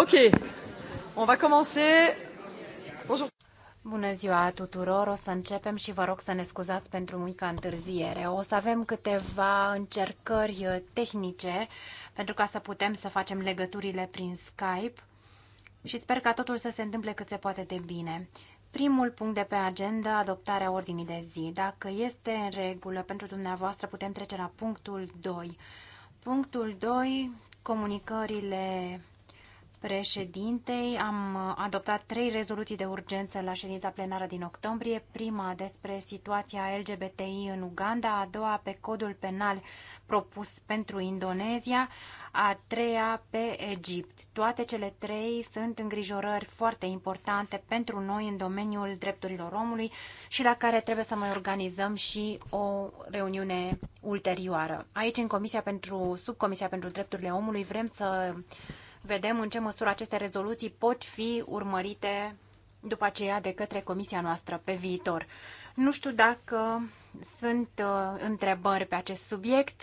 Ok, on va commencer. Bonjour. Bună ziua tuturor, o să începem și vă rog să ne scuzați pentru mica întârziere. O să avem câteva încercări uh, tehnice pentru ca să putem să facem legăturile prin Skype și sper ca totul să se întâmple cât se poate de bine. Primul punct de pe agenda, adoptarea ordinii de zi. Dacă este în regulă pentru dumneavoastră, putem trece la punctul 2. Punctul 2, comunicările președintei. Am adoptat trei rezoluții de urgență la ședința plenară din octombrie. Prima despre situația LGBTI în Uganda, a doua pe codul penal propus pentru Indonezia, a treia pe Egipt. Toate cele trei sunt îngrijorări foarte importante pentru noi în domeniul drepturilor omului și la care trebuie să mai organizăm și o reuniune ulterioară. Aici, în Comisia pentru, Subcomisia pentru Drepturile Omului, vrem să vedem în ce măsură aceste rezoluții pot fi urmărite după aceea de către comisia noastră pe viitor. Nu știu dacă sunt uh, întrebări pe acest subiect.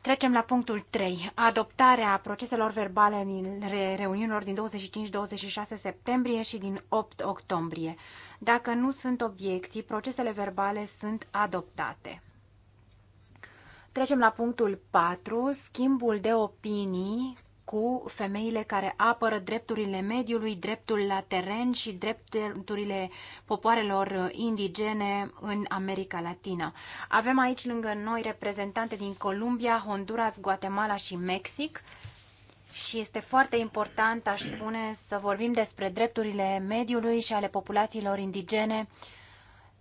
Trecem la punctul 3. Adoptarea proceselor verbale din reuniunilor din 25-26 septembrie și din 8 octombrie. Dacă nu sunt obiecții, procesele verbale sunt adoptate. Trecem la punctul 4, schimbul de opinii cu femeile care apără drepturile mediului, dreptul la teren și drepturile popoarelor indigene în America Latina. Avem aici lângă noi reprezentante din Columbia, Honduras, Guatemala și Mexic. Și este foarte important, aș spune, să vorbim despre drepturile mediului și ale populațiilor indigene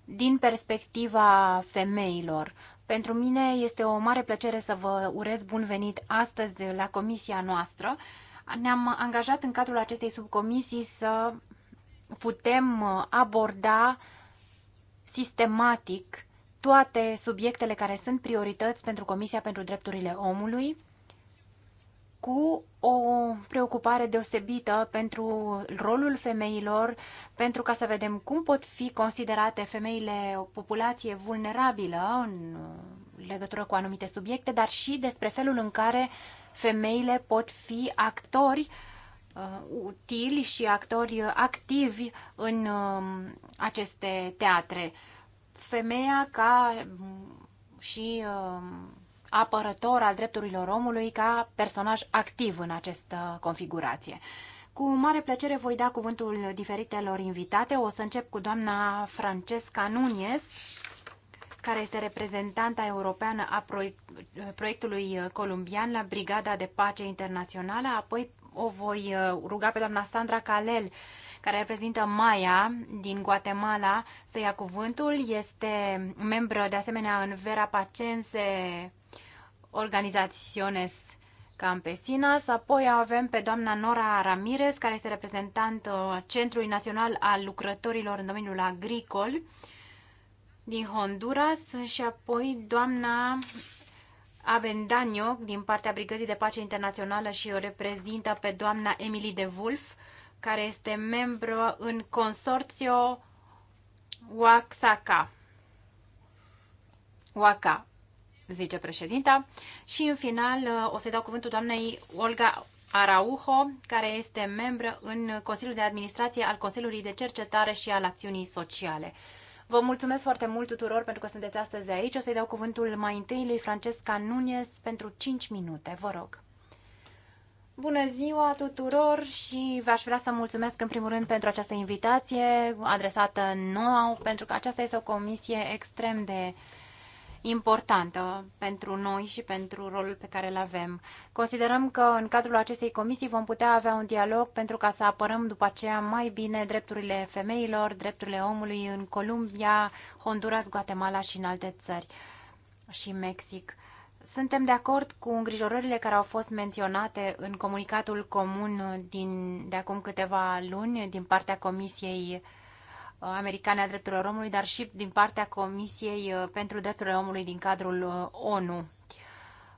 din perspectiva femeilor. Pentru mine este o mare plăcere să vă urez bun venit astăzi la comisia noastră. Ne-am angajat în cadrul acestei subcomisii să putem aborda sistematic toate subiectele care sunt priorități pentru Comisia pentru Drepturile Omului cu o preocupare deosebită pentru rolul femeilor, pentru ca să vedem cum pot fi considerate femeile o populație vulnerabilă în legătură cu anumite subiecte, dar și despre felul în care femeile pot fi actori uh, utili și actori activi în uh, aceste teatre. Femeia ca și uh, apărător al drepturilor omului ca personaj activ în această configurație. Cu mare plăcere voi da cuvântul diferitelor invitate. O să încep cu doamna Francesca Nunes, care este reprezentanta europeană a proiectului columbian la Brigada de Pace Internațională. Apoi o voi uh, ruga pe doamna Sandra Calel, care reprezintă Maya din Guatemala, să ia cuvântul. Este membră de asemenea în Vera Pacense Organizaciones Campesinas. Apoi avem pe doamna Nora Ramirez, care este reprezentantă uh, Centrului Național al Lucrătorilor în domeniul agricol din Honduras și apoi doamna Avendanio din partea Brigăzii de Pace Internațională și o reprezintă pe doamna Emily de Wolf, care este membru în consorțio Oaxaca. Oaxaca zice președinta. Și în final uh, o să-i dau cuvântul doamnei Olga Araujo, care este membră în Consiliul de Administrație al Consiliului de Cercetare și al Acțiunii Sociale. Vă mulțumesc foarte mult tuturor pentru că sunteți astăzi aici. O să-i dau cuvântul mai întâi lui Francesca Nunes pentru 5 minute. Vă rog. Bună ziua tuturor și v-aș vrea să mulțumesc în primul rând pentru această invitație adresată nouă, pentru că aceasta este o comisie extrem de uh, importantă pentru noi și pentru rolul pe care îl avem. Considerăm că în cadrul acestei comisii vom putea avea un dialog pentru ca să apărăm după aceea mai bine drepturile femeilor, drepturile omului în Columbia, Honduras, Guatemala și în alte țări și Mexic. Suntem de acord cu îngrijorările care au fost menționate în comunicatul comun din, de acum câteva luni din partea Comisiei uh, Uh, americane a Drepturilor Omului, dar și din partea Comisiei uh, pentru Drepturile Omului din cadrul uh, ONU.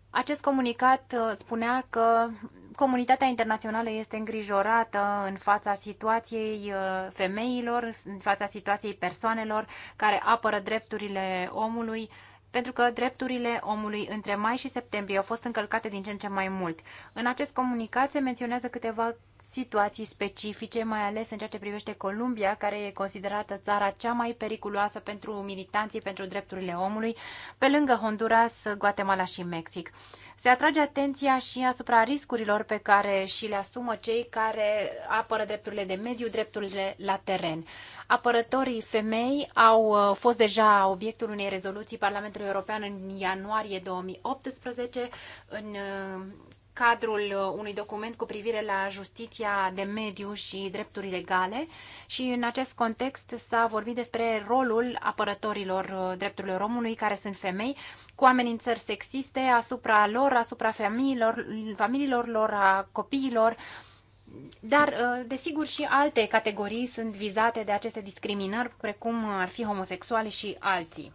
Acest comunicat spunea că comunitatea internațională este îngrijorată în fața situației femeilor, în fața situației persoanelor care apără drepturile omului, pentru că drepturile omului între mai și septembrie au fost încălcate din ce în ce mai mult. În acest comunicat se menționează câteva situații specifice, mai ales în ceea ce privește Columbia, care e considerată țara cea mai periculoasă pentru militanții pentru drepturile omului, pe lângă Honduras, Guatemala și Mexic. Se atrage atenția și asupra riscurilor pe care și le asumă cei care apără drepturile de mediu, drepturile la teren. Apărătorii femei au uh, fost deja obiectul unei rezoluții Parlamentului European în ianuarie 2018 în uh, cadrul uh, unui document cu privire la justiția de mediu și drepturi legale și în acest context s-a vorbit despre rolul apărătorilor uh, drepturilor omului care sunt femei cu amenințări sexiste asupra lor, asupra familiilor, familiilor lor, a copiilor, dar, uh, desigur, și alte categorii sunt vizate de aceste discriminări, precum ar fi homosexuali și alții.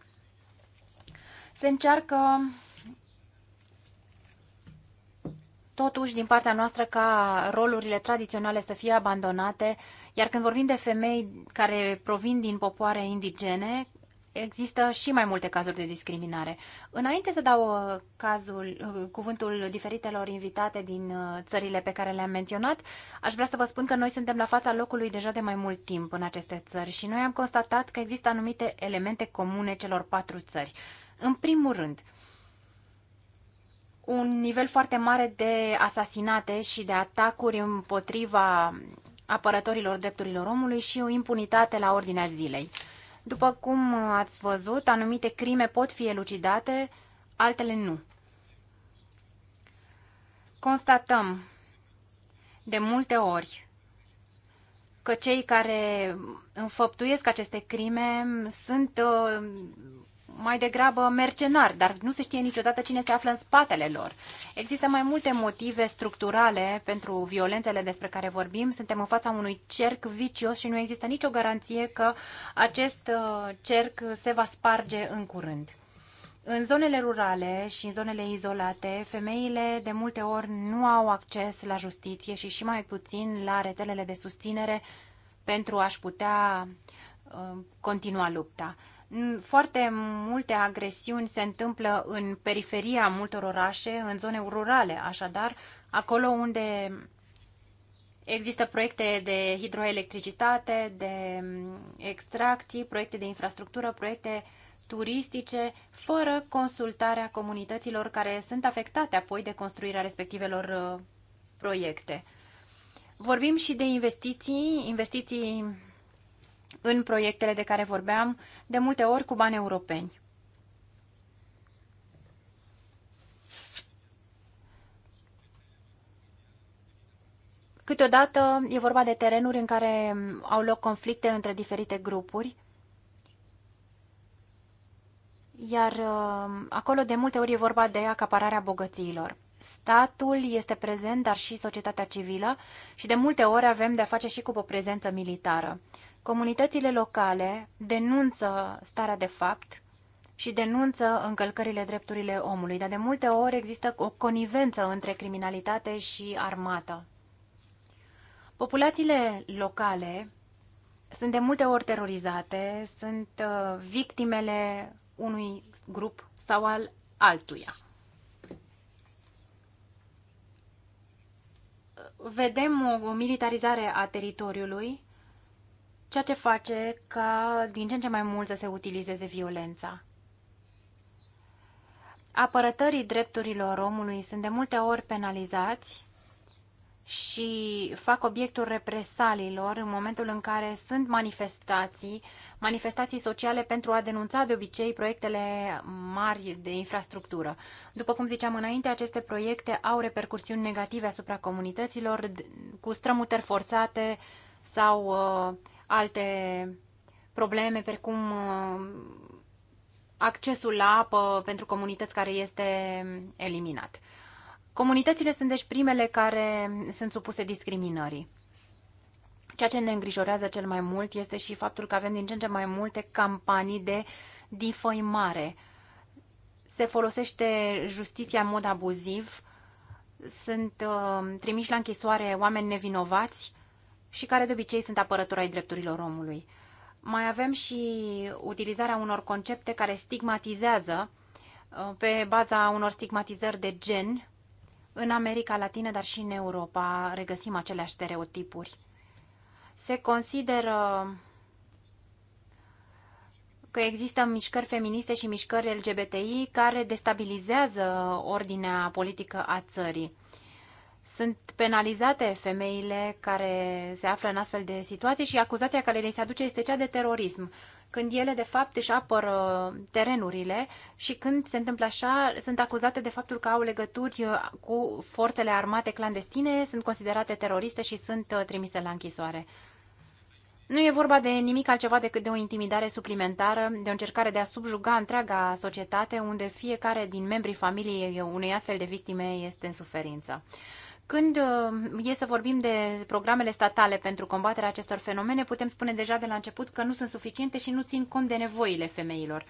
Se încearcă Totuși, din partea noastră, ca rolurile tradiționale să fie abandonate, iar când vorbim de femei care provin din popoare indigene, există și mai multe cazuri de discriminare. Înainte să dau uh, cazul, uh, cuvântul diferitelor invitate din uh, țările pe care le-am menționat, aș vrea să vă spun că noi suntem la fața locului deja de mai mult timp în aceste țări și noi am constatat că există anumite elemente comune celor patru țări. În primul rând, un nivel foarte mare de asasinate și de atacuri împotriva apărătorilor drepturilor omului și o impunitate la ordinea zilei. După cum ați văzut, anumite crime pot fi elucidate, altele nu. Constatăm de multe ori că cei care înfăptuiesc aceste crime sunt uh, mai degrabă mercenari, dar nu se știe niciodată cine se află în spatele lor. Există mai multe motive structurale pentru violențele despre care vorbim. Suntem în fața unui cerc vicios și nu există nicio garanție că acest uh, cerc se va sparge în curând. În zonele rurale și în zonele izolate, femeile de multe ori nu au acces la justiție și și mai puțin la rețelele de susținere pentru a-și putea uh, continua lupta. Foarte multe agresiuni se întâmplă în periferia multor orașe, în zone rurale, așadar, acolo unde există proiecte de hidroelectricitate, de mm, extracții, proiecte de infrastructură, proiecte turistice, fără consultarea comunităților care sunt afectate apoi de construirea respectivelor uh, proiecte. Vorbim și de investiții, investiții în proiectele de care vorbeam, de multe ori cu bani europeni. Câteodată e vorba de terenuri în care au loc conflicte între diferite grupuri, iar uh, acolo de multe ori e vorba de acapararea bogățiilor. Statul este prezent, dar și societatea civilă și de multe ori avem de-a face și cu o prezență militară. Comunitățile locale denunță starea de fapt și denunță încălcările drepturile omului, dar de multe ori există o conivență între criminalitate și armată. Populațiile locale sunt de multe ori terorizate, sunt uh, victimele unui grup sau al altuia. Vedem o militarizare a teritoriului ceea ce face ca din ce în ce mai mult să se utilizeze violența. Apărătorii drepturilor omului sunt de multe ori penalizați și fac obiectul represaliilor în momentul în care sunt manifestații, manifestații sociale pentru a denunța de obicei proiectele mari de infrastructură. După cum ziceam înainte, aceste proiecte au repercursiuni negative asupra comunităților cu strămutări forțate sau uh, alte probleme precum uh, accesul la apă pentru comunități care este eliminat. Comunitățile sunt deci primele care sunt supuse discriminării. Ceea ce ne îngrijorează cel mai mult este și faptul că avem din ce în ce mai multe campanii de difăimare. Se folosește justiția în mod abuziv, sunt uh, trimiși la închisoare oameni nevinovați și care de obicei sunt apărători ai drepturilor omului. Mai avem și utilizarea unor concepte care stigmatizează uh, pe baza unor stigmatizări de gen în America Latină, dar și în Europa regăsim aceleași stereotipuri. Se consideră că există mișcări feministe și mișcări LGBTI care destabilizează ordinea politică a țării. Sunt penalizate femeile care se află în astfel de situații și acuzația care le se aduce este cea de terorism, când ele de fapt își apără terenurile și când se întâmplă așa, sunt acuzate de faptul că au legături uh, cu forțele armate clandestine, sunt considerate teroriste și sunt uh, trimise la închisoare. Nu e vorba de nimic altceva decât de o intimidare suplimentară, de o încercare de a subjuga întreaga societate unde fiecare din membrii familiei unei astfel de victime este în suferință. Când uh, e să vorbim de programele statale pentru combaterea acestor fenomene, putem spune deja de la început că nu sunt suficiente și nu țin cont de nevoile femeilor.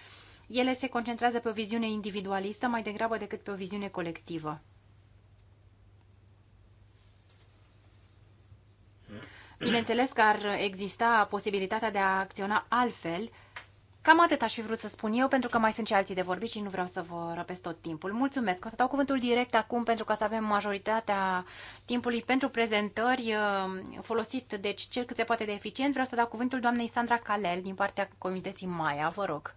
Ele se concentrează pe o viziune individualistă mai degrabă decât pe o viziune colectivă. Bineînțeles că ar exista posibilitatea de a acționa altfel, Cam atât aș fi vrut să spun eu, pentru că mai sunt și alții de vorbit și nu vreau să vă răpesc tot timpul. Mulțumesc! O să dau cuvântul direct acum pentru ca să avem majoritatea timpului pentru prezentări uh, folosit, deci cel cât se poate de eficient. Vreau să dau cuvântul doamnei Sandra Calel din partea Comității Maia. Vă rog!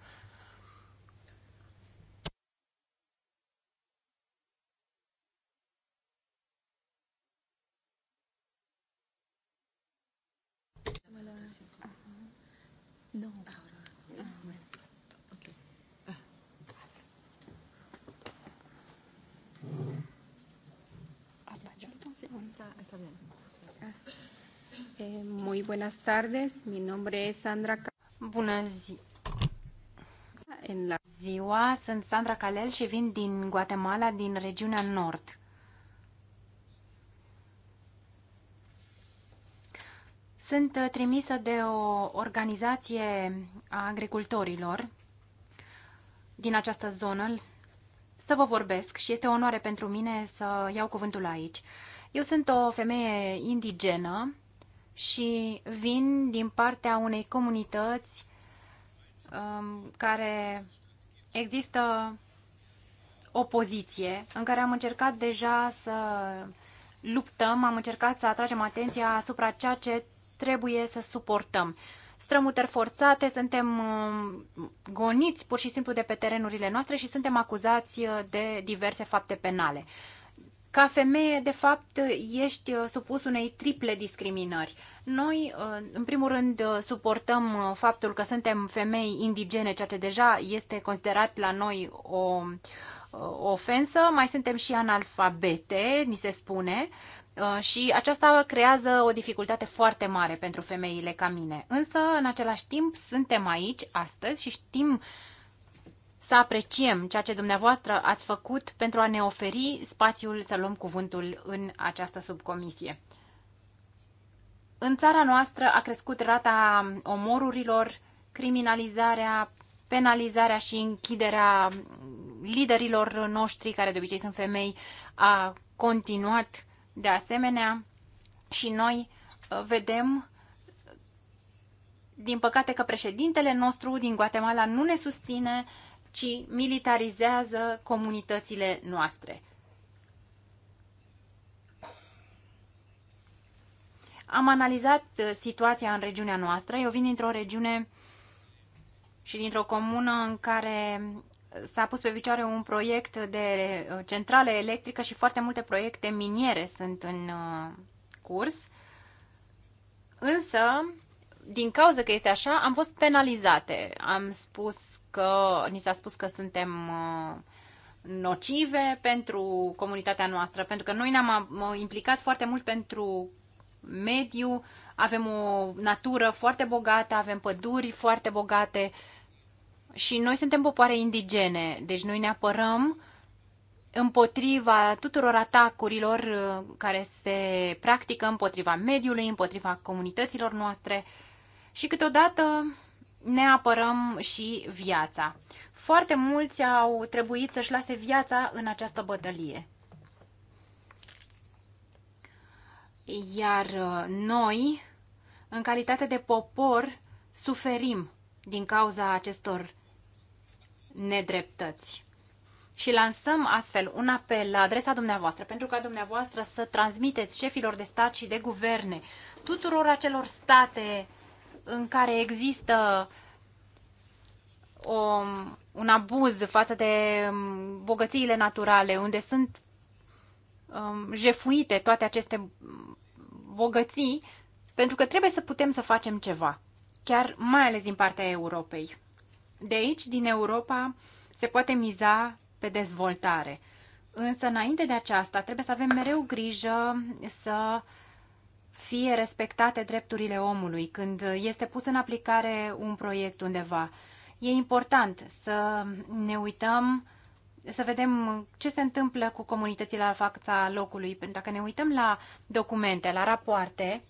está, está bien. Eh, muy buenas tardes, mi nombre es Sandra. Bună zi. În la... Ziua, sunt Sandra Calel și vin din Guatemala, din regiunea Nord. Sunt uh, trimisă de o organizație a agricultorilor din această zonă să vă vorbesc și este o onoare pentru mine să iau cuvântul aici. Eu sunt o femeie indigenă și vin din partea unei comunități um, care există opoziție, în care am încercat deja să luptăm, am încercat să atragem atenția asupra ceea ce trebuie să suportăm. Strămutări forțate, suntem um, goniți pur și simplu de pe terenurile noastre și suntem acuzați uh, de diverse fapte penale. Ca femeie, de fapt, ești uh, supus unei triple discriminări. Noi, uh, în primul rând, uh, suportăm faptul că suntem femei indigene, ceea ce deja este considerat la noi o ofensă, mai suntem și analfabete, ni se spune, și aceasta creează o dificultate foarte mare pentru femeile ca mine. Însă, în același timp, suntem aici astăzi și știm să apreciem ceea ce dumneavoastră ați făcut pentru a ne oferi spațiul să luăm cuvântul în această subcomisie. În țara noastră a crescut rata omorurilor, criminalizarea, penalizarea și închiderea liderilor noștri, care de obicei sunt femei, a continuat de asemenea și noi uh, vedem din păcate că președintele nostru din Guatemala nu ne susține ci militarizează comunitățile noastre. Am analizat uh, situația în regiunea noastră. Eu vin dintr-o regiune și dintr-o comună în care s-a pus pe picioare un proiect de uh, centrală electrică și foarte multe proiecte miniere sunt în uh, curs. Însă, din cauza că este așa, am fost penalizate. Am spus că, ni s-a spus că suntem uh, nocive pentru comunitatea noastră, pentru că noi ne-am uh, implicat foarte mult pentru mediu, avem o natură foarte bogată, avem păduri foarte bogate și noi suntem popoare indigene, deci noi ne apărăm împotriva tuturor atacurilor uh, care se practică împotriva mediului, împotriva comunităților noastre și câteodată ne apărăm și viața. Foarte mulți au trebuit să-și lase viața în această bătălie. Iar uh, noi, în calitate de popor, suferim din cauza acestor nedreptăți. Și lansăm astfel un apel la adresa dumneavoastră, pentru ca dumneavoastră să transmiteți șefilor de stat și de guverne, tuturor acelor state în care există o, un abuz față de um, bogățiile naturale, unde sunt um, jefuite toate aceste um, bogății, pentru că trebuie să putem să facem ceva, chiar mai ales din partea Europei. De aici, din Europa, se poate miza pe dezvoltare. Însă, înainte de aceasta, trebuie să avem mereu grijă să uh, fie respectate drepturile omului când este pus în aplicare un proiect undeva. E important să ne uităm, să vedem ce se întâmplă cu comunitățile la fața locului. Dacă ne uităm la documente, la rapoarte,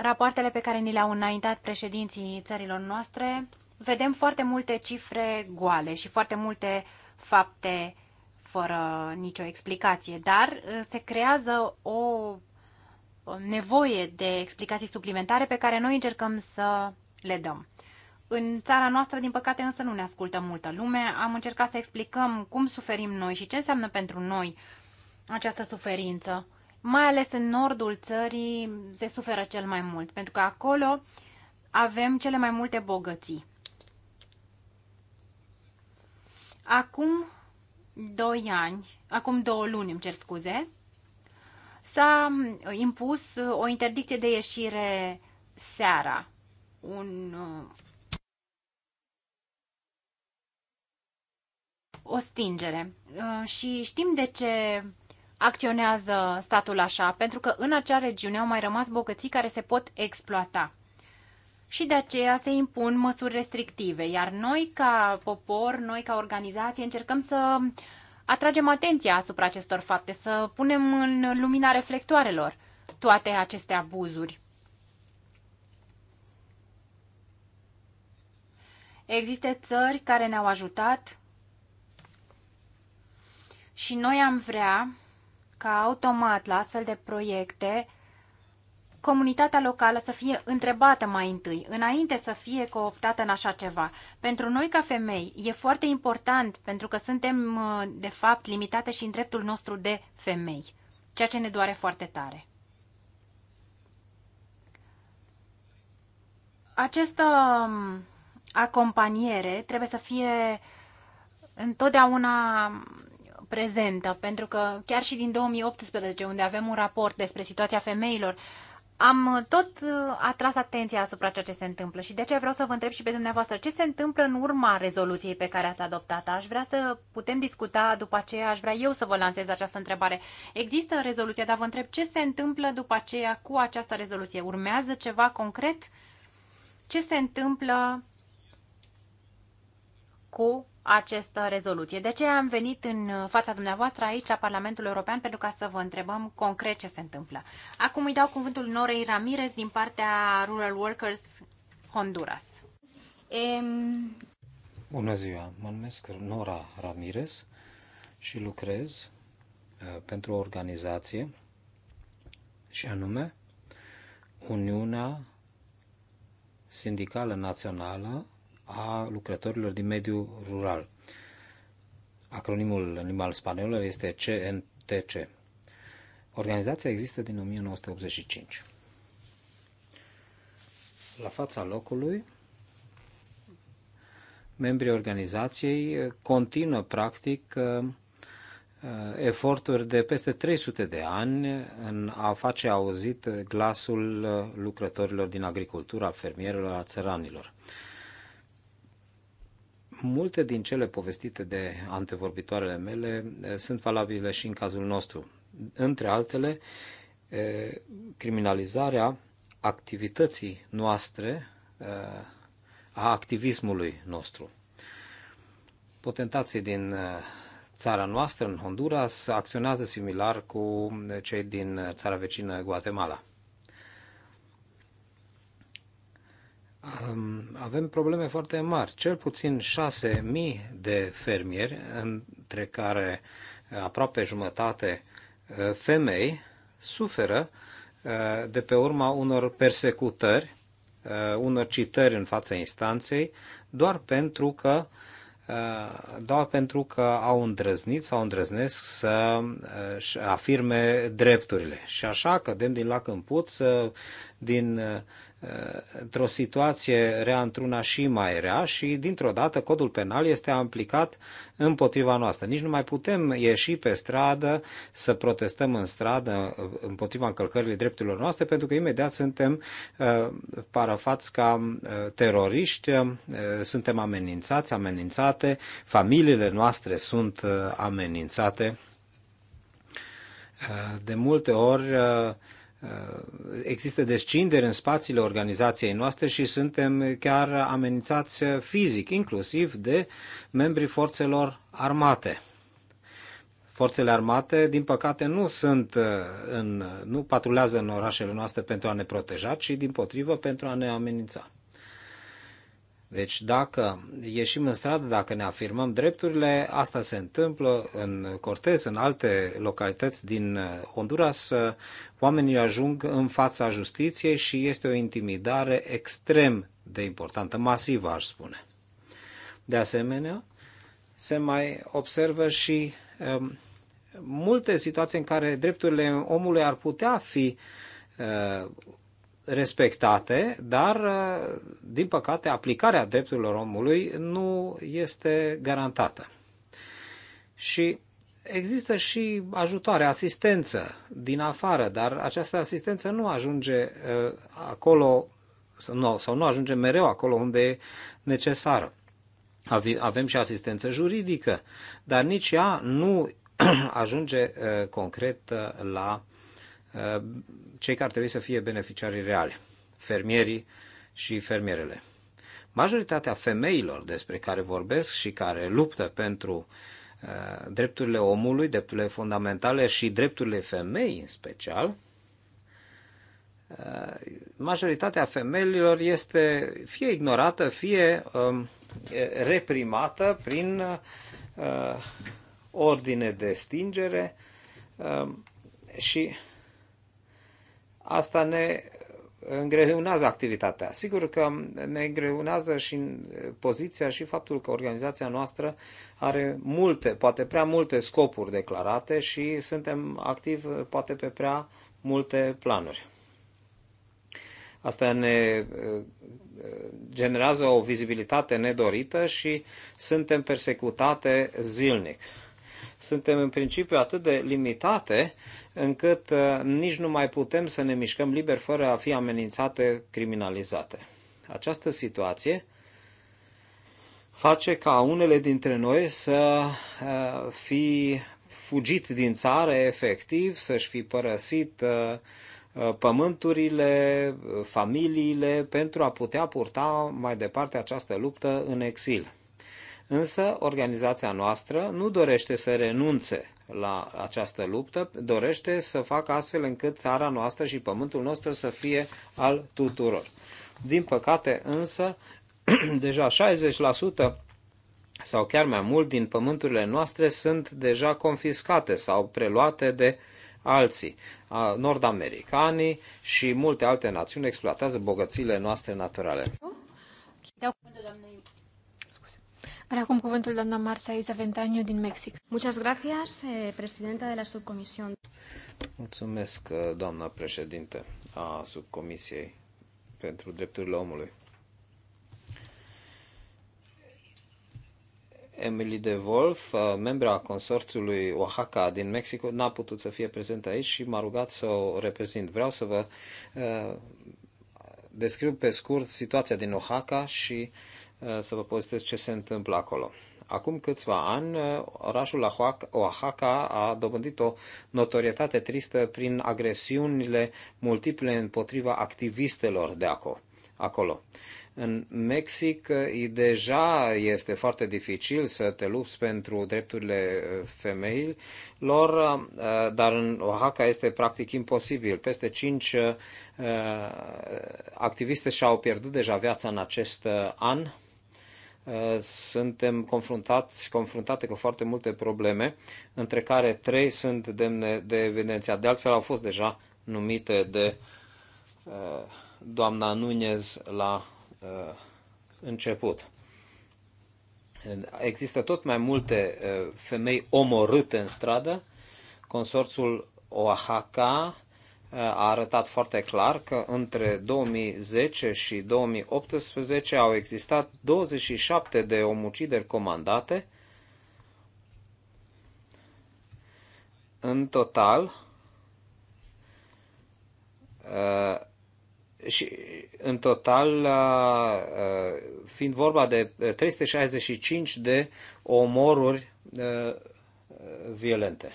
rapoartele pe care ni le-au înaintat președinții țărilor noastre, vedem foarte multe cifre goale și foarte multe fapte fără nicio explicație, dar uh, se creează o Uh, nevoie de explicații suplimentare pe care noi încercăm să le dăm. În țara noastră, din păcate, însă nu ne ascultă multă lume. Am încercat să explicăm cum suferim noi și ce înseamnă pentru noi această suferință. Mai ales în nordul țării se suferă cel mai mult, pentru că acolo avem cele mai multe bogății. Acum doi ani, acum două luni, îmi cer scuze, s-a impus o interdicție de ieșire seara. Un, o stingere. Și știm de ce acționează statul așa, pentru că în acea regiune au mai rămas bogății care se pot exploata. Și de aceea se impun măsuri restrictive, iar noi ca popor, noi ca organizație încercăm să uh, atragem atenția asupra acestor fapte, să punem în lumina reflectoarelor toate aceste abuzuri. Există țări care ne-au ajutat și noi am vrea ca automat la astfel de proiecte comunitatea locală să fie întrebată mai întâi, înainte să fie cooptată în așa ceva. Pentru noi ca femei e foarte important pentru că suntem uh, de fapt limitate și în dreptul nostru de femei, ceea ce ne doare foarte tare. Această um, acompaniere trebuie să fie întotdeauna prezentă, pentru că chiar și din 2018, unde avem un raport despre situația femeilor, am uh, tot uh, atras atenția asupra ceea ce se întâmplă și de ce vreau să vă întreb și pe dumneavoastră ce se întâmplă în urma rezoluției pe care ați adoptat-o. Aș vrea să putem discuta după aceea, aș vrea eu să vă lansez această întrebare. Există rezoluția, dar vă întreb ce se întâmplă după aceea cu această rezoluție. Urmează ceva concret? Ce se întâmplă cu această rezoluție. De ce am venit în fața dumneavoastră aici, la Parlamentul European, pentru ca să vă întrebăm concret ce se întâmplă. Acum îi dau cuvântul Norei Ramirez din partea Rural Workers Honduras. Um... Bună ziua, mă numesc Nora Ramirez și lucrez uh, pentru o organizație și anume Uniunea Sindicală Națională a lucrătorilor din mediul rural. Acronimul în limba spaniolă este CNTC. Organizația există din 1985. La fața locului, membrii organizației continuă practic uh, eforturi de peste 300 de ani în a face auzit glasul lucrătorilor din agricultura, fermierilor, a țăranilor. Multe din cele povestite de antevorbitoarele mele eh, sunt valabile și în cazul nostru. Între altele, eh, criminalizarea activității noastre, eh, a activismului nostru. Potentații din țara noastră, în Honduras, acționează similar cu cei din țara vecină Guatemala. avem probleme foarte mari. Cel puțin 6.000 de fermieri, între care uh, aproape jumătate uh, femei, suferă uh, de pe urma unor persecutări, unor citări în fața instanței, doar pentru că doar pentru că au îndrăznit sau îndrăznesc să afirme drepturile. Și așa cădem din lac în puț, din într-o situație rea într-una și mai rea și dintr-o dată codul penal este aplicat împotriva noastră. Nici nu mai putem ieși pe stradă să protestăm în stradă împotriva încălcării drepturilor noastre pentru că imediat suntem uh, parafați ca uh, teroriști, uh, suntem amenințați, amenințate, familiile noastre sunt amenințate. De multe ori Există descinderi în spațiile organizației noastre și suntem chiar amenințați fizic, inclusiv de membrii forțelor armate. Forțele armate, din păcate, nu sunt uh, în, nu patrulează în orașele noastre pentru a ne proteja, ci din potrivă pentru a ne amenința. Deci dacă ieșim în stradă, dacă ne afirmăm drepturile, asta se întâmplă în Cortez, în alte localități din Honduras, oamenii ajung în fața justiției și este o intimidare extrem de importantă, masivă aș spune. De asemenea, se mai observă și um, multe situații în care drepturile omului ar putea fi uh, respectate, dar, uh, din păcate, aplicarea drepturilor omului nu este garantată. Și există și ajutoare, asistență din afară, dar această asistență nu ajunge uh, acolo sau nu, ajunge mereu acolo unde e necesară. Avem și asistență juridică, dar nici ea nu ajunge uh, concret la cei care ar trebui să fie beneficiarii reale, fermierii și fermierele. Majoritatea femeilor despre care vorbesc și care luptă pentru uh, drepturile omului, drepturile fundamentale și drepturile femei în special, uh, majoritatea femeilor este fie ignorată, fie um, reprimată prin uh, ordine de stingere um, și asta ne îngreunează activitatea. Sigur că ne îngreunează și poziția și faptul că organizația noastră are multe, poate prea multe scopuri declarate și suntem activi poate pe prea multe planuri. Asta ne eh, generează o vizibilitate nedorită și suntem persecutate zilnic suntem în principiu atât de limitate încât uh, nici nu mai putem să ne mișcăm liber fără a fi amenințate, criminalizate. Această situație face ca unele dintre noi să uh, fi fugit din țară efectiv, să-și fi părăsit uh, pământurile, familiile, pentru a putea purta mai departe această luptă în exil. Însă organizația noastră nu dorește să renunțe la această luptă, dorește să facă astfel încât țara noastră și pământul nostru să fie al tuturor. Din păcate însă, deja 60% sau chiar mai mult din pământurile noastre sunt deja confiscate sau preluate de alții. Nord-americanii și multe alte națiuni exploatează bogățiile noastre naturale. Dau cuvântul doamnei are acum cuvântul doamna Marsa Izaventaniu din Mexic. Muchas gracias, eh, de la subcomisión. Mulțumesc, eh, doamna președinte a subcomisiei pentru drepturile omului. Emily de Wolf, eh, membra a consorțiului Oaxaca din Mexico, n-a putut să fie prezentă aici și m-a rugat să o reprezint. Vreau să vă uh, descriu pe scurt situația din Oaxaca și uh, Eh, să vă povestesc ce se întâmplă acolo. Acum câțiva ani, eh, orașul Oaxaca a dobândit o notorietate tristă prin agresiunile multiple împotriva activistelor de acolo. În Mexic eh, deja este foarte dificil să te lupți pentru drepturile femeilor, dar în Oaxaca este practic imposibil. Peste cinci activiste și-au pierdut deja viața în acest an Uh, suntem confruntați, confruntate cu foarte multe probleme, între care trei sunt demne de evidențiat. De altfel, au fost deja numite de uh, doamna Nunez la uh, început. Există tot mai multe femei omorâte în stradă. Consorțul Oaxaca a arătat foarte clar că între 2010 și 2018 au existat 27 de omucideri comandate. În total, uh, și în total, uh, uh, fiind vorba de 365 de omoruri violente.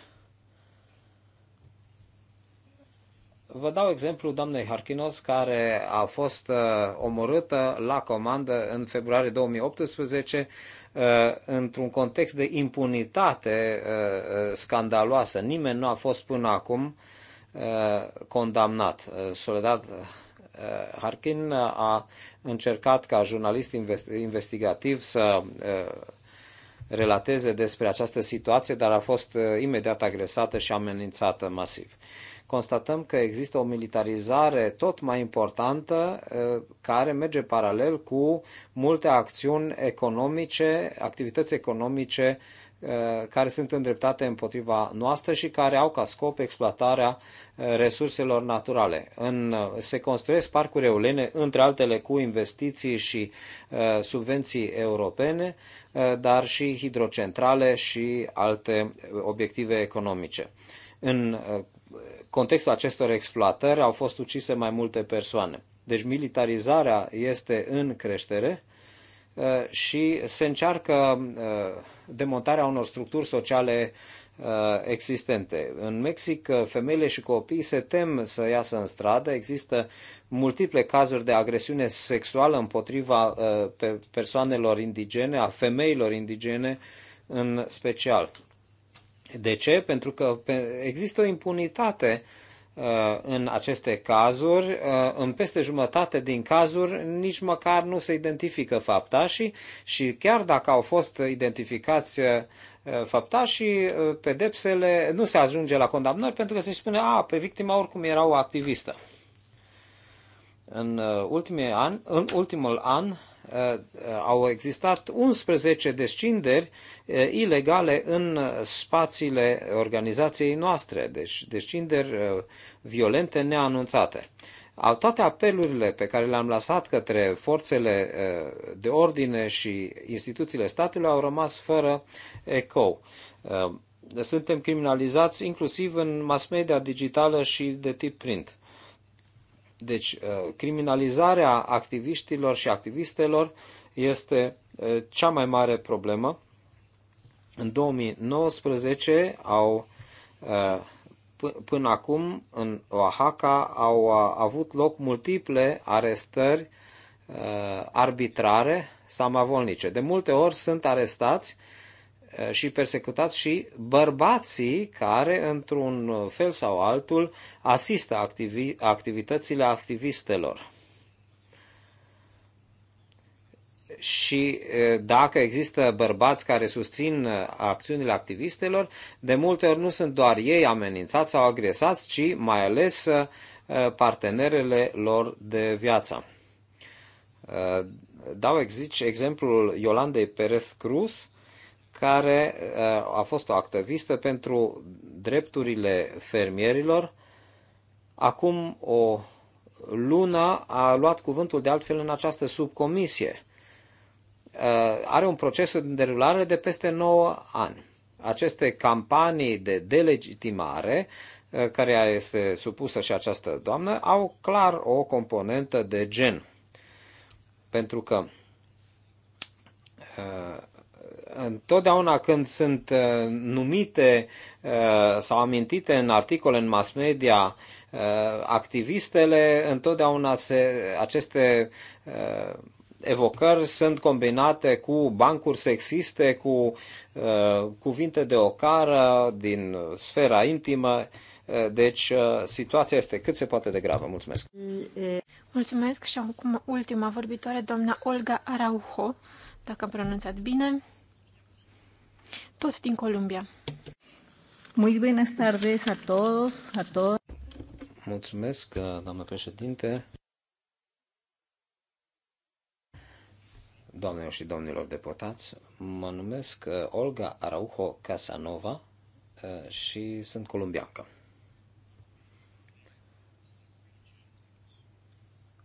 Vă dau exemplu doamnei Harkinos, care a fost uh, omorâtă la comandă în februarie 2018 uh, într-un context de impunitate uh, scandaloasă. Nimeni nu a fost până acum condamnat. Soledad Harkin a încercat ca jurnalist investigativ să relateze despre această situație, dar a fost imediat agresată și amenințată masiv constatăm că există o militarizare tot mai importantă care merge paralel cu multe acțiuni economice, activități economice care sunt îndreptate împotriva noastră și care au ca scop exploatarea resurselor naturale. În, se construiesc parcuri eulene, între altele cu investiții și uh, subvenții europene, uh, dar și hidrocentrale și alte obiective economice. În uh, contextul acestor exploatări au fost ucise mai multe persoane. Deci militarizarea este în creștere uh, și se încearcă uh, demontarea unor structuri sociale uh, existente. În Mexic, femeile și copiii se tem să iasă în stradă. Există multiple cazuri de agresiune sexuală împotriva persoanelor indigene, a femeilor indigene în special. De ce? Pentru că există o impunitate uh, în aceste cazuri, uh, în peste jumătate din cazuri nici măcar nu se identifică faptașii și chiar dacă au fost identificați uh, faptașii, pedepsele nu se ajunge la condamnări pentru că se spune, a, pe victima oricum era o activistă. În, ultimii ani, în ultimul an Uh, au existat 11 descinderi uh, ilegale în spațiile organizației noastre, deci descinderi uh, violente neanunțate. Toate apelurile pe care le-am lăsat către forțele de ordine și instituțiile statului au rămas fără eco. Suntem criminalizați inclusiv în mass media digitală și de tip print. Deci, uh, criminalizarea activiștilor și activistelor este uh, cea mai mare problemă. În 2019 au, uh, până acum, în Oaxaca au avut loc multiple arestări arbitrare samavolnice. De multe ori sunt arestați Eh, și persecutați și bărbații care, într-un fel sau altul, asistă activi- activitățile activistelor. și eh, dacă există bărbați care susțin eh, acțiunile activistelor, de multe ori nu sunt doar ei amenințați sau agresați, ci mai ales partenerele lor de viață. Dau exemplul Iolandei Perez Cruz, care uh, a fost o activistă pentru drepturile fermierilor. Acum o lună a luat cuvântul de altfel în această subcomisie. Uh, are un proces de derulare de peste 9 ani. Aceste campanii de delegitimare uh, care este supusă și această doamnă au clar o componentă de gen. Pentru că întotdeauna când sunt uh, numite uh, sau amintite în articole în mass media uh, activistele, întotdeauna se, aceste evocări sunt combinate cu bancuri sexiste, cu cuvinte de ocară din sfera intimă. Deci, situația este cât se poate de gravă. Mulțumesc! Mulțumesc și acum ultima vorbitoare, doamna Olga Araujo, dacă am pronunțat bine toți din Columbia. Muy buenas tardes a todos, a todos. Mulțumesc, uh, doamnă președinte. Doamnelor și domnilor deputați, mă numesc uh, Olga Araujo Casanova uh, și sunt columbiancă.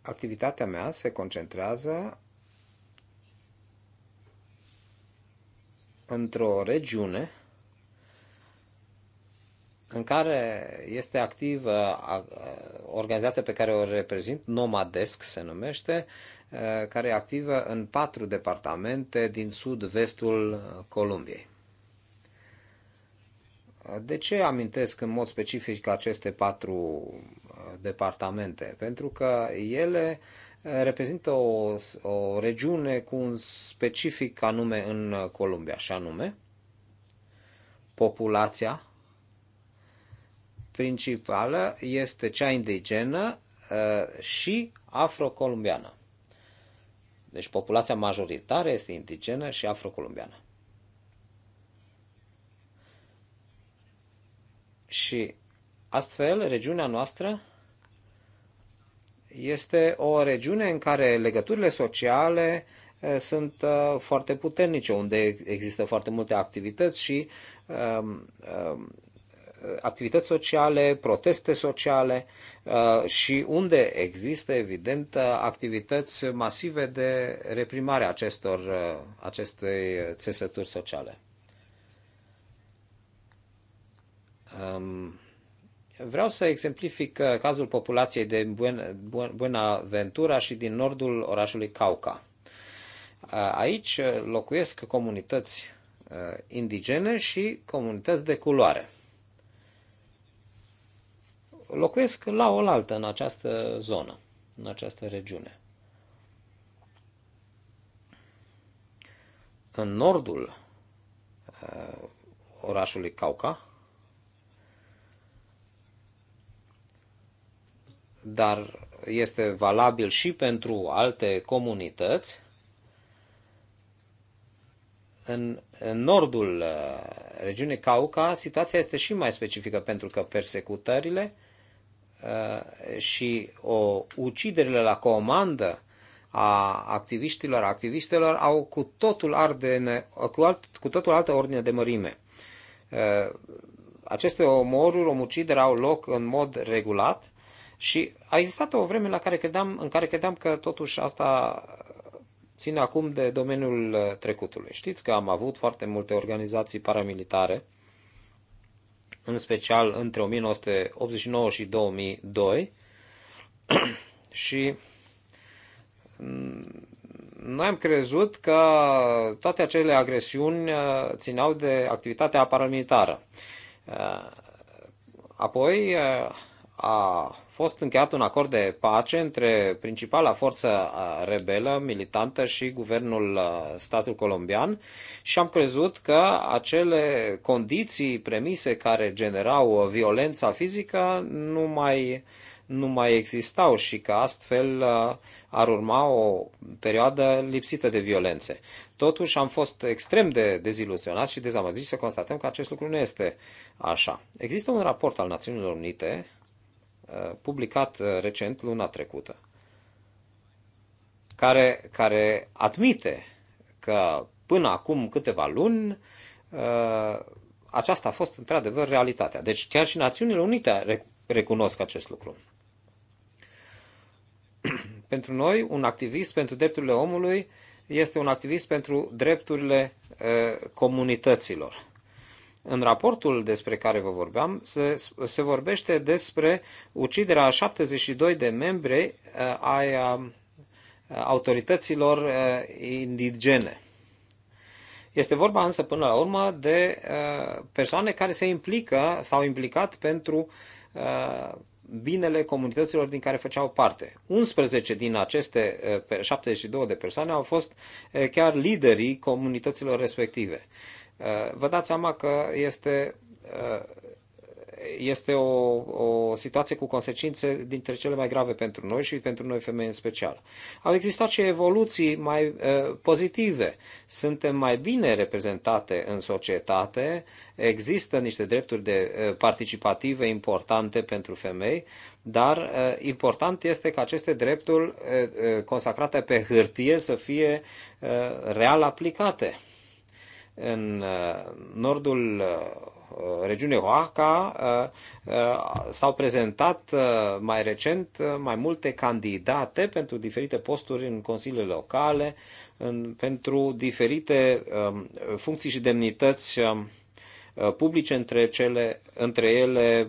Activitatea mea se concentrează într-o regiune în care este activă organizația pe care o reprezint, Nomadesc se numește, care e activă în patru departamente din sud-vestul Columbiei. De ce amintesc în mod specific aceste patru departamente? Pentru că ele reprezintă o, o regiune cu un specific anume în Columbia, și anume populația principală este cea indigenă uh, și afrocolumbiană. Deci populația majoritară este indigenă și afrocolumbiană. Și astfel, regiunea noastră este o regiune în care legăturile sociale sunt foarte puternice, unde există foarte multe activități și activități sociale, proteste sociale și unde există, evident, activități masive de reprimare acestor, acestei țesături sociale. Vreau să exemplific uh, cazul populației de Buenaventura și din nordul orașului Cauca. Uh, aici uh, locuiesc comunități indigene și comunități de culoare. Locuiesc la oaltă în această zonă, în această regiune. În nordul orașului Cauca, dar este valabil și pentru alte comunități. În, în nordul uh, regiunii Cauca, situația este și mai specifică pentru că persecutările uh, și o, uciderile la comandă a activiștilor, activistelor au cu totul, ardene, cu, alt, cu totul altă ordine de mărime. Uh, aceste omoruri, omucideri au loc în mod regulat și a existat o vreme la care credeam, în care credeam că totuși asta ține acum de domeniul uh, trecutului. Știți că am avut foarte multe organizații paramilitare, în special între 1989 și 2002, și mm, noi am crezut că toate acele agresiuni uh, țineau de activitatea paramilitară. Uh, apoi a fost încheiat un acord de pace între principala forță rebelă, militantă și guvernul statul colombian și am crezut că acele condiții premise care generau violența fizică nu mai, nu mai existau și că astfel ar urma o perioadă lipsită de violențe. Totuși am fost extrem de deziluționat și dezamăgiți să constatăm că acest lucru nu este așa. Există un raport al Națiunilor Unite Uh, publicat uh, recent luna trecută, care, care admite că până acum câteva luni uh, aceasta a fost într-adevăr realitatea. Deci chiar și Națiunile Unite recunosc acest lucru. pentru noi, un activist pentru drepturile omului este un activist pentru drepturile comunităților în raportul despre care vă vorbeam se, se vorbește despre uciderea a 72 de membri uh, ai uh, autorităților uh, indigene. Este vorba însă până la urmă de persoane care se implică, s-au implicat pentru binele comunităților din care făceau parte. 11 din aceste 72 de persoane au fost chiar liderii comunităților respective. Uh, vă dați seama că este, uh, este o, o situație cu consecințe dintre cele mai grave pentru noi și pentru noi femei în special. Au existat și evoluții mai uh, pozitive. Suntem mai bine reprezentate în societate, există niște drepturi de participative importante pentru femei, dar important este ca aceste drepturi consacrate pe hârtie să fie real aplicate în uh, nordul uh, regiunii Oaxaca uh, s-au prezentat mai recent mai multe candidate pentru diferite posturi în consiliile locale, în, pentru diferite um, funcții și demnități um, publice, între, cele, între ele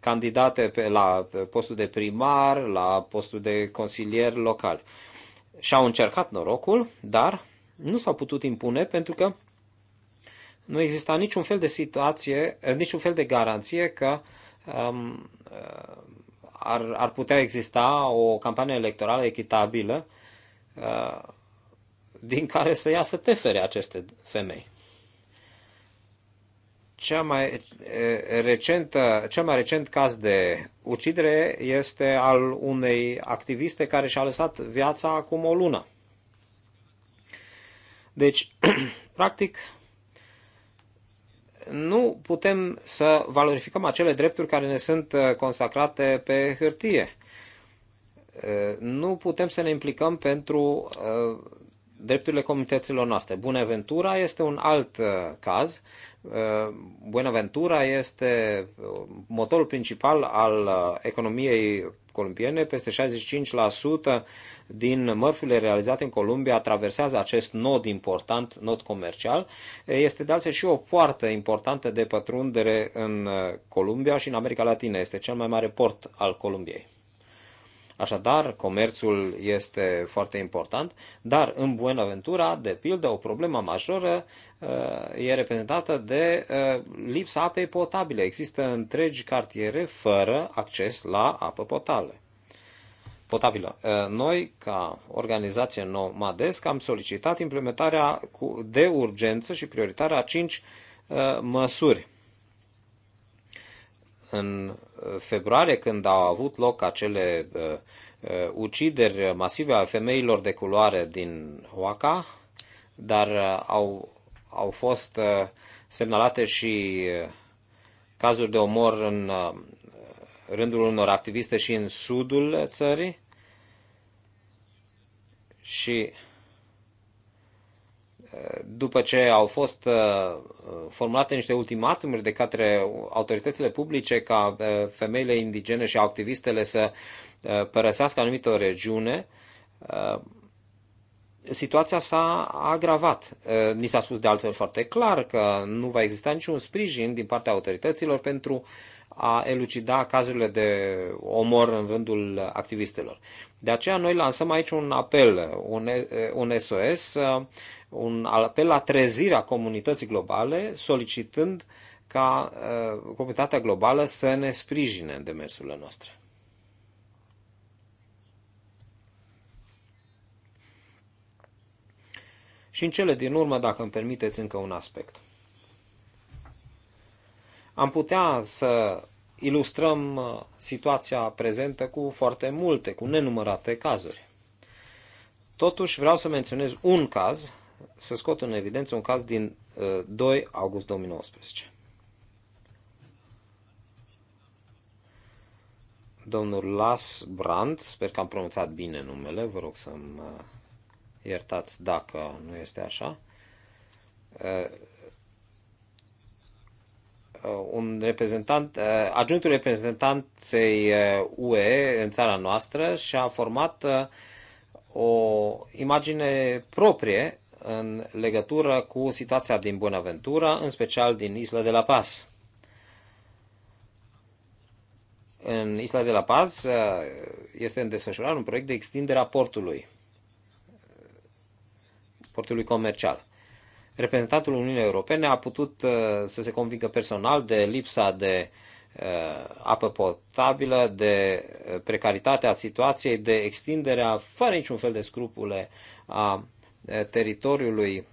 candidate pe, la postul de primar, la postul de consilier local. Și-au încercat norocul, dar nu s-au putut impune pentru că nu exista niciun fel de situație, eh, niciun fel de garanție că um, eh, ar, ar putea exista o campanie electorală echitabilă uh, din care să iasă tefere aceste femei. Cea mai, recentă, cel mai recent caz de ucidere este al unei activiste care și-a lăsat viața acum o lună. Deci, practic, nu putem să valorificăm acele drepturi care ne sunt uh, consacrate pe hârtie. Uh, nu putem să ne implicăm pentru uh, drepturile comunităților noastre. Buneventura este un alt caz. Buenaventura este motorul principal al economiei columbiene. Peste 65% din mărfurile realizate în Columbia traversează acest nod important, nod comercial. Este de altfel și o poartă importantă de pătrundere în uh, Columbia și în America Latină. Este cel mai mare port al Columbiei. Așadar, comerțul este foarte important, dar în Buenaventura, de pildă, o problemă majoră uh, e reprezentată de uh, lipsa apei potabile. Există întregi cartiere fără acces la apă potabilă potabilă. Uh, noi, ca organizație nomadesc, am solicitat implementarea de urgență și prioritarea a cinci măsuri. În februarie, când au avut loc acele uh, uh, ucideri masive ale femeilor de culoare din Oaca, dar uh, au, au fost semnalate și cazuri de omor în rândul unor activiste și în sudul țării. Și după ce au fost uh, formulate niște ultimatumuri de către autoritățile publice ca uh, femeile indigene și activistele să uh, părăsească anumite o regiune, situația s-a agravat. Ni s-a spus de altfel foarte clar că nu va exista niciun sprijin din partea autorităților pentru a elucida cazurile de omor în rândul activistelor. De aceea noi lansăm aici un apel, un, un SOS, uh, un apel la trezirea comunității globale, solicitând ca uh, comunitatea globală să ne sprijine în demersurile noastre. Și în cele din urmă, dacă îmi permiteți încă un aspect – am putea să ilustrăm uh, situația prezentă cu foarte multe, cu nenumărate cazuri. Totuși vreau să menționez un caz, să scot în evidență un caz din 2 uh, august 2019. Domnul Las Brand, sper că am pronunțat bine numele, vă rog să-mi uh, iertați dacă nu este așa, Uh, un reprezentant, uh, adjunctul reprezentanței UE uh, în țara noastră și-a format o imagine proprie în legătură cu situația din Buenaventura, în special din Isla de la Paz. În Isla de la Paz este în desfășurare un proiect de extindere a portului, portului comercial reprezentantul Uniunii Europene a putut uh, să se convingă personal de lipsa de uh, apă potabilă, de uh, precaritatea situației, de extinderea fără niciun fel de scrupule a teritoriului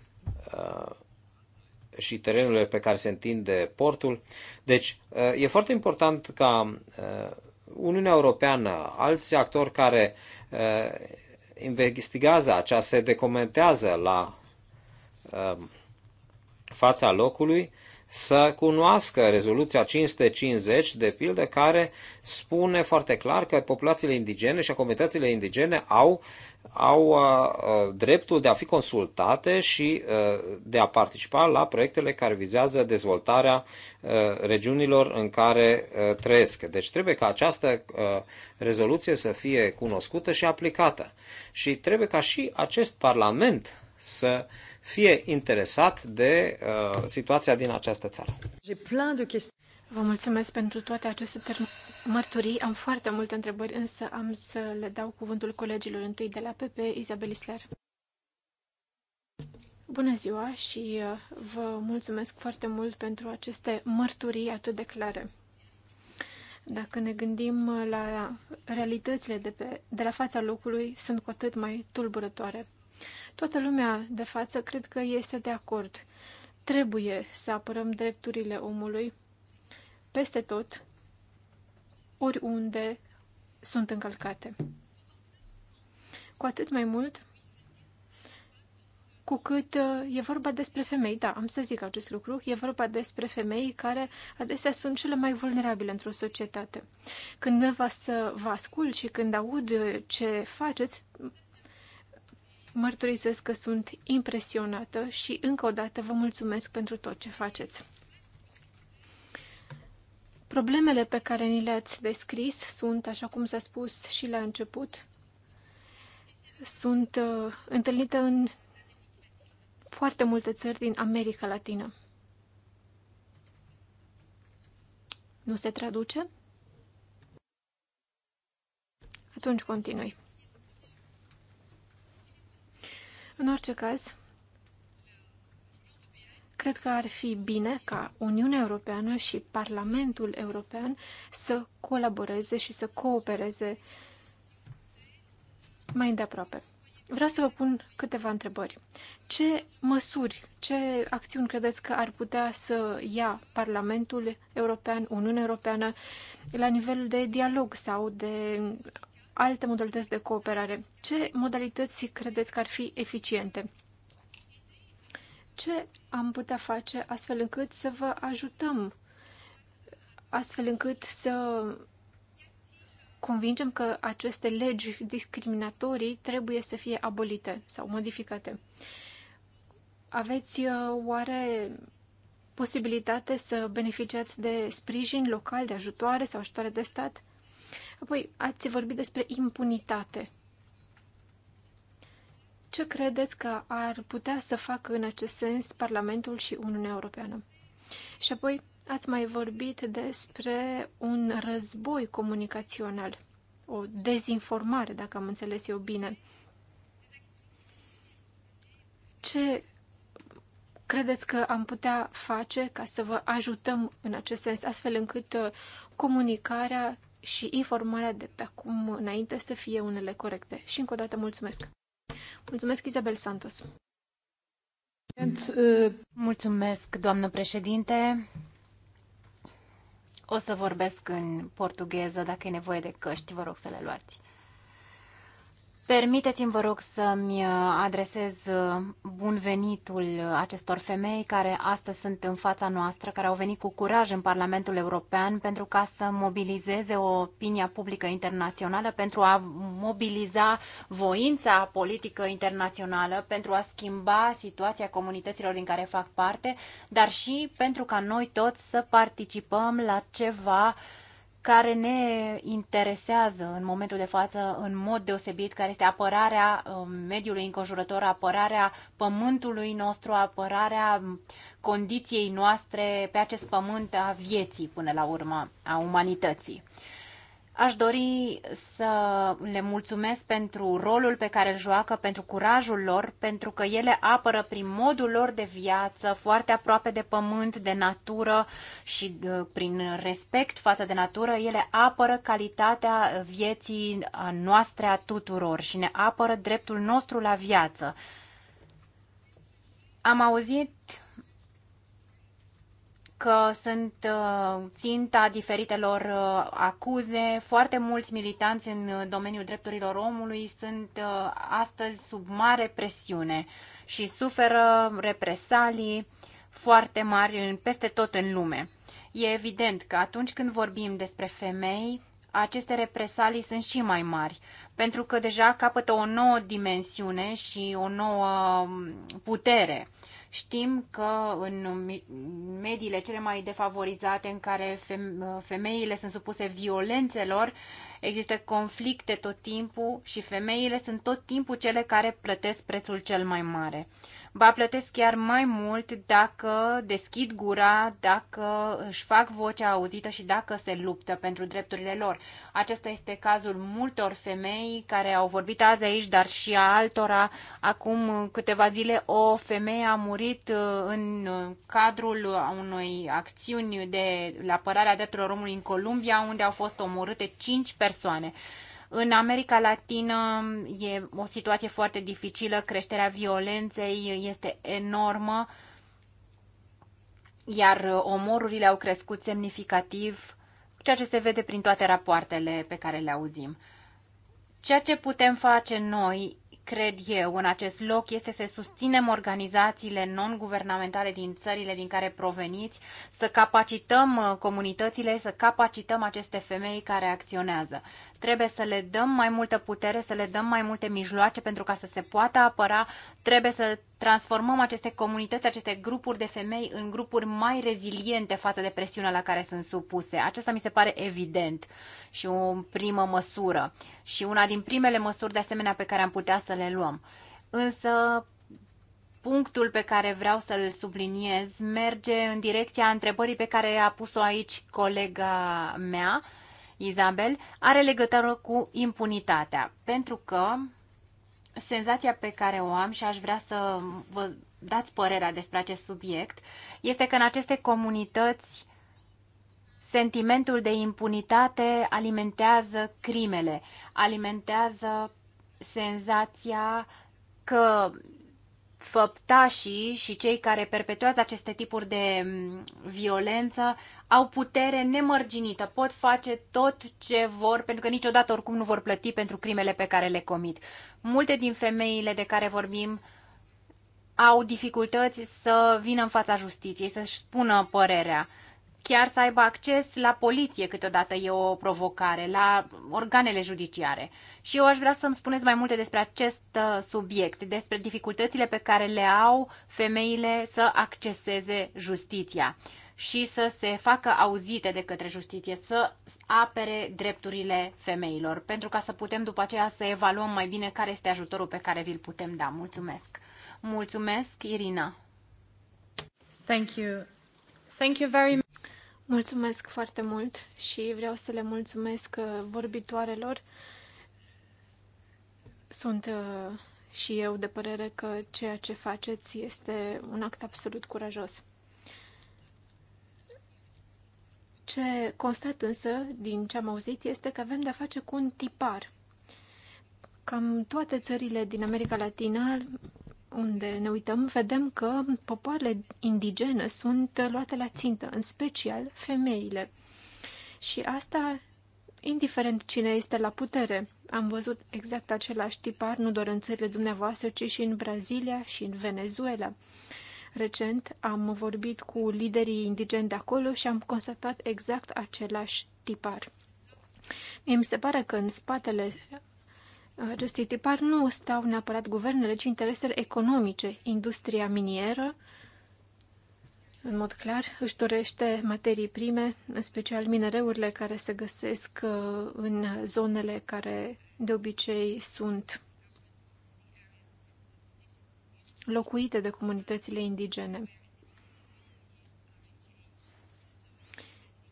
și terenurile pe care se întinde portul. Deci, e foarte important ca Uniunea Europeană, alți actori care investigează aceasta, se decomentează la Um, fața locului să cunoască rezoluția 550, de pildă, care spune foarte clar că populațiile indigene și comunitățile indigene au, au a, uh, a, uh, dreptul de a fi consultate și a, uh, de a participa la proiectele care vizează dezvoltarea a, regiunilor în care a, trăiesc. Deci trebuie ca această a, rezoluție să fie cunoscută și aplicată. Și trebuie ca și acest Parlament să fie interesat de uh, situația din această țară. Vă mulțumesc pentru toate aceste mărturii. Am foarte multe întrebări, însă am să le dau cuvântul colegilor întâi de la PP, Izabel Isler. Bună ziua și uh, vă mulțumesc foarte mult pentru aceste mărturii atât de clare. Dacă ne gândim uh, la realitățile de, pe, de la fața locului, sunt cu atât mai tulburătoare. Toată lumea de față cred că este de acord. Trebuie să apărăm drepturile omului peste tot, oriunde sunt încălcate. Cu atât mai mult cu cât uh, e vorba despre femei, da, am să zic acest lucru, e vorba despre femei care adesea sunt cele mai vulnerabile într-o societate. Când vă, să vă ascult și când aud ce faceți, mărturisesc că sunt impresionată și încă o dată vă mulțumesc pentru tot ce faceți. Problemele pe care ni le-ați descris sunt, așa cum s-a spus și la început, sunt uh, întâlnite în foarte multe țări din America Latină. Nu se traduce? Atunci continui. În orice caz, cred că ar fi bine ca Uniunea Europeană și Parlamentul European să colaboreze și să coopereze mai îndeaproape. Vreau să vă pun câteva întrebări. Ce măsuri, ce acțiuni credeți că ar putea să ia Parlamentul European, Uniunea Europeană, la nivel de dialog sau de alte modalități de cooperare. Ce modalități credeți că ar fi eficiente? Ce am putea face astfel încât să vă ajutăm, astfel încât să convingem că aceste legi discriminatorii trebuie să fie abolite sau modificate? Aveți uh, oare posibilitate să beneficiați de sprijin local, de ajutoare sau ajutoare de stat? Apoi, ați vorbit despre impunitate. Ce credeți că ar putea să facă în acest sens Parlamentul și Uniunea Europeană? Și apoi, ați mai vorbit despre un război comunicațional, o dezinformare, dacă am înțeles eu bine. Ce credeți că am putea face ca să vă ajutăm în acest sens, astfel încât uh, comunicarea și informarea de pe acum înainte să fie unele corecte. Și încă o dată mulțumesc! Mulțumesc, Isabel Santos! Uh, mulțumesc, doamnă președinte! O să vorbesc în portugheză, dacă e nevoie de căști, vă rog să le luați. Permiteți-mi, vă rog, să-mi uh, adresez uh, bun venitul uh, acestor femei care astăzi sunt în fața noastră, care au venit cu curaj în Parlamentul European pentru ca să mobilizeze opinia publică internațională, pentru a mobiliza voința politică internațională, pentru a schimba situația comunităților din care fac parte, dar și pentru ca noi toți să participăm la ceva uh, care ne interesează în momentul de față în mod deosebit, care este apărarea um, mediului înconjurător, apărarea pământului nostru, apărarea um, condiției noastre pe acest pământ a vieții până la urmă, a umanității. Aș dori să le mulțumesc pentru rolul pe care îl joacă, pentru curajul lor, pentru că ele apără prin modul lor de viață, foarte aproape de pământ, de natură și uh, prin respect față de natură, ele apără calitatea vieții a noastre a tuturor și ne apără dreptul nostru la viață. Am auzit că sunt uh, ținta diferitelor uh, acuze. Foarte mulți militanți în uh, domeniul drepturilor omului sunt astăzi sub mare presiune și suferă represalii foarte mari peste tot în lume. E evident că atunci când vorbim despre femei, aceste represalii sunt și mai mari, pentru că deja capătă o nouă dimensiune și o nouă um, putere Știm că în mediile cele mai defavorizate în care femeile sunt supuse violențelor, există conflicte tot timpul și femeile sunt tot timpul cele care plătesc prețul cel mai mare. Ba plătesc chiar mai mult dacă deschid gura, dacă își fac vocea auzită și dacă se luptă pentru drepturile lor. Acesta este cazul multor femei care au vorbit azi aici, dar și a altora. Acum câteva zile o femeie a murit uh, în cadrul unei acțiuni de la apărarea drepturilor omului în Columbia, unde au fost omorâte 5 persoane. În America Latină e o situație foarte dificilă, creșterea violenței este enormă, iar omorurile au crescut semnificativ, ceea ce se vede prin toate rapoartele pe care le auzim. Ceea ce putem face noi cred eu, în acest loc este să susținem organizațiile non-guvernamentale din țările din care proveniți, să capacităm uh, comunitățile, să capacităm aceste femei care acționează. Trebuie să le dăm mai multă putere, să le dăm mai multe mijloace pentru ca să se poată apăra. Trebuie să transformăm aceste comunități, aceste grupuri de femei în grupuri mai reziliente față de presiunea la care sunt supuse. Aceasta mi se pare evident și o primă măsură și una din primele măsuri de asemenea pe care am putea să le luăm. Însă punctul pe care vreau să-l subliniez merge în direcția întrebării pe care a pus-o aici colega mea Izabel, are legătură cu impunitatea, pentru că senzația pe care o am și aș vrea să vă dați părerea despre acest subiect, este că în aceste comunități sentimentul de impunitate alimentează crimele, alimentează senzația că făptașii și cei care perpetuează aceste tipuri de mm, violență au putere nemărginită, pot face tot ce vor, pentru că niciodată oricum nu vor plăti pentru crimele pe care le comit. Multe din femeile de care vorbim au dificultăți să vină în fața justiției, să-și spună părerea. Chiar să aibă acces la poliție câteodată e o provocare, la organele judiciare. Și eu aș vrea să-mi spuneți mai multe despre acest uh, subiect, despre dificultățile pe care le au femeile să acceseze justiția și să se facă auzite de către justiție, să apere drepturile femeilor, pentru ca să putem după aceea să evaluăm mai bine care este ajutorul pe care vi-l putem da. Mulțumesc! Mulțumesc, Irina! Thank you. Thank you very much. Mulțumesc foarte mult și vreau să le mulțumesc uh, vorbitoarelor. Sunt uh, și eu de părere că ceea ce faceți este un act absolut curajos. Ce constat însă, din ce am auzit, este că avem de-a face cu un tipar. Cam toate țările din America Latină, unde ne uităm, vedem că popoarele indigene sunt luate la țintă, în special femeile. Și asta indiferent cine este la putere. Am văzut exact același tipar, nu doar în țările dumneavoastră, ci și în Brazilia și în Venezuela. Recent am vorbit cu liderii indigeni de acolo și am constatat exact același tipar. Mie mi se pare că în spatele uh, acestui tipar nu stau neapărat guvernele, ci interesele economice. Industria minieră, în mod clar, își dorește materii prime, în special minereurile care se găsesc uh, în zonele care de obicei sunt locuite de comunitățile indigene.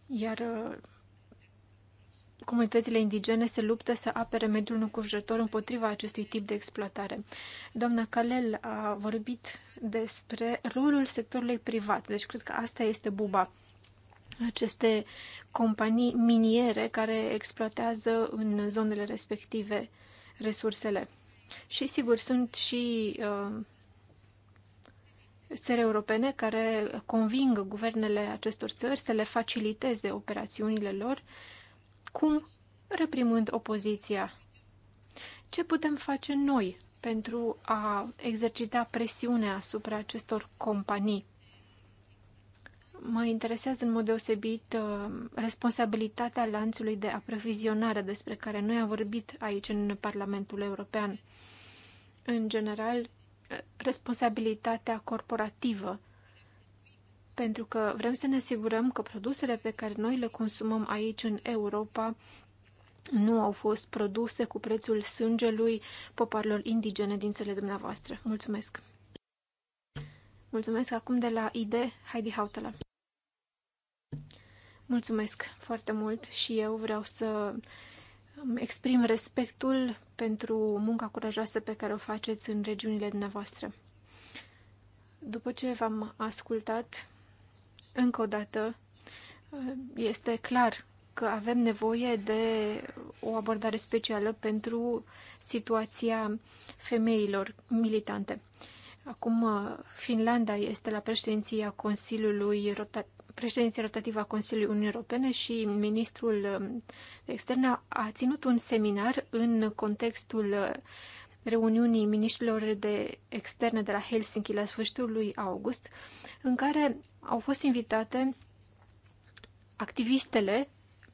Iar uh, comunitățile indigene se luptă să apere mediul înconjurător împotriva acestui tip de exploatare. Doamna Calel a vorbit despre rolul sectorului privat, deci cred că asta este buba. Aceste companii miniere care exploatează în zonele respective resursele. Și sigur, sunt și uh, țări europene care convingă guvernele acestor țări să le faciliteze operațiunile lor, cum reprimând opoziția. Ce putem face noi pentru a exercita presiunea asupra acestor companii? Mă interesează în mod deosebit uh, responsabilitatea lanțului de aprovizionare despre care noi am vorbit aici în Parlamentul European. În general, responsabilitatea corporativă, pentru că vrem să ne asigurăm că produsele pe care noi le consumăm aici în Europa nu au fost produse cu prețul sângelui popoarelor indigene din țările dumneavoastră. Mulțumesc! Mulțumesc acum de la ID Heidi Hautala. Mulțumesc foarte mult și eu vreau să îmi exprim respectul pentru munca curajoasă pe care o faceți în regiunile dumneavoastră. După ce v-am ascultat, încă o dată, este clar că avem nevoie de o abordare specială pentru situația femeilor militante. Acum uh, Finlanda este la președinția Consiliului Rota- președinția rotativă a Consiliului Uniunii Europene și ministrul um, extern a ținut un seminar în contextul uh, reuniunii ministrilor de externe de la Helsinki la sfârșitul lui august, în care au fost invitate activistele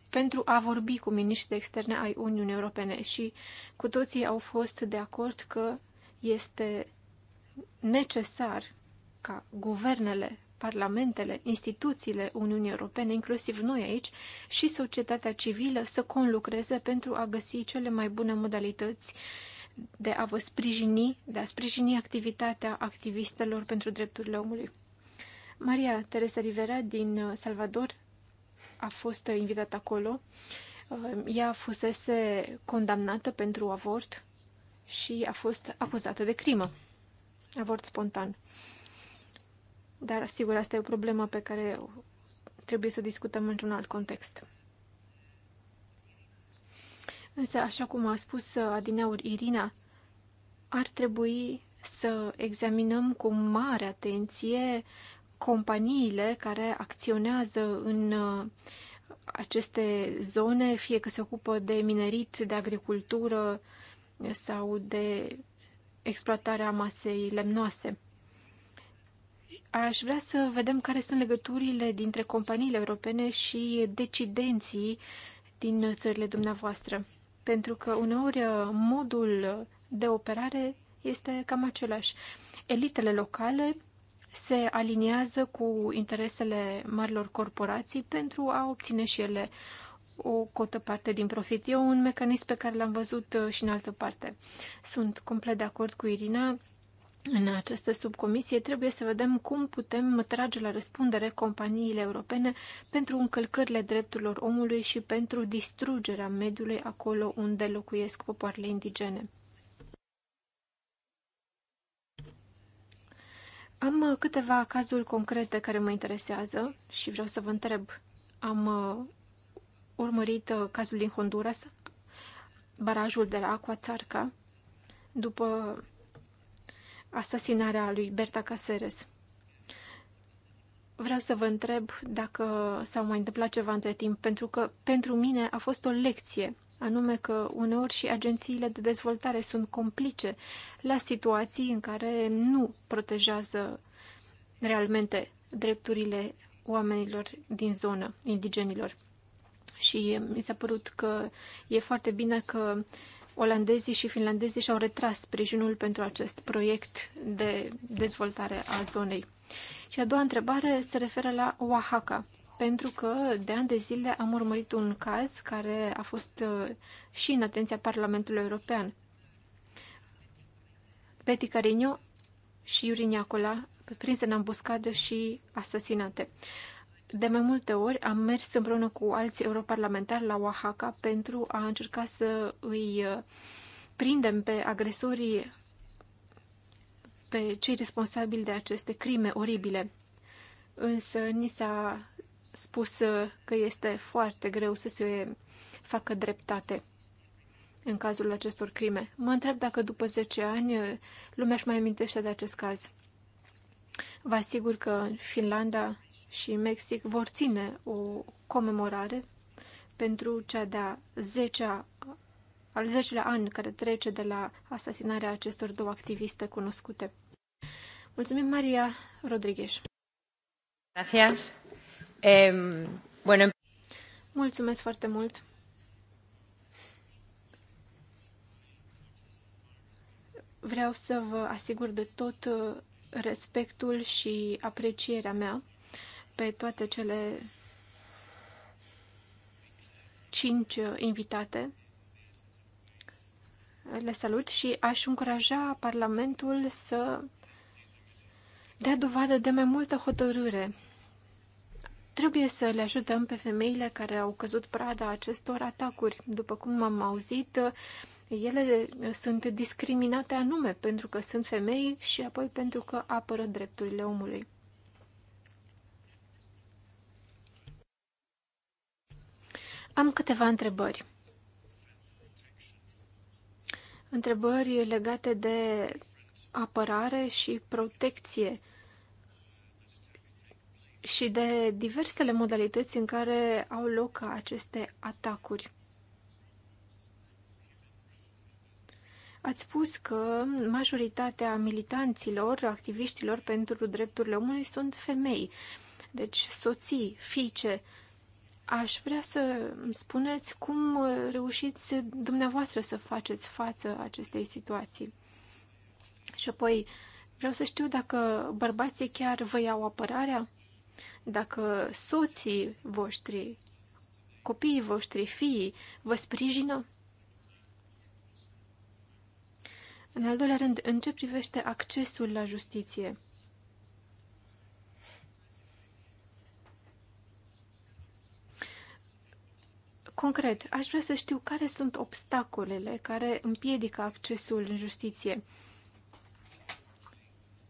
pentru a vorbi cu miniștrii de externe ai Uniunii Europene și cu toții au fost de acord că este necesar ca guvernele, parlamentele, instituțiile Uniunii Europene, inclusiv noi aici, și societatea civilă să conlucreze pentru a găsi cele mai bune modalități de a vă sprijini, de a sprijini activitatea activistelor pentru drepturile omului. Maria Teresa Rivera din uh, Salvador a fost uh, invitată acolo. Uh, ea fusese condamnată pentru avort și a fost acuzată de crimă avort spontan. Dar, sigur, asta e o problemă pe care trebuie să discutăm într-un alt context. Însă, așa cum a spus uh, adineauri Irina, ar trebui să examinăm cu mare atenție companiile care acționează în uh, aceste zone, fie că se ocupă de minerit, de agricultură sau de exploatarea masei lemnoase. Aș vrea să vedem care sunt legăturile dintre companiile europene și decidenții din țările dumneavoastră. Pentru că uneori uh, modul de operare este cam același. Elitele locale se aliniază cu interesele marilor corporații pentru a obține și ele o cotă parte din profit. E un mecanism pe care l-am văzut uh, și în altă parte. Sunt complet de acord cu Irina. În această subcomisie trebuie să vedem cum putem trage la răspundere companiile europene pentru încălcările drepturilor omului și pentru distrugerea mediului acolo unde locuiesc popoarele indigene. Am uh, câteva cazuri concrete care mă interesează și vreau să vă întreb. Am uh, urmărit uh, cazul din Honduras, barajul de la Aquațarca, după asasinarea lui Berta Caceres. Vreau să vă întreb dacă s-au mai întâmplat ceva între timp, pentru că pentru mine a fost o lecție, anume că uneori și agențiile de dezvoltare sunt complice la situații în care nu protejează realmente drepturile oamenilor din zonă, indigenilor și mi s-a părut că e foarte bine că olandezii și finlandezii și-au retras sprijinul pentru acest proiect de dezvoltare a zonei. Și a doua întrebare se referă la Oaxaca, pentru că de ani de zile am urmărit un caz care a fost uh, și în atenția Parlamentului European. Betty Carino și Iuri Niacola, prinse în ambuscadă și asasinate. De mai multe ori am mers împreună cu alți europarlamentari la Oaxaca pentru a încerca să îi uh, prindem pe agresorii, pe cei responsabili de aceste crime oribile. Însă ni s-a spus uh, că este foarte greu să se facă dreptate în cazul acestor crime. Mă întreb dacă după 10 ani uh, lumea își mai amintește de acest caz. Vă asigur că Finlanda și Mexic vor ține o comemorare pentru cea de-a 10-a al 10-lea an care trece de la asasinarea acestor două activiste cunoscute. Mulțumim, Maria Rodriguez. Gracias. Eh, bueno... Mulțumesc foarte mult. Vreau să vă asigur de tot uh, respectul și aprecierea mea pe toate cele cinci uh, invitate. Le salut și aș încuraja Parlamentul să dea dovadă de mai multă hotărâre. Trebuie să le ajutăm pe femeile care au căzut prada acestor atacuri. După cum am auzit, ele sunt discriminate anume pentru că sunt femei și apoi pentru că apără drepturile omului. Am câteva întrebări. Întrebări legate de apărare și protecție și de diversele modalități în care au loc aceste atacuri. Ați spus că majoritatea militanților, activiștilor pentru drepturile omului sunt femei, deci soții, fiice. Aș vrea să îmi spuneți cum reușiți dumneavoastră să faceți față acestei situații. Și apoi vreau să știu dacă bărbații chiar vă iau apărarea, dacă soții voștri, copiii voștri, fiii vă sprijină. În al doilea rând, în ce privește accesul la justiție? Concret, aș vrea să știu care sunt obstacolele care împiedică accesul în justiție.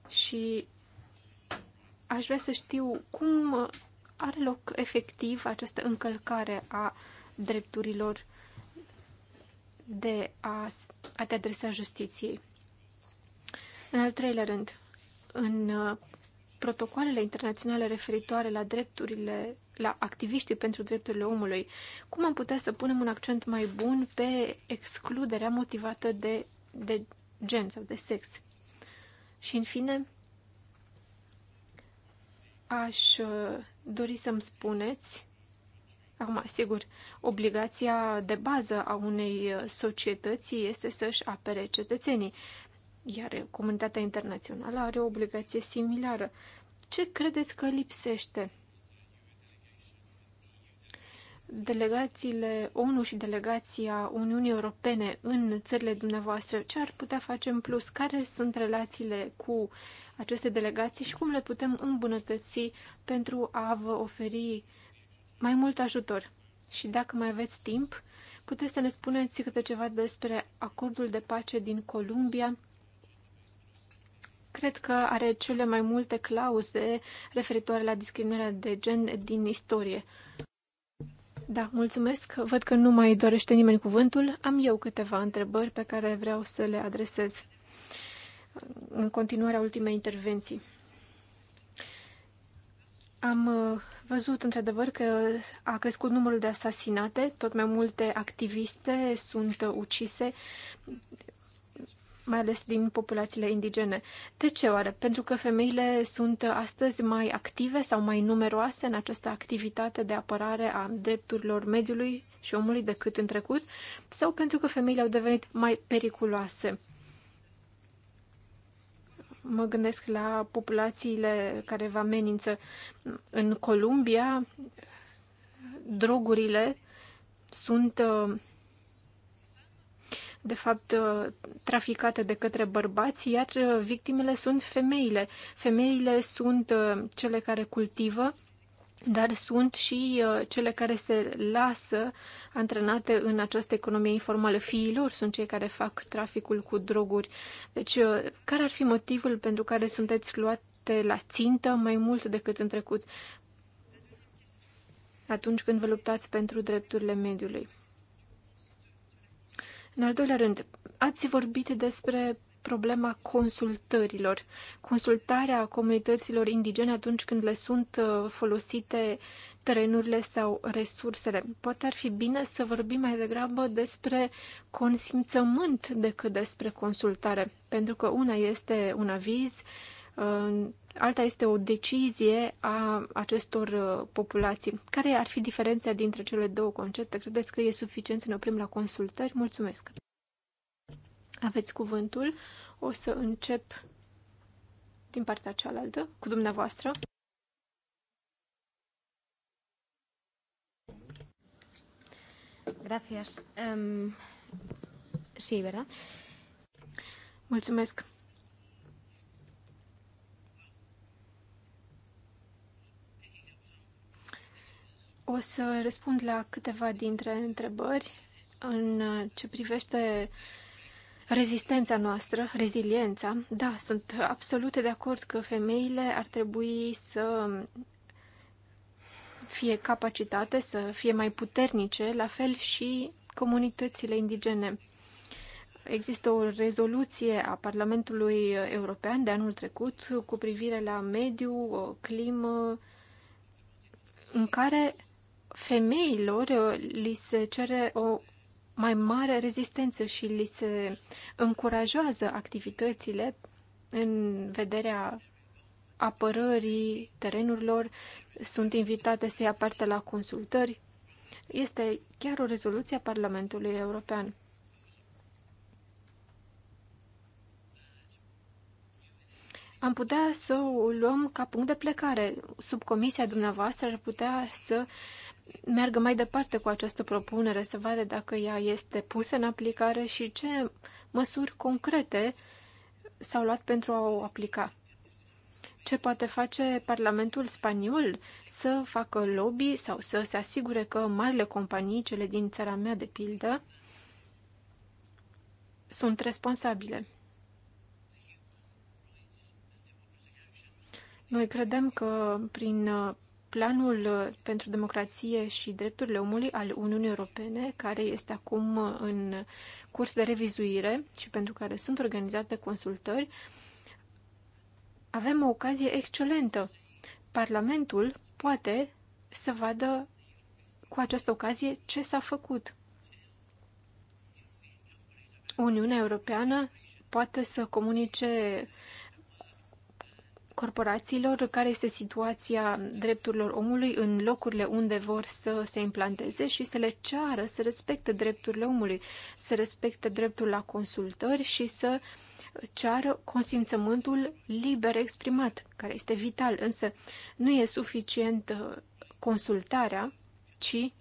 Și aș vrea să știu cum are loc efectiv această încălcare a drepturilor de a, a te adresa justiției. În al treilea rând, în uh, protocoalele internaționale referitoare la drepturile la activiștii pentru drepturile omului, cum am putea să punem un accent mai bun pe excluderea motivată de, de gen sau de sex. Și, în fine, aș uh, dori să-mi spuneți, acum, sigur, obligația de bază a unei uh, societăți este să-și apere cetățenii, iar comunitatea internațională are o obligație similară. Ce credeți că lipsește? delegațiile ONU și delegația Uniunii Europene în țările dumneavoastră, ce ar putea face în plus? Care sunt relațiile cu aceste delegații și cum le putem îmbunătăți pentru a vă oferi mai mult ajutor? Și dacă mai aveți timp, puteți să ne spuneți câte ceva despre acordul de pace din Columbia. Cred că are cele mai multe clauze referitoare la discriminarea de gen din istorie. Da, mulțumesc. Văd că nu mai dorește nimeni cuvântul. Am eu câteva întrebări pe care vreau să le adresez în continuarea ultimei intervenții. Am uh, văzut, într-adevăr, că a crescut numărul de asasinate, tot mai multe activiste sunt uh, ucise, mai ales din populațiile indigene. De ce oare? Pentru că femeile sunt astăzi mai active sau mai numeroase în această activitate de apărare a drepturilor mediului și omului decât în trecut? Sau pentru că femeile au devenit mai periculoase? Mă gândesc la populațiile care vă amenință. În Columbia, drogurile sunt uh, de fapt, uh, traficate de către bărbați, iar uh, victimele sunt femeile. Femeile sunt uh, cele care cultivă, dar sunt și cele care se lasă antrenate în această economie informală. Fiilor sunt cei care fac traficul cu droguri. Deci, care ar fi motivul pentru care sunteți luate la țintă mai mult decât în trecut? atunci când vă luptați pentru drepturile mediului. În al doilea rând, ați vorbit despre problema consultărilor. Consultarea comunităților indigene atunci când le sunt uh, folosite terenurile sau resursele. Poate ar fi bine să vorbim mai degrabă despre consimțământ decât despre consultare, pentru că una este un aviz uh, alta este o decizie a acestor uh, populații. Care ar fi diferența dintre cele două concepte? Credeți că e suficient să ne oprim la consultări? Mulțumesc! Aveți cuvântul. O să încep din partea cealaltă, cu dumneavoastră. Gracias. Um, sí, ¿verdad? Mulțumesc. O să răspund la câteva dintre întrebări în ce privește rezistența noastră, reziliența. Da, sunt absolut de acord că femeile ar trebui să fie capacitate, să fie mai puternice, la fel și comunitățile indigene. Există o rezoluție a Parlamentului European de anul trecut cu privire la mediu, climă, în care femeilor uh, li se cere o mai mare rezistență și li se încurajează activitățile în vederea apărării terenurilor, sunt invitate să ia parte la consultări. Este chiar o rezoluție a Parlamentului European. Am putea să o luăm ca punct de plecare. Subcomisia dumneavoastră ar putea să uh, meargă mai departe cu această propunere, să vadă dacă ea este pusă în aplicare și ce măsuri concrete s-au luat pentru a o aplica. Ce poate face Parlamentul spaniol să facă lobby sau să se asigure că marile companii, cele din țara mea de pildă, sunt responsabile. Noi credem că prin planul uh, pentru democrație și drepturile omului al Uniunii Europene, care este acum uh, în curs de revizuire și pentru care sunt organizate consultări, avem o ocazie excelentă. Parlamentul poate să vadă cu această ocazie ce s-a făcut. Uniunea Europeană poate să comunice corporațiilor care este situația drepturilor omului în locurile unde vor să se implanteze și să le ceară să respecte drepturile omului, să respecte dreptul la consultări și să ceară consimțământul liber exprimat, care este vital, însă nu e suficient uh, consultarea, ci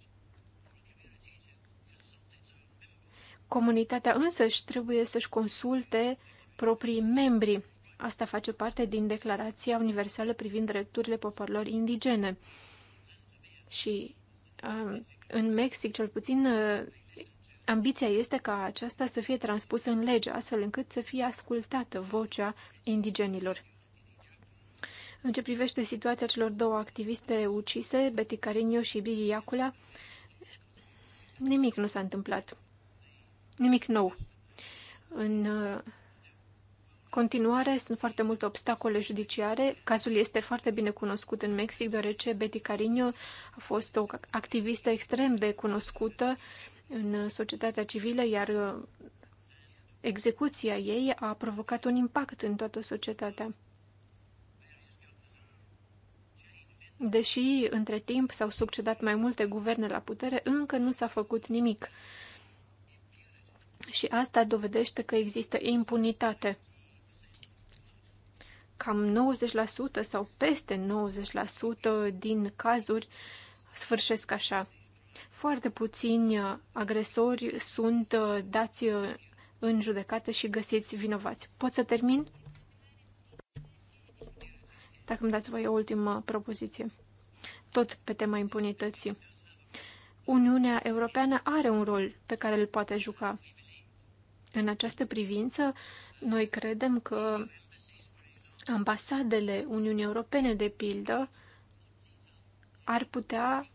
comunitatea însăși trebuie să-și consulte proprii membri Asta face parte din Declarația Universală privind drepturile popoarelor indigene. Și um, în Mexic, cel puțin, uh, ambiția este ca aceasta să fie transpusă în lege, astfel încât să fie ascultată vocea indigenilor. În ce privește situația celor două activiste ucise, Betty Carinio și Billy Iacula, nimic nu s-a întâmplat. Nimic nou. În uh, continuare sunt foarte multe obstacole judiciare. Cazul este foarte bine cunoscut în Mexic, deoarece Betty Carino a fost o activistă extrem de cunoscută în societatea civilă, iar uh, execuția ei a provocat un impact în toată societatea. Deși între timp s-au succedat mai multe guverne la putere, încă nu s-a făcut nimic. Și asta dovedește că există impunitate cam 90% sau peste 90% din cazuri sfârșesc așa. Foarte puțini agresori sunt uh, dați uh, în judecată și găsiți vinovați. Pot să termin? Dacă îmi dați voi o ultimă propoziție. Tot pe tema impunității. Uniunea Europeană are un rol pe care îl poate juca. În această privință, noi credem că ambasadele Uniunii Europene, de pildă, ar putea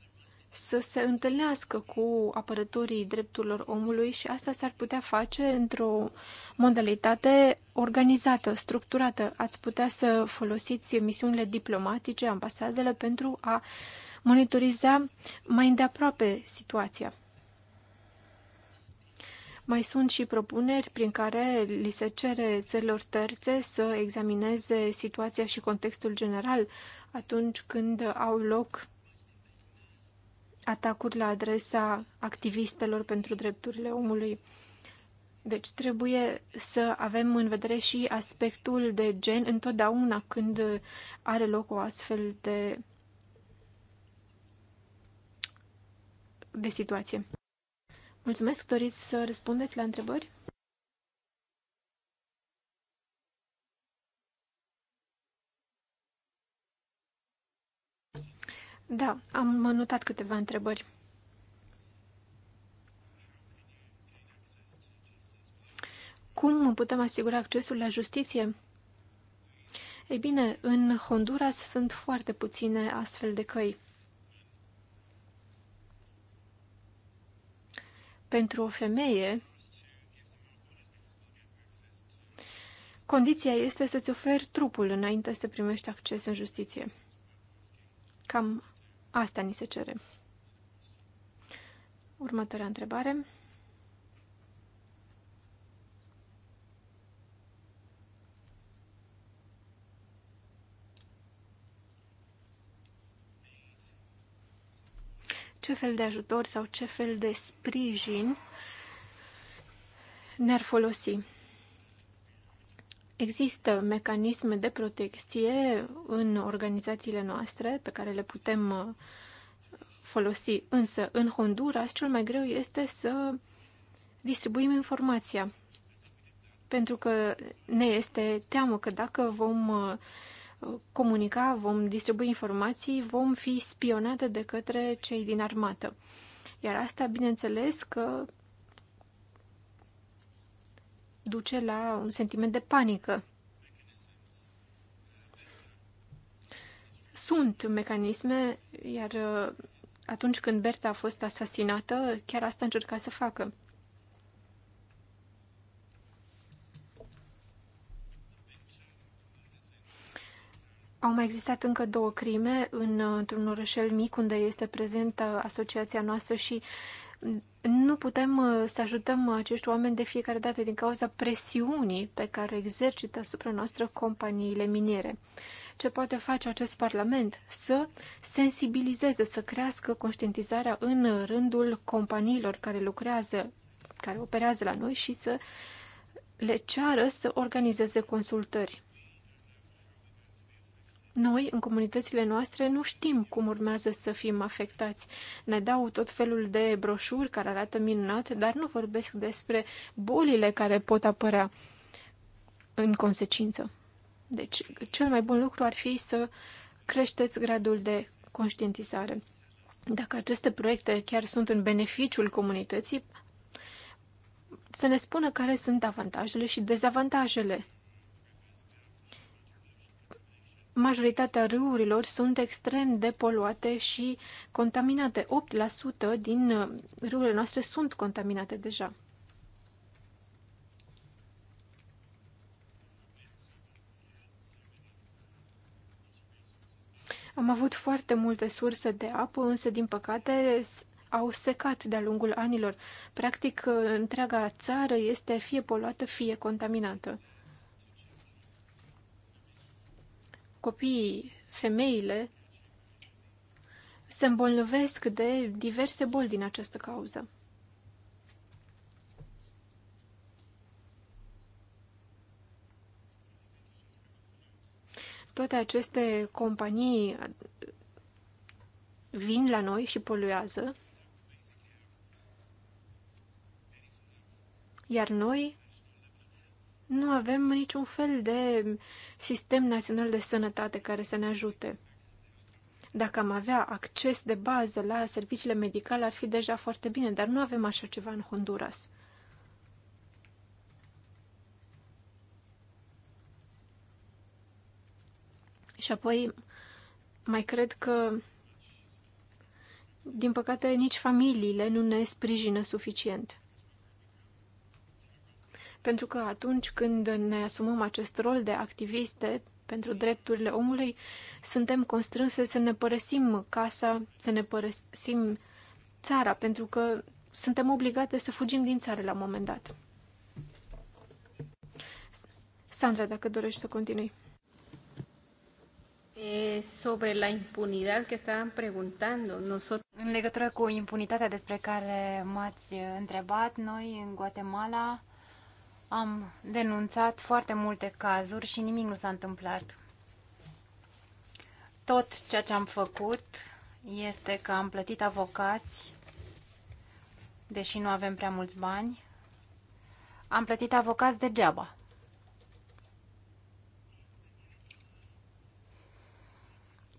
să se întâlnească cu apărătorii drepturilor omului și asta s-ar putea face într-o modalitate organizată, structurată. Ați putea să folosiți misiunile diplomatice, ambasadele, pentru a monitoriza mai îndeaproape situația. Mai sunt și propuneri prin care li se cere țărilor terțe să examineze situația și contextul general atunci când au loc atacuri la adresa activistelor pentru drepturile omului. Deci trebuie să avem în vedere și aspectul de gen întotdeauna când are loc o astfel de, de situație. Mulțumesc, doriți să răspundeți la întrebări? Da, am notat câteva întrebări. Cum putem asigura accesul la justiție? Ei bine, în Honduras sunt foarte puține astfel de căi. pentru o femeie, condiția este să-ți oferi trupul înainte să primești acces în justiție. Cam asta ni se cere. Următoarea întrebare. ce fel de ajutor sau ce fel de sprijin ne-ar folosi. Există mecanisme de protecție în organizațiile noastre pe care le putem uh, folosi, însă în Honduras cel mai greu este să distribuim informația, pentru că ne este teamă că dacă vom uh, comunica, vom distribui informații, vom fi spionate de către cei din armată. Iar asta, bineînțeles, că duce la un sentiment de panică. Sunt mecanisme, iar uh, atunci când Berta a fost asasinată, chiar asta încerca să facă. Au mai existat încă două crime în, într-un orășel mic unde este prezentă asociația noastră și nu putem uh, să ajutăm acești oameni de fiecare dată din cauza presiunii pe care exercită asupra noastră companiile miniere. Ce poate face acest Parlament? Să sensibilizeze, să crească conștientizarea în rândul companiilor care lucrează, care operează la noi și să le ceară să organizeze consultări. Noi, în comunitățile noastre, nu știm cum urmează să fim afectați. Ne dau tot felul de broșuri care arată minunat, dar nu vorbesc despre bolile care pot apărea în consecință. Deci, cel mai bun lucru ar fi să creșteți gradul de conștientizare. Dacă aceste proiecte chiar sunt în beneficiul comunității, să ne spună care sunt avantajele și dezavantajele majoritatea râurilor sunt extrem de poluate și contaminate. 8% din uh, râurile noastre sunt contaminate deja. Am avut foarte multe surse de apă, însă, din păcate, au secat de-a lungul anilor. Practic, uh, întreaga țară este fie poluată, fie contaminată. copiii, femeile, se îmbolnăvesc de diverse boli din această cauză. Toate aceste companii vin la noi și poluează, iar noi nu avem niciun fel de sistem național de sănătate care să ne ajute. Dacă am avea acces de bază la serviciile medicale, ar fi deja foarte bine, dar nu avem așa ceva în Honduras. Și apoi mai cred că, din păcate, nici familiile nu ne sprijină suficient pentru că atunci când ne asumăm acest rol de activiste pentru drepturile omului, suntem constrânse să ne părăsim casa, să ne părăsim țara, pentru că suntem obligate să fugim din țară la un moment dat. Sandra, dacă dorești să continui. Sobre la impunidad que estaban preguntando, nosotros... În legătură cu impunitatea despre care m-ați întrebat, noi în Guatemala am denunțat foarte multe cazuri și nimic nu s-a întâmplat. Tot ceea ce am făcut este că am plătit avocați, deși nu avem prea mulți bani. Am plătit avocați degeaba.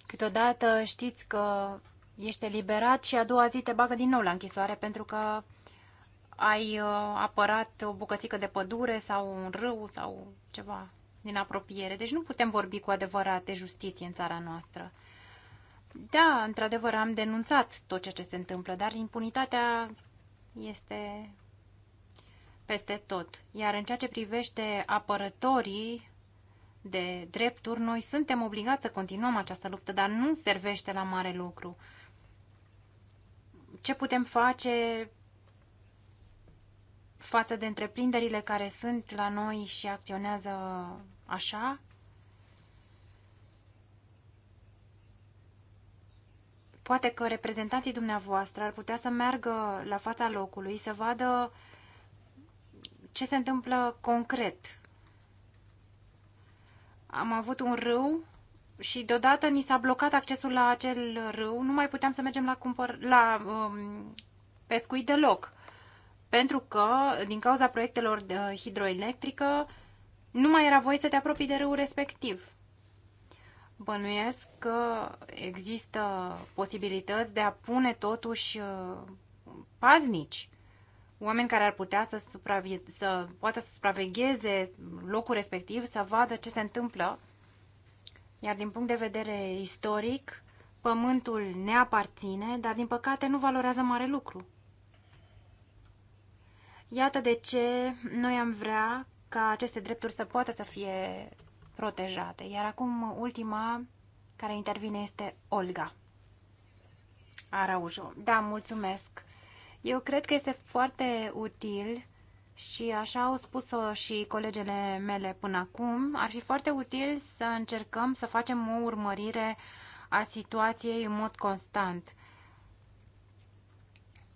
Câteodată știți că ești eliberat și a doua zi te bagă din nou la închisoare pentru că ai uh, apărat o bucățică de pădure sau un râu sau ceva din apropiere. Deci nu putem vorbi cu adevărat de justiție în țara noastră. Da, într-adevăr am denunțat tot ceea ce se întâmplă, dar impunitatea este peste tot. Iar în ceea ce privește apărătorii de drepturi, noi suntem obligați să continuăm această luptă, dar nu servește la mare lucru. Ce putem face față de întreprinderile care sunt la noi și acționează așa, poate că reprezentanții dumneavoastră ar putea să meargă la fața locului, să vadă ce se întâmplă concret. Am avut un râu și deodată ni s-a blocat accesul la acel râu, nu mai puteam să mergem la, cumpăr- la um, pescuit deloc pentru că, din cauza proiectelor de uh, hidroelectrică, nu mai era voie să te apropii de râul respectiv. Bănuiesc că există posibilități de a pune totuși uh, paznici, oameni care ar putea să, supravie- să poată să supravegheze locul respectiv, să vadă ce se întâmplă. Iar din punct de vedere istoric, pământul ne aparține, dar din păcate nu valorează mare lucru. Iată de ce noi am vrea ca aceste drepturi să poată să fie protejate. Iar acum ultima care intervine este Olga Araujo. Da, mulțumesc. Eu cred că este foarte util și așa au spus-o și colegele mele până acum, ar fi foarte util să încercăm să facem o urmărire a situației în mod constant.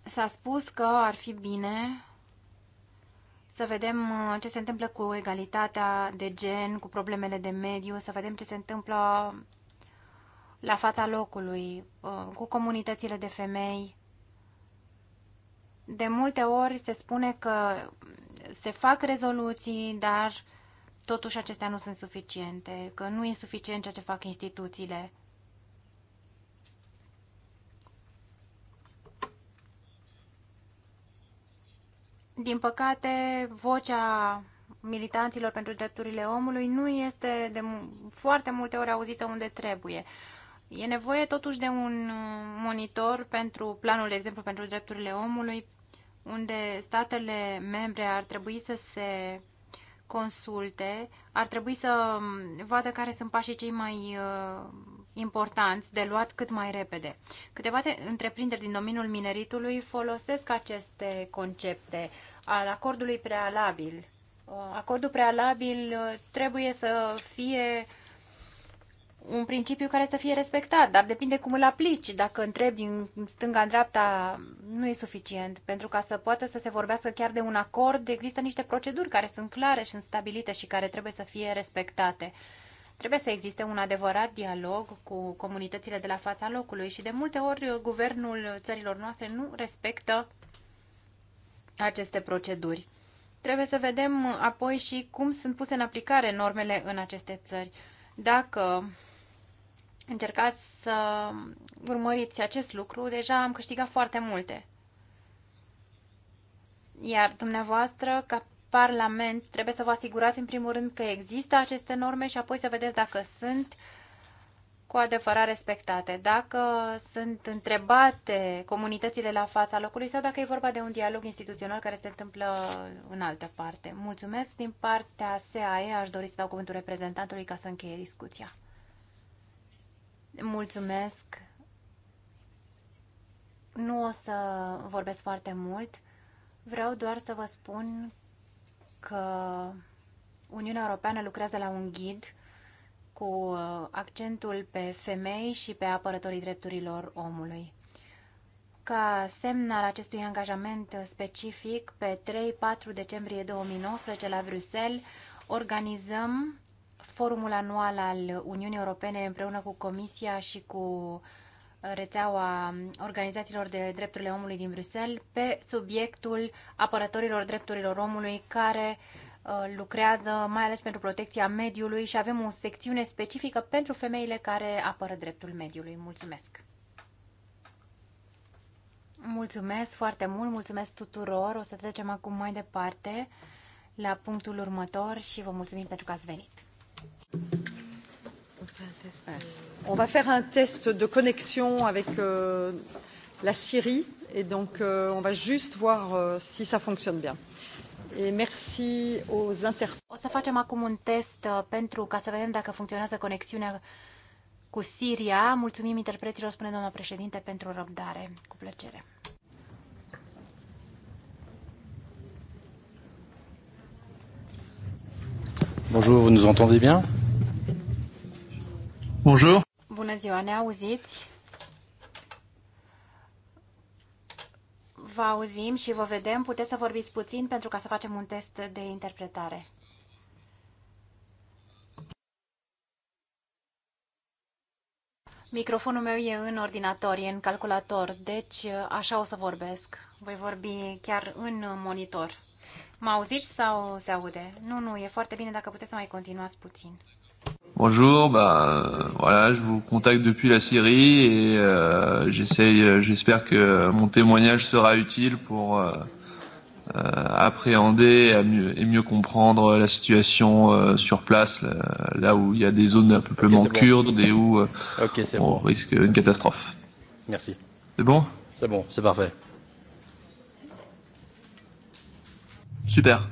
S-a spus că ar fi bine să vedem uh, ce se întâmplă cu egalitatea de gen, cu problemele de mediu, să vedem ce se întâmplă la fața locului, uh, cu comunitățile de femei. De multe ori se spune că se fac rezoluții, dar totuși acestea nu sunt suficiente, că nu e suficient ceea ce fac instituțiile. Din păcate, vocea militanților pentru drepturile omului nu este de foarte multe ori auzită unde trebuie. E nevoie totuși de un uh, monitor pentru planul, de exemplu, pentru drepturile omului, unde statele membre ar trebui să se consulte, ar trebui să um, vadă care sunt pașii cei mai uh, importanți de luat cât mai repede. Câteva întreprinderi din domeniul mineritului folosesc aceste concepte al acordului prealabil. Uh, acordul prealabil uh, trebuie să fie un principiu care să fie respectat, dar depinde cum îl aplici. Dacă întrebi în stânga-dreapta, nu e suficient. Pentru ca să poată să se vorbească chiar de un acord, există niște proceduri care sunt clare și sunt stabilite și care trebuie să fie respectate. Trebuie să existe un adevărat dialog cu comunitățile de la fața locului și de multe ori guvernul țărilor noastre nu respectă aceste proceduri. Trebuie să vedem apoi și cum sunt puse în aplicare normele în aceste țări. Dacă încercați să urmăriți acest lucru, deja am câștigat foarte multe. Iar dumneavoastră, ca Parlament trebuie să vă asigurați în primul rând că există aceste norme și apoi să vedeți dacă sunt cu adevărat respectate, dacă sunt întrebate comunitățile la fața locului sau dacă e vorba de un dialog instituțional care se întâmplă în altă parte. Mulțumesc. Din partea SAE aș dori să dau cuvântul reprezentantului ca să încheie discuția. Mulțumesc. Nu o să vorbesc foarte mult. Vreau doar să vă spun că Uniunea Europeană lucrează la un ghid cu uh, accentul pe femei și pe apărătorii drepturilor omului. Ca semn al acestui angajament specific, pe 3-4 decembrie 2019 la Bruxelles organizăm forumul anual al Uniunii Europene împreună cu Comisia și cu rețeaua organizațiilor de drepturile omului din Bruxelles pe subiectul apărătorilor drepturilor omului care uh, lucrează mai ales pentru protecția mediului și avem o secțiune specifică pentru femeile care apără dreptul mediului. Mulțumesc! Mulțumesc foarte mult, mulțumesc tuturor. O să trecem acum mai departe la punctul următor și vă mulțumim pentru că ați venit. Euh, on va faire un test de connexion avec euh, la Syrie et donc euh, on va juste voir euh, si ça fonctionne bien. Et merci aux inter... O să facem acum un test uh, pentru ca să vedem dacă funcționează conexiunea cu Siria. Mulțumim interpreților, spune doamna președinte, pentru răbdare. Cu plăcere. Bonjour, vous nous entendez bien Bonjour. Bună ziua, ne auziți? Vă auzim și vă vedem. Puteți să vorbiți puțin pentru ca să facem un test de interpretare. Microfonul meu e în ordinator, e în calculator, deci așa o să vorbesc. Voi vorbi chiar în monitor. Mă auziți sau se aude? Nu, nu, e foarte bine dacă puteți să mai continuați puțin. Bonjour, bah euh, voilà, je vous contacte depuis la Syrie et euh, j'essaye, euh, j'espère que mon témoignage sera utile pour euh, euh, appréhender et mieux, et mieux comprendre la situation euh, sur place, là, là où il y a des zones à peuplement okay, kurde bon. et où euh, okay, on bon. risque une catastrophe. Merci. C'est bon C'est bon, c'est parfait. Super.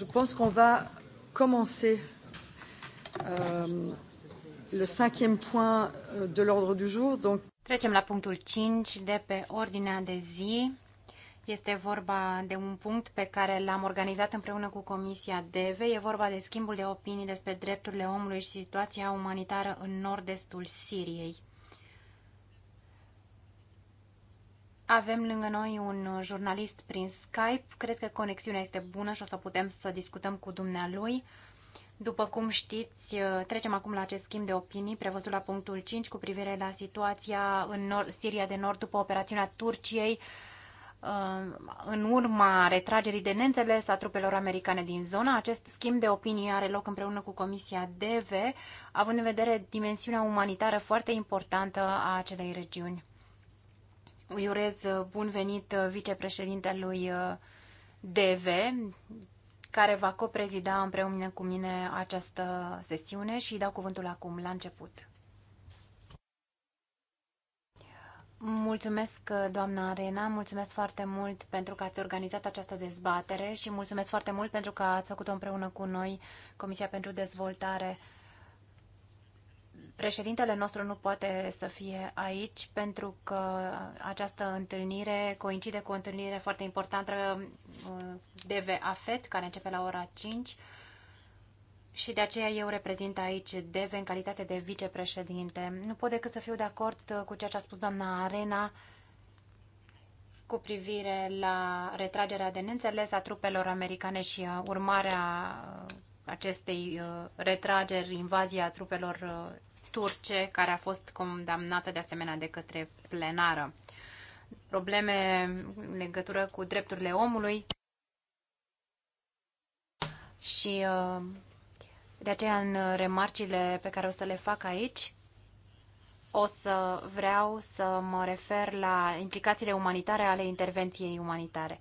je pense qu'on va commencer euh, le cinquième point euh, de l'ordre du jour. Donc... Trecem la punctul 5 de pe ordinea de zi. Este vorba de un punct pe care l-am organizat împreună cu Comisia DEVE. E vorba de schimbul de opinii despre drepturile omului și situația umanitară în nord-estul Siriei. avem lângă noi un uh, jurnalist prin Skype. Cred că conexiunea este bună și o să putem să discutăm cu dumnealui. După cum știți, uh, trecem acum la acest schimb de opinii prevăzut la punctul 5 cu privire la situația în nord, Siria de Nord după operațiunea Turciei uh, în urma retragerii de neînțeles a trupelor americane din zona. Acest schimb de opinii are loc împreună cu Comisia DV, având în vedere dimensiunea umanitară foarte importantă a acelei regiuni. Îi urez uh, bun venit uh, vicepreședintelui uh, DV, care va coprezida împreună cu mine această sesiune și îi dau cuvântul acum, la început. Mulțumesc, doamna Arena, mulțumesc foarte mult pentru că ați organizat această dezbatere și mulțumesc foarte mult pentru că ați făcut-o împreună cu noi, Comisia pentru Dezvoltare Președintele nostru nu poate să fie aici pentru că această întâlnire coincide cu o întâlnire foarte importantă uh, de VAFET, care începe la ora 5 și de aceea eu reprezint aici DV în calitate de vicepreședinte. Nu pot decât să fiu de acord uh, cu ceea ce a spus doamna Arena cu privire la retragerea de neînțeles a trupelor americane și uh, urmarea acestei retrageri, invazia trupelor turce, care a fost condamnată de asemenea de către plenară. Probleme în legătură cu drepturile omului și uh, de aceea în remarcile pe care o să le fac aici o să vreau să mă refer la implicațiile umanitare ale intervenției umanitare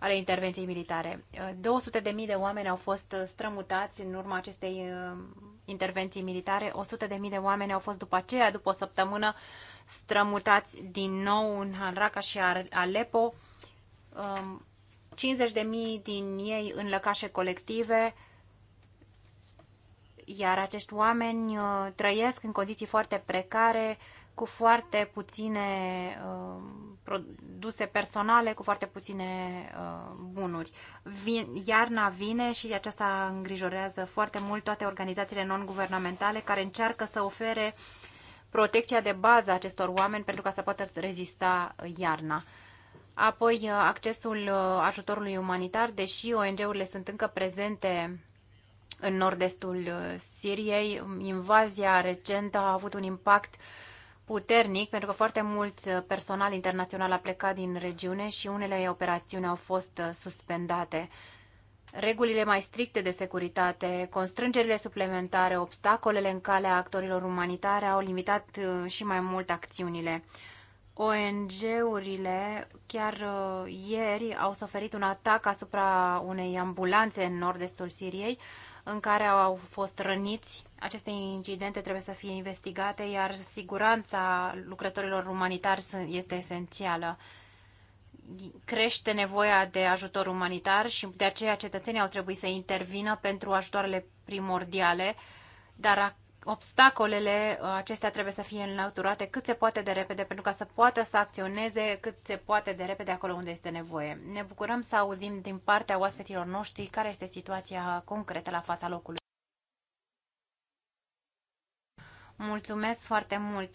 ale intervenției militare. 200.000 de, de oameni au fost strămutați în urma acestei uh, intervenții militare, 100.000 de, de oameni au fost după aceea, după o săptămână, strămutați din nou în Hanraca și um, de 50.000 din ei în lăcașe colective, iar acești oameni uh, trăiesc în condiții foarte precare, cu foarte puține uh, produse personale, cu foarte puține uh, bunuri. Vin, iarna vine și aceasta îngrijorează foarte mult toate organizațiile non-guvernamentale care încearcă să ofere protecția de bază acestor oameni pentru ca să poată rezista iarna. Apoi, uh, accesul uh, ajutorului umanitar, deși ONG-urile sunt încă prezente în nord-estul uh, Siriei, invazia recentă a avut un impact uh, puternic, pentru că foarte mult uh, personal internațional a plecat din regiune și unele operațiuni au fost uh, suspendate. Regulile mai stricte de securitate, constrângerile suplimentare, obstacolele în calea actorilor umanitare au limitat uh, și mai mult acțiunile. ONG-urile chiar ieri au suferit un atac asupra unei ambulanțe în nord-estul Siriei, în care au fost răniți. Aceste incidente trebuie să fie investigate, iar siguranța lucrătorilor umanitari este esențială. Crește nevoia de ajutor umanitar și de aceea cetățenii au trebuit să intervină pentru ajutoarele primordiale, dar obstacolele uh, acestea trebuie să fie înlăturate cât se poate de repede, pentru ca să poată să acționeze cât se poate de repede acolo unde este nevoie. Ne bucurăm să auzim din partea oaspeților noștri care este situația concretă la fața locului. Mulțumesc foarte mult!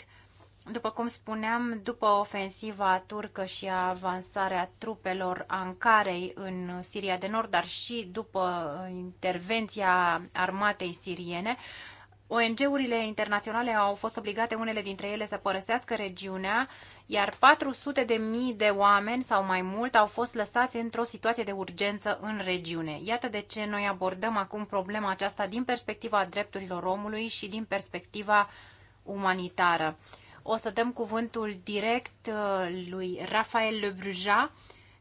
După cum spuneam, după ofensiva turcă și avansarea trupelor Ankarei în Siria de Nord, dar și după intervenția armatei siriene, ONG-urile internaționale au fost obligate unele dintre ele să părăsească regiunea, iar 400 de mii de oameni sau mai mult au fost lăsați într-o situație de urgență în regiune. Iată de ce noi abordăm acum problema aceasta din perspectiva drepturilor omului și din perspectiva umanitară. O să dăm cuvântul direct uh, lui Rafael Lebruja,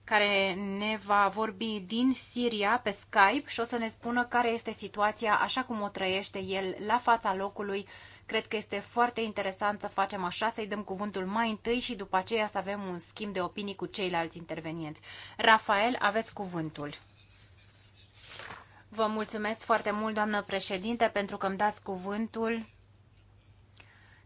care ne va vorbi din Siria pe Skype și o să ne spună care este situația așa cum o trăiește el la fața locului. Cred că este foarte interesant să facem așa, să-i dăm cuvântul mai întâi și după aceea să avem un schimb de opinii cu ceilalți intervenienți. Rafael, aveți cuvântul. Vă mulțumesc foarte mult, doamnă președinte, pentru că îmi dați cuvântul.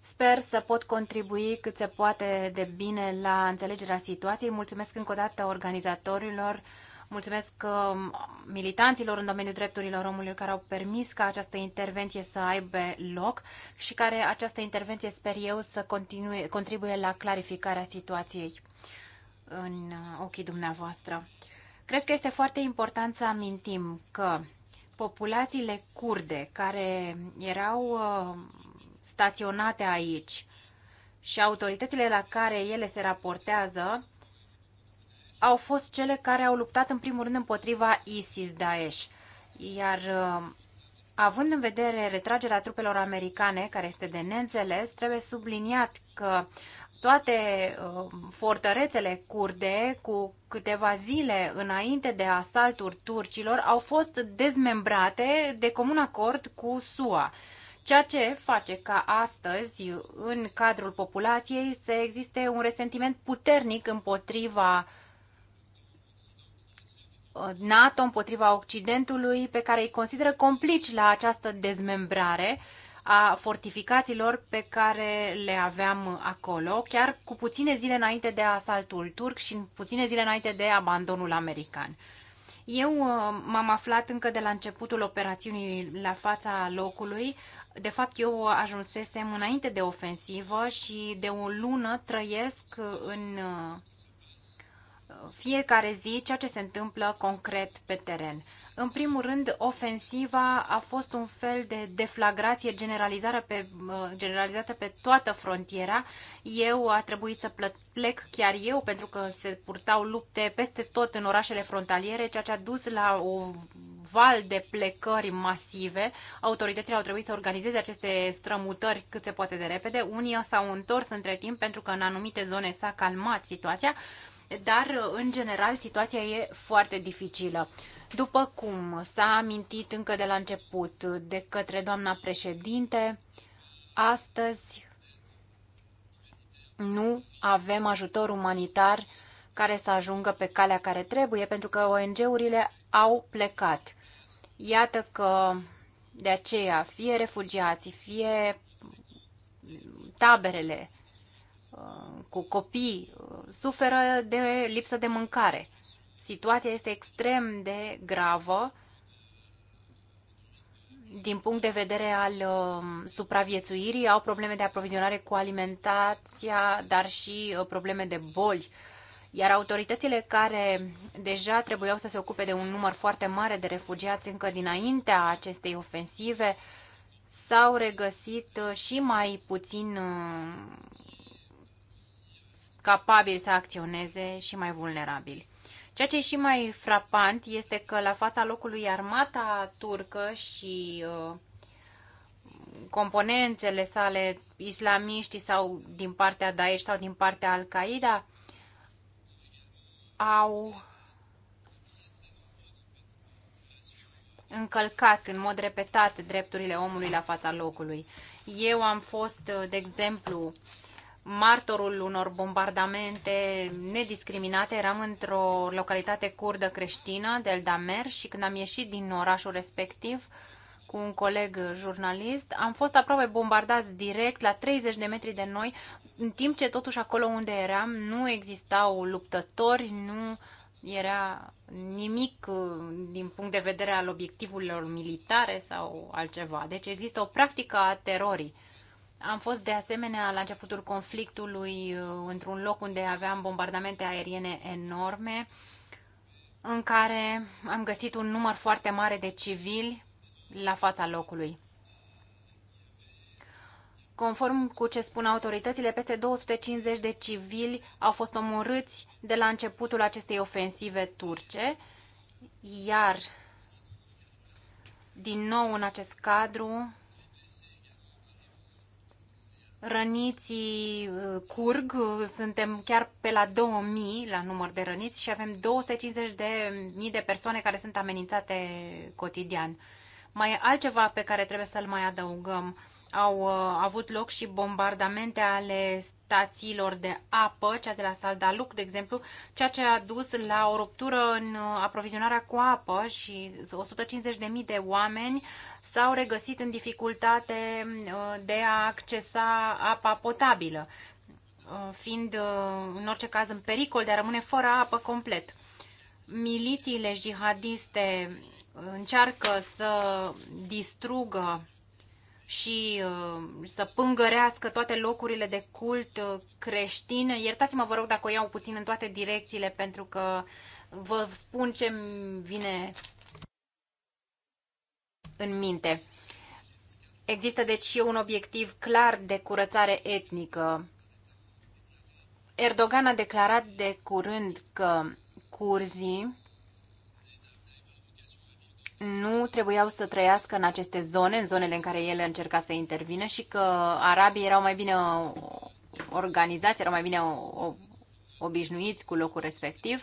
Sper să pot contribui cât se poate de bine la înțelegerea situației. Mulțumesc încă o dată organizatorilor, mulțumesc um, militanților în domeniul drepturilor omului care au permis ca această intervenție să aibă loc și care această intervenție, sper eu, să continue, contribuie la clarificarea situației în ochii dumneavoastră. Cred că este foarte important să amintim că populațiile curde care erau um, staționate aici și autoritățile la care ele se raportează au fost cele care au luptat în primul rând împotriva ISIS-Daesh. Iar uh, având în vedere retragerea trupelor americane, care este de neînțeles, trebuie subliniat că toate uh, fortărețele curde, cu câteva zile înainte de asaltul turcilor, au fost dezmembrate de comun acord cu SUA. Ceea ce face ca astăzi, în cadrul populației, să existe un resentiment puternic împotriva uh, NATO, împotriva Occidentului, pe care îi consideră complici la această dezmembrare a fortificațiilor pe care le aveam acolo, chiar cu puține zile înainte de asaltul turc și puține zile înainte de abandonul american. Eu uh, m-am aflat încă de la începutul operațiunii la fața locului de fapt, eu ajunsesem înainte de ofensivă și de o lună trăiesc în uh, fiecare zi ceea ce se întâmplă concret pe teren. În primul rând, ofensiva a fost un fel de deflagrație generalizată pe, uh, generalizată pe toată frontiera. Eu a trebuit să plec chiar eu pentru că se purtau lupte peste tot în orașele frontaliere, ceea ce a dus la o val de plecări masive. Autoritățile au trebuit să organizeze aceste strămutări cât se poate de repede. Unii s-au întors între timp pentru că în anumite zone s-a calmat situația, dar în general situația e foarte dificilă. După cum s-a amintit încă de la început de către doamna președinte, astăzi nu avem ajutor umanitar care să ajungă pe calea care trebuie, pentru că ONG-urile au plecat. Iată că de aceea fie refugiații, fie taberele uh, cu copii uh, suferă de lipsă de mâncare. Situația este extrem de gravă din punct de vedere al uh, supraviețuirii, au probleme de aprovizionare cu alimentația, dar și probleme de boli iar autoritățile care deja trebuiau să se ocupe de un număr foarte mare de refugiați încă dinaintea acestei ofensive s-au regăsit uh, și mai puțin uh, capabili să acționeze și mai vulnerabili. Ceea ce e și mai frapant este că la fața locului armata turcă și uh, componentele sale, islamiștii sau din partea Daesh sau din partea Al-Qaeda, au încălcat în mod repetat drepturile omului la fața locului. Eu am fost, de exemplu, martorul unor bombardamente nediscriminate. Eram într-o localitate curdă creștină, Deldamer, și când am ieșit din orașul respectiv, uh, cu un coleg jurnalist, am fost aproape bombardați direct la 30 de metri de noi, în timp ce totuși acolo unde eram nu existau luptători, nu era nimic uh, din punct de vedere al obiectivelor militare sau altceva. Deci există o practică a terorii. Am fost de asemenea la începutul conflictului uh, într-un loc unde aveam bombardamente aeriene enorme, în care am găsit un număr foarte mare de civili la fața locului. Conform cu ce spun autoritățile, peste 250 de civili au fost omorâți de la începutul acestei ofensive turce, iar din nou în acest cadru răniții uh, curg, uh, suntem chiar pe la 2000 la număr de răniți și avem 250 de mii de persoane care sunt amenințate cotidian. Mai e altceva pe care trebuie să-l mai adăugăm. Au uh, avut loc și bombardamente ale stațiilor de apă, cea de la Saldaluc, de exemplu, ceea ce a dus la o ruptură în uh, aprovizionarea cu apă și 150.000 de oameni s-au regăsit în dificultate uh, de a accesa apa potabilă, uh, fiind în orice caz în pericol de a rămâne fără apă complet. Milițiile jihadiste încearcă să distrugă și uh, să pângărească toate locurile de cult uh, creștin. Iertați-mă, vă rog, dacă o iau puțin în toate direcțiile, pentru că vă spun ce vine în minte. Există deci și un obiectiv clar de curățare etnică. Erdogan a declarat de curând că curzii nu trebuiau să trăiască în aceste zone, în zonele în care el încerca să intervină și că arabii erau mai bine organizați, erau mai bine obișnuiți cu locul respectiv.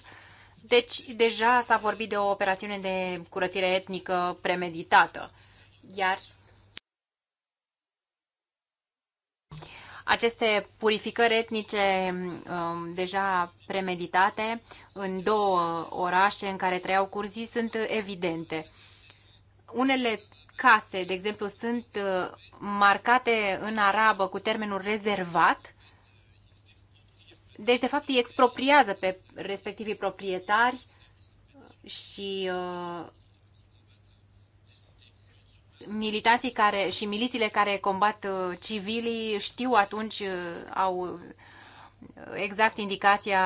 Deci deja s-a vorbit de o operațiune de curățire etnică premeditată. Iar aceste purificări etnice um, deja premeditate în două orașe în care trăiau curzii sunt evidente. Unele case, de exemplu, sunt uh, marcate în arabă cu termenul rezervat, deci, de fapt, îi expropriază pe respectivii proprietari și uh, militații care, și milițiile care combat uh, civilii știu atunci, uh, au uh, exact indicația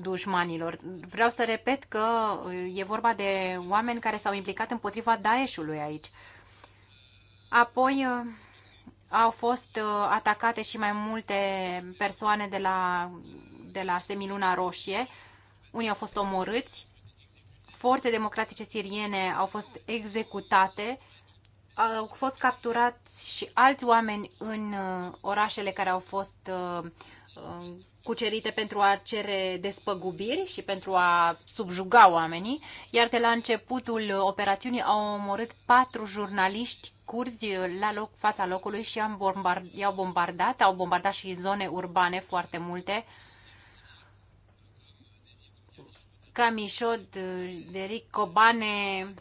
dușmanilor. Vreau să repet că e vorba de oameni care s-au implicat împotriva Daeshului aici. Apoi au fost atacate și mai multe persoane de la, de la Semiluna Roșie. Unii au fost omorâți, forțe democratice siriene au fost executate, au fost capturați și alți oameni în uh, orașele care au fost uh, uh, cucerite pentru a cere despăgubiri și pentru a subjuga oamenii, iar de la începutul operațiunii au omorât patru jurnaliști curzi la loc, fața locului și i-au bombardat, au bombardat și zone urbane foarte multe, Camișod, uh, Deric Cobane,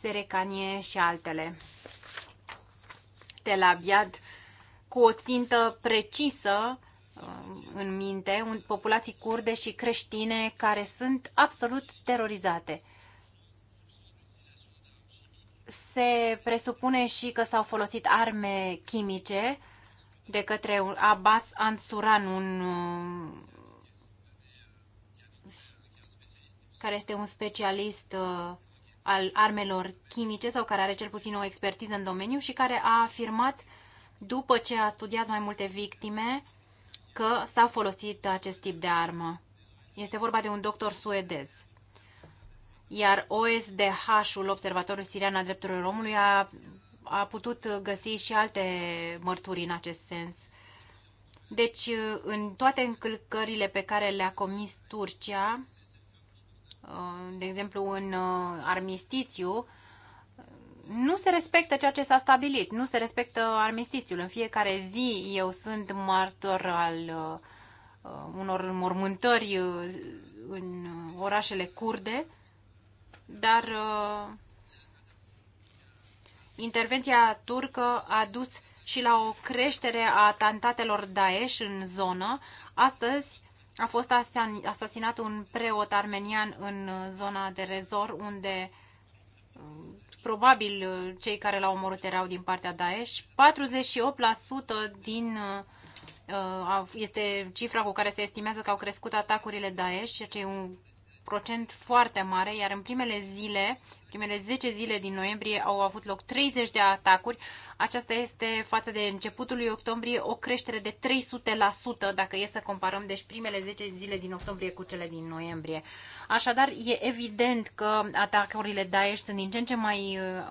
Serecanie și altele. la Telabiad, cu o țintă precisă uh, în minte, populații curde și creștine care sunt absolut terorizate. Se presupune și că s-au folosit arme chimice de către Abbas Ansuran, un uh, care este un specialist uh, al armelor chimice sau care are cel puțin o expertiză în domeniu și care a afirmat după ce a studiat mai multe victime că s-a folosit acest tip de armă. Este vorba de un doctor suedez. Iar OSDH-ul, Observatorul Sirian al Drepturilor Omului, a, a putut găsi și alte mărturii în acest sens. Deci, în toate încălcările pe care le-a comis Turcia, Uh, de exemplu în uh, armistițiu, nu se respectă ceea ce s-a stabilit, nu se respectă armistițiul. În fiecare zi eu sunt martor al uh, unor mormântări în orașele curde, dar intervenția turcă a dus și la o creștere a atentatelor Daesh în zonă. Astăzi a fost asasinat un preot armenian în zona de rezor, unde uh, probabil uh, cei care l-au omorât erau din partea Daesh. 48% din uh, este cifra cu care se estimează că au crescut atacurile Daesh, ceea ce e un procent foarte mare, iar în primele zile, primele 10 zile din noiembrie au avut loc 30 de atacuri. Aceasta este față de începutul lui octombrie o creștere de 300% dacă e să comparăm deci primele 10 zile din octombrie cu cele din noiembrie. Așadar, e evident că atacurile Daesh sunt din ce în ce mai uh,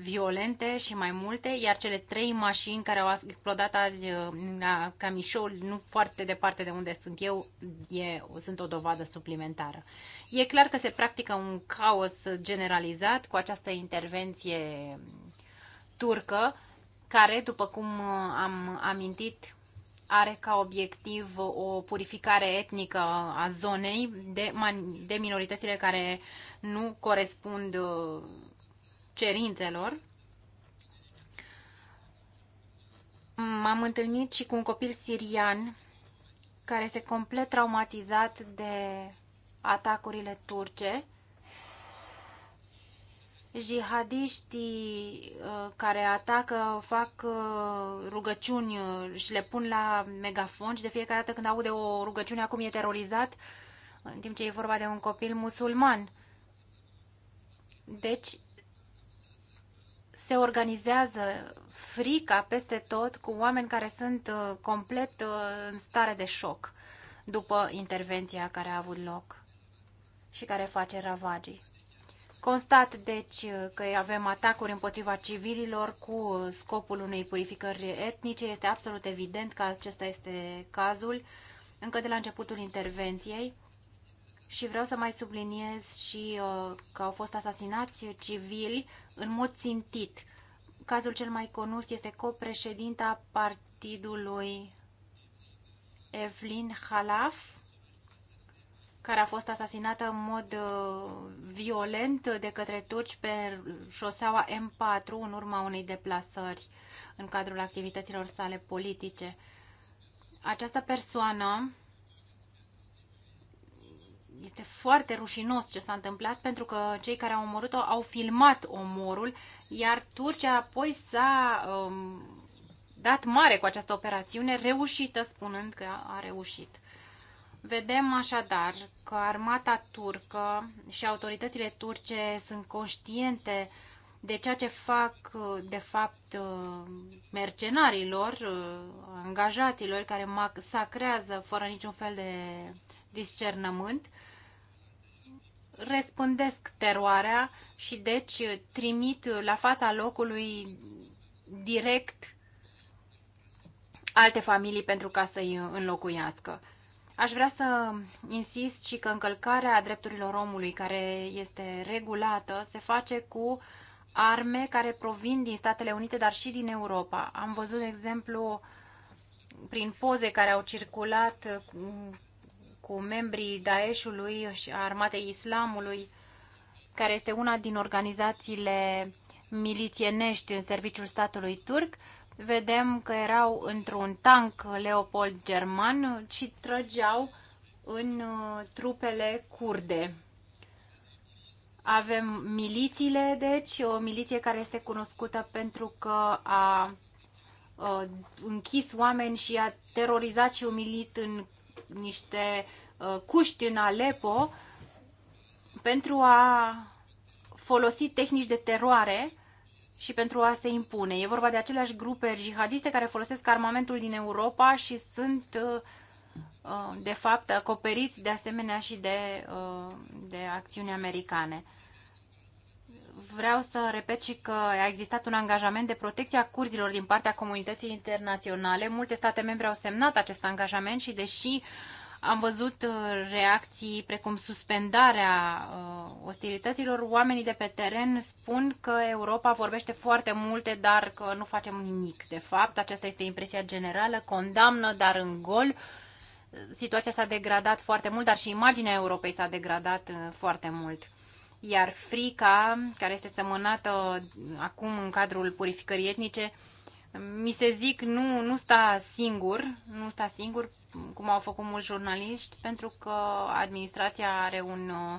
violente și mai multe, iar cele trei mașini care au explodat azi uh, la Camișol, nu foarte departe de unde sunt eu, e, sunt o dovadă suplimentară. E clar că se practică un caos generalizat cu această intervenție turcă, care, după cum uh, am amintit, are ca obiectiv o purificare etnică a zonei de, de minoritățile care nu corespund uh, cerințelor. M-am întâlnit și cu un copil sirian care se complet traumatizat de atacurile turce jihadiștii uh, care atacă fac uh, rugăciuni uh, și le pun la megafon și de fiecare dată când aude o rugăciune acum e terorizat, în timp ce e vorba de un copil musulman. Deci se organizează frica peste tot cu oameni care sunt complet în stare de șoc după intervenția care a avut loc și care face ravagii. Constat, deci, că avem atacuri împotriva civililor cu scopul unei purificări etnice. Este absolut evident că acesta este cazul încă de la începutul intervenției. Și vreau să mai subliniez și uh, că au fost asasinați civili în mod țintit. Cazul cel mai conus este copreședinta partidului Evelyn Halaf, care a fost asasinată în mod uh, violent de către turci pe șoseaua M4 în urma unei deplasări în cadrul activităților sale politice. Această persoană este foarte rușinos ce s-a întâmplat pentru că cei care au omorât-o au filmat omorul, iar Turcia apoi s-a um, dat mare cu această operațiune, reușită spunând că a, a reușit. Vedem așadar că armata turcă și autoritățile turce sunt conștiente de ceea ce fac, de fapt, mercenarilor, angajaților care sacrează fără niciun fel de discernământ, răspândesc teroarea și deci trimit la fața locului direct alte familii pentru ca să-i înlocuiască. Aș vrea să insist și că încălcarea drepturilor omului care este regulată se face cu arme care provin din Statele Unite, dar și din Europa. Am văzut, de exemplu, prin poze care au circulat cu, cu membrii Daeshului și a Armatei Islamului, care este una din organizațiile milițienești în serviciul statului turc, vedem că erau într-un tank Leopold german și trăgeau în uh, trupele curde. Avem milițiile, deci, o miliție care este cunoscută pentru că a uh, închis oameni și a terorizat și umilit în niște uh, cuști în Alepo pentru a folosi tehnici de teroare și pentru a se impune. E vorba de aceleași grupe jihadiste care folosesc armamentul din Europa și sunt, uh, uh, de fapt, acoperiți de asemenea și de, uh, de acțiuni americane. Vreau să repet și că a existat un angajament de protecție a curzilor din partea comunității internaționale. Multe state membre au semnat acest angajament și, deși uh, am văzut uh, reacții precum suspendarea uh, ostilităților. Oamenii de pe teren spun că Europa vorbește foarte multe, dar că nu facem nimic. De fapt, aceasta este impresia generală, condamnă, dar în gol. Situația s-a degradat foarte mult, dar și imaginea Europei s-a degradat uh, foarte mult. Iar frica, care este semănată acum în cadrul purificării etnice, mi se zic nu, nu sta singur, nu sta singur, cum au făcut mulți jurnaliști, pentru că administrația are un uh,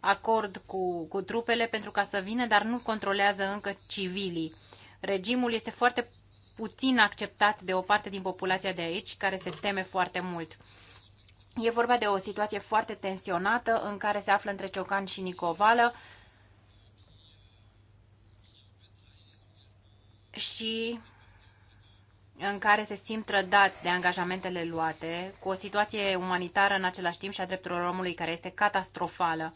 acord cu, cu trupele pentru ca să vină, dar nu controlează încă civilii. Regimul este foarte puțin acceptat de o parte din populația de aici, care se teme foarte mult. E vorba de o situație foarte tensionată în care se află între Ciocan și Nicovală și în care se simt trădați de angajamentele luate, cu o situație umanitară în același timp și a drepturilor omului care este catastrofală.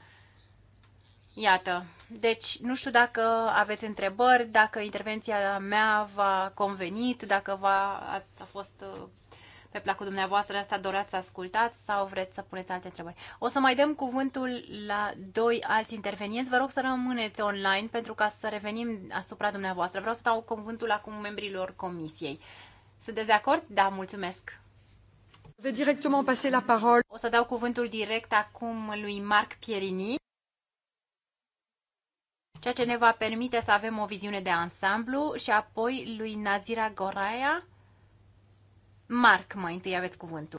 Iată, deci nu știu dacă aveți întrebări, dacă intervenția mea v-a convenit, dacă v-a, a, a fost uh, pe placul dumneavoastră, asta doreați să ascultați sau vreți să puneți alte întrebări. O să mai dăm cuvântul la doi alți intervenienți. Vă rog să rămâneți online pentru ca să revenim asupra dumneavoastră. Vreau să dau cuvântul acum membrilor comisiei. Sunt de acord? Da, mulțumesc. O să dau cuvântul direct acum lui Marc Pierini, ceea ce ne va permite să avem o viziune de ansamblu și apoi lui Nazira Goraia. Marc, mai întâi aveți cuvântul.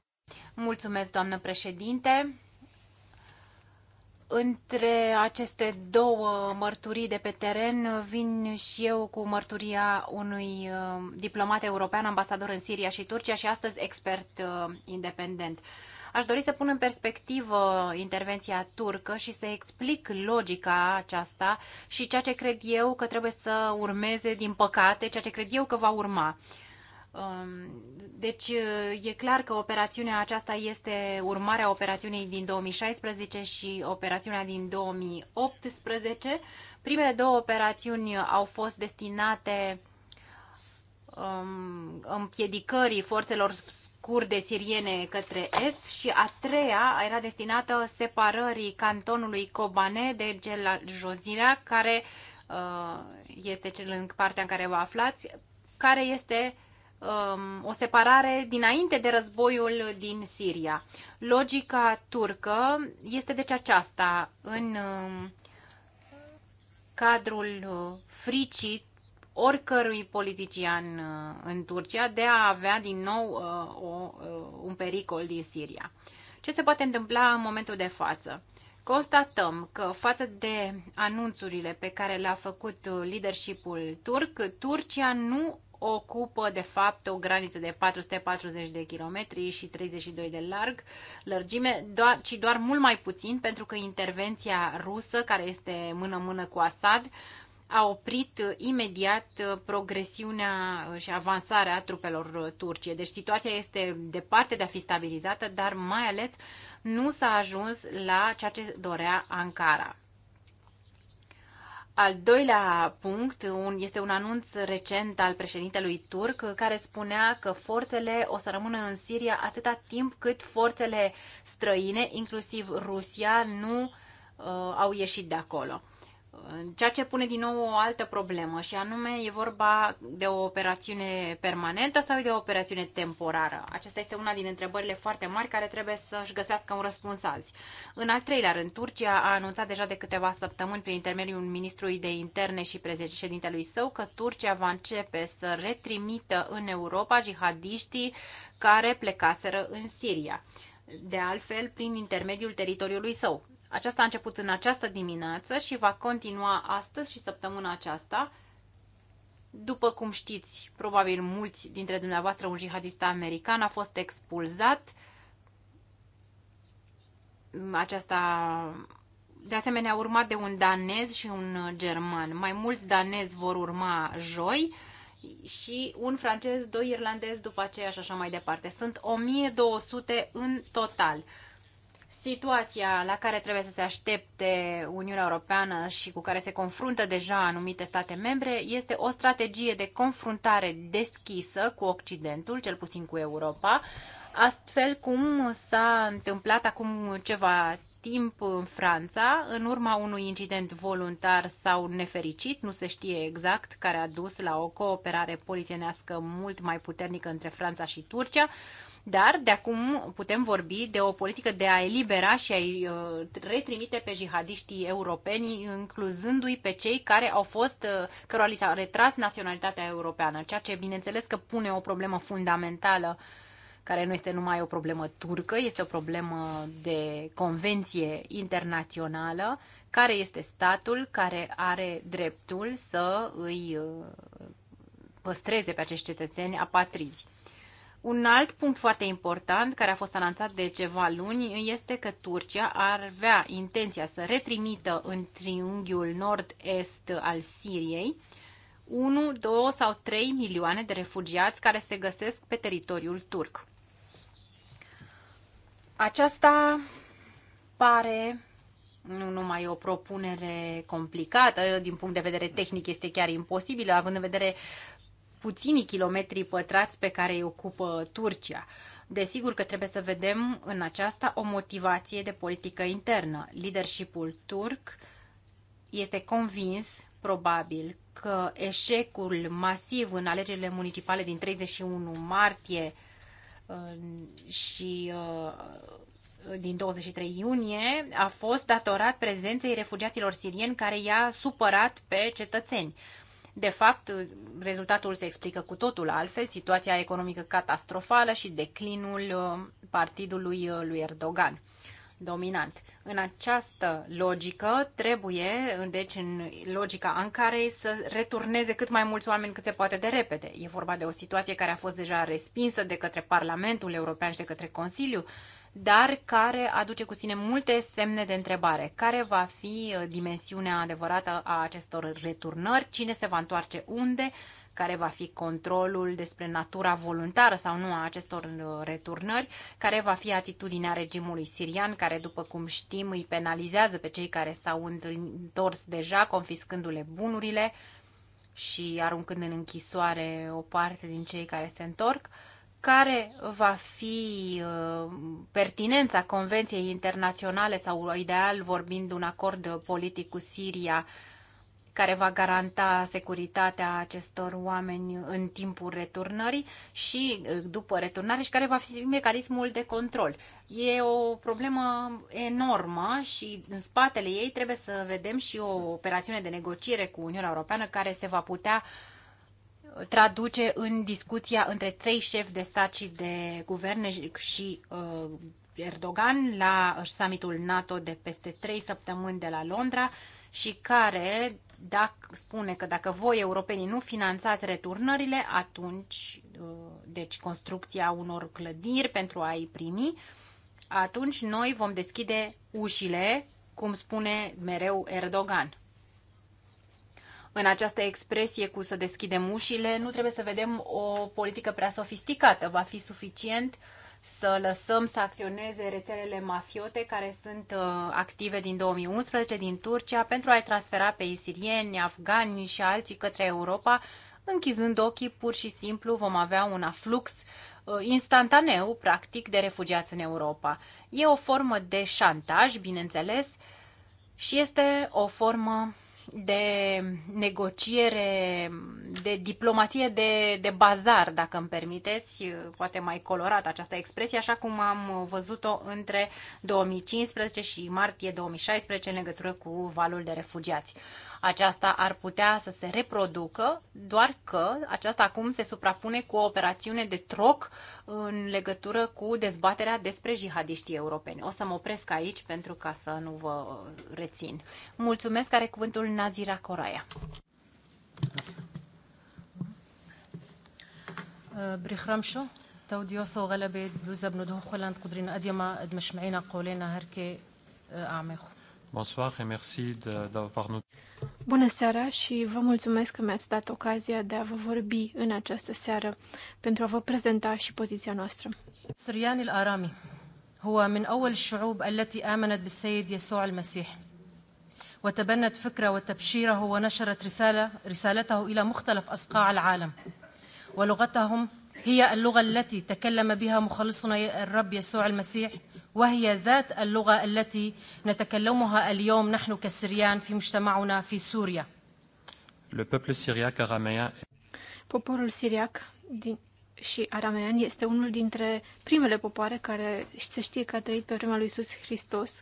Mulțumesc, doamnă președinte. Între aceste două mărturii de pe teren vin și eu cu mărturia unui uh, diplomat european, ambasador în Siria și Turcia și astăzi expert uh, independent. Aș dori să pun în perspectivă intervenția turcă și să explic logica aceasta și ceea ce cred eu că trebuie să urmeze, din păcate, ceea ce cred eu că va urma. Um, deci e clar că operațiunea aceasta este urmarea operațiunii din 2016 și operațiunea din 2018. Primele două operațiuni au fost destinate um, împiedicării forțelor curde siriene către est și a treia era destinată separării cantonului Kobane de Gela Jozira, care uh, este cel în partea în care vă aflați, care este um, o separare dinainte de războiul din Siria. Logica turcă este deci aceasta în um, cadrul uh, fricii oricărui politician uh, în Turcia de a avea din nou uh, o, uh, un pericol din Siria. Ce se poate întâmpla în momentul de față? Constatăm că față de anunțurile pe care le-a făcut leadershipul turc, Turcia nu ocupă de fapt o graniță de 440 de kilometri și 32 de larg lărgime, doar, ci doar mult mai puțin pentru că intervenția rusă, care este mână-mână cu Assad, a oprit imediat progresiunea și avansarea trupelor turcie. Deci situația este departe de a fi stabilizată, dar mai ales nu s-a ajuns la ceea ce dorea Ankara. Al doilea punct un, este un anunț recent al președintelui turc care spunea că forțele o să rămână în Siria atâta timp cât forțele străine, inclusiv Rusia, nu uh, au ieșit de acolo. Ceea ce pune din nou o altă problemă și anume e vorba de o operațiune permanentă sau de o operațiune temporară. Aceasta este una din întrebările foarte mari care trebuie să-și găsească un răspuns azi. În al treilea rând, Turcia a anunțat deja de câteva săptămâni prin intermediul ministrului de interne și președintelui său că Turcia va începe să retrimită în Europa jihadiștii care plecaseră în Siria. De altfel, prin intermediul teritoriului său. Aceasta a început în această dimineață și va continua astăzi și săptămâna aceasta. După cum știți, probabil mulți dintre dumneavoastră, un jihadist american a fost expulzat. Aceasta, de asemenea, urmat de un danez și un german. Mai mulți danezi vor urma joi și un francez, doi irlandezi după aceea și așa mai departe. Sunt 1200 în total situația la care trebuie să se aștepte Uniunea Europeană și cu care se confruntă deja anumite state membre este o strategie de confruntare deschisă cu Occidentul, cel puțin cu Europa, astfel cum s-a întâmplat acum ceva timp în Franța, în urma unui incident voluntar sau nefericit, nu se știe exact, care a dus la o cooperare polițienească mult mai puternică între Franța și Turcia, dar de acum putem vorbi de o politică de a elibera și a-i uh, retrimite pe jihadiștii europeni, incluzându-i pe cei care au fost, uh, cărora li s-a retras naționalitatea europeană, ceea ce bineînțeles că pune o problemă fundamentală care nu este numai o problemă turcă, este o problemă de convenție internațională, care este statul care are dreptul să îi uh, păstreze pe acești cetățeni apatrizi. Un alt punct foarte important care a fost anunțat de ceva luni este că Turcia ar avea intenția să retrimită în triunghiul nord-est al Siriei 1, 2 sau 3 milioane de refugiați care se găsesc pe teritoriul turc. Aceasta pare nu numai o propunere complicată, din punct de vedere tehnic este chiar imposibilă, având în vedere puținii kilometri pătrați pe care îi ocupă Turcia. Desigur că trebuie să vedem în aceasta o motivație de politică internă. Leadershipul turc este convins, probabil, că eșecul masiv în alegerile municipale din 31 martie uh, și uh, din 23 iunie a fost datorat prezenței refugiaților sirieni care i-a supărat pe cetățeni. De fapt, rezultatul se explică cu totul altfel, situația economică catastrofală și declinul uh, partidului uh, lui Erdogan dominant. În această logică trebuie, deci în logica Ankarei, să returneze cât mai mulți oameni cât se poate de repede. E vorba de o situație care a fost deja respinsă de către Parlamentul European și de către Consiliu, dar care aduce cu sine multe semne de întrebare. Care va fi uh, dimensiunea adevărată a acestor returnări? Cine se va întoarce unde? care va fi controlul despre natura voluntară sau nu a acestor uh, returnări, care va fi atitudinea regimului sirian, care, după cum știm, îi penalizează pe cei care s-au întors deja, confiscându-le bunurile și aruncând în închisoare o parte din cei care se întorc. Uh, care va fi uh, pertinența Convenției Internaționale sau, uh, ideal vorbind, un acord politic cu Siria care va garanta securitatea acestor oameni în timpul returnării și uh, după returnare și care va fi mecanismul de control. E o problemă enormă și în spatele ei trebuie să vedem și o operațiune de negociere cu Uniunea Europeană care se va putea uh, traduce în discuția între trei șefi de stat și de guverne și uh, Erdogan la summitul NATO de peste trei săptămâni de la Londra și care dacă, spune că dacă voi europenii nu finanțați returnările, atunci, uh, deci construcția unor clădiri pentru a-i primi, atunci noi vom deschide ușile, cum spune mereu Erdogan în această expresie cu să deschidem ușile, nu trebuie să vedem o politică prea sofisticată. Va fi suficient să lăsăm să acționeze rețelele mafiote care sunt uh, active din 2011 din Turcia pentru a-i transfera pe sirieni, afgani și alții către Europa, închizând ochii pur și simplu vom avea un aflux uh, instantaneu, practic, de refugiați în Europa. E o formă de șantaj, bineînțeles, și este o formă de negociere, de diplomație de, de bazar, dacă îmi permiteți, poate mai colorată această expresie, așa cum am văzut-o între 2015 și martie 2016 în legătură cu valul de refugiați aceasta ar putea să se reproducă, doar că aceasta acum se suprapune cu o operațiune de troc în legătură cu dezbaterea despre jihadiștii europeni. O să mă opresc aici pentru ca să nu vă rețin. Mulțumesc, are cuvântul Nazira Coraia. بريخرامشو تو ديوثو غلبة بلوزة بنودهم خلاند قدرين أديما مش معينا قولينا هركي أعميخو Bonsoir et merci d'avoir nous. Bună seara și vă mulțumesc că mi-ați dat ocazia de a vă vorbi în această seară pentru a vă prezenta și poziția noastră. Sirian al-Arami هو من أول الشعوب التي آمنت بالسيد يسوع المسيح وتبنت فكره وتبشيره ونشرت رساله رسالته الى مختلف اصقاع العالم ولغتهم هي اللغه التي تكلم بها مخلصنا الرب يسوع المسيح وهي ذات اللغة التي نتكلمها اليوم نحن كسريان في مجتمعنا في سوريا. Le peuple siriac aramean Poporul siriac din, și aramean este unul dintre primele popoare care se știe că a trăit pe vremea lui Iisus Hristos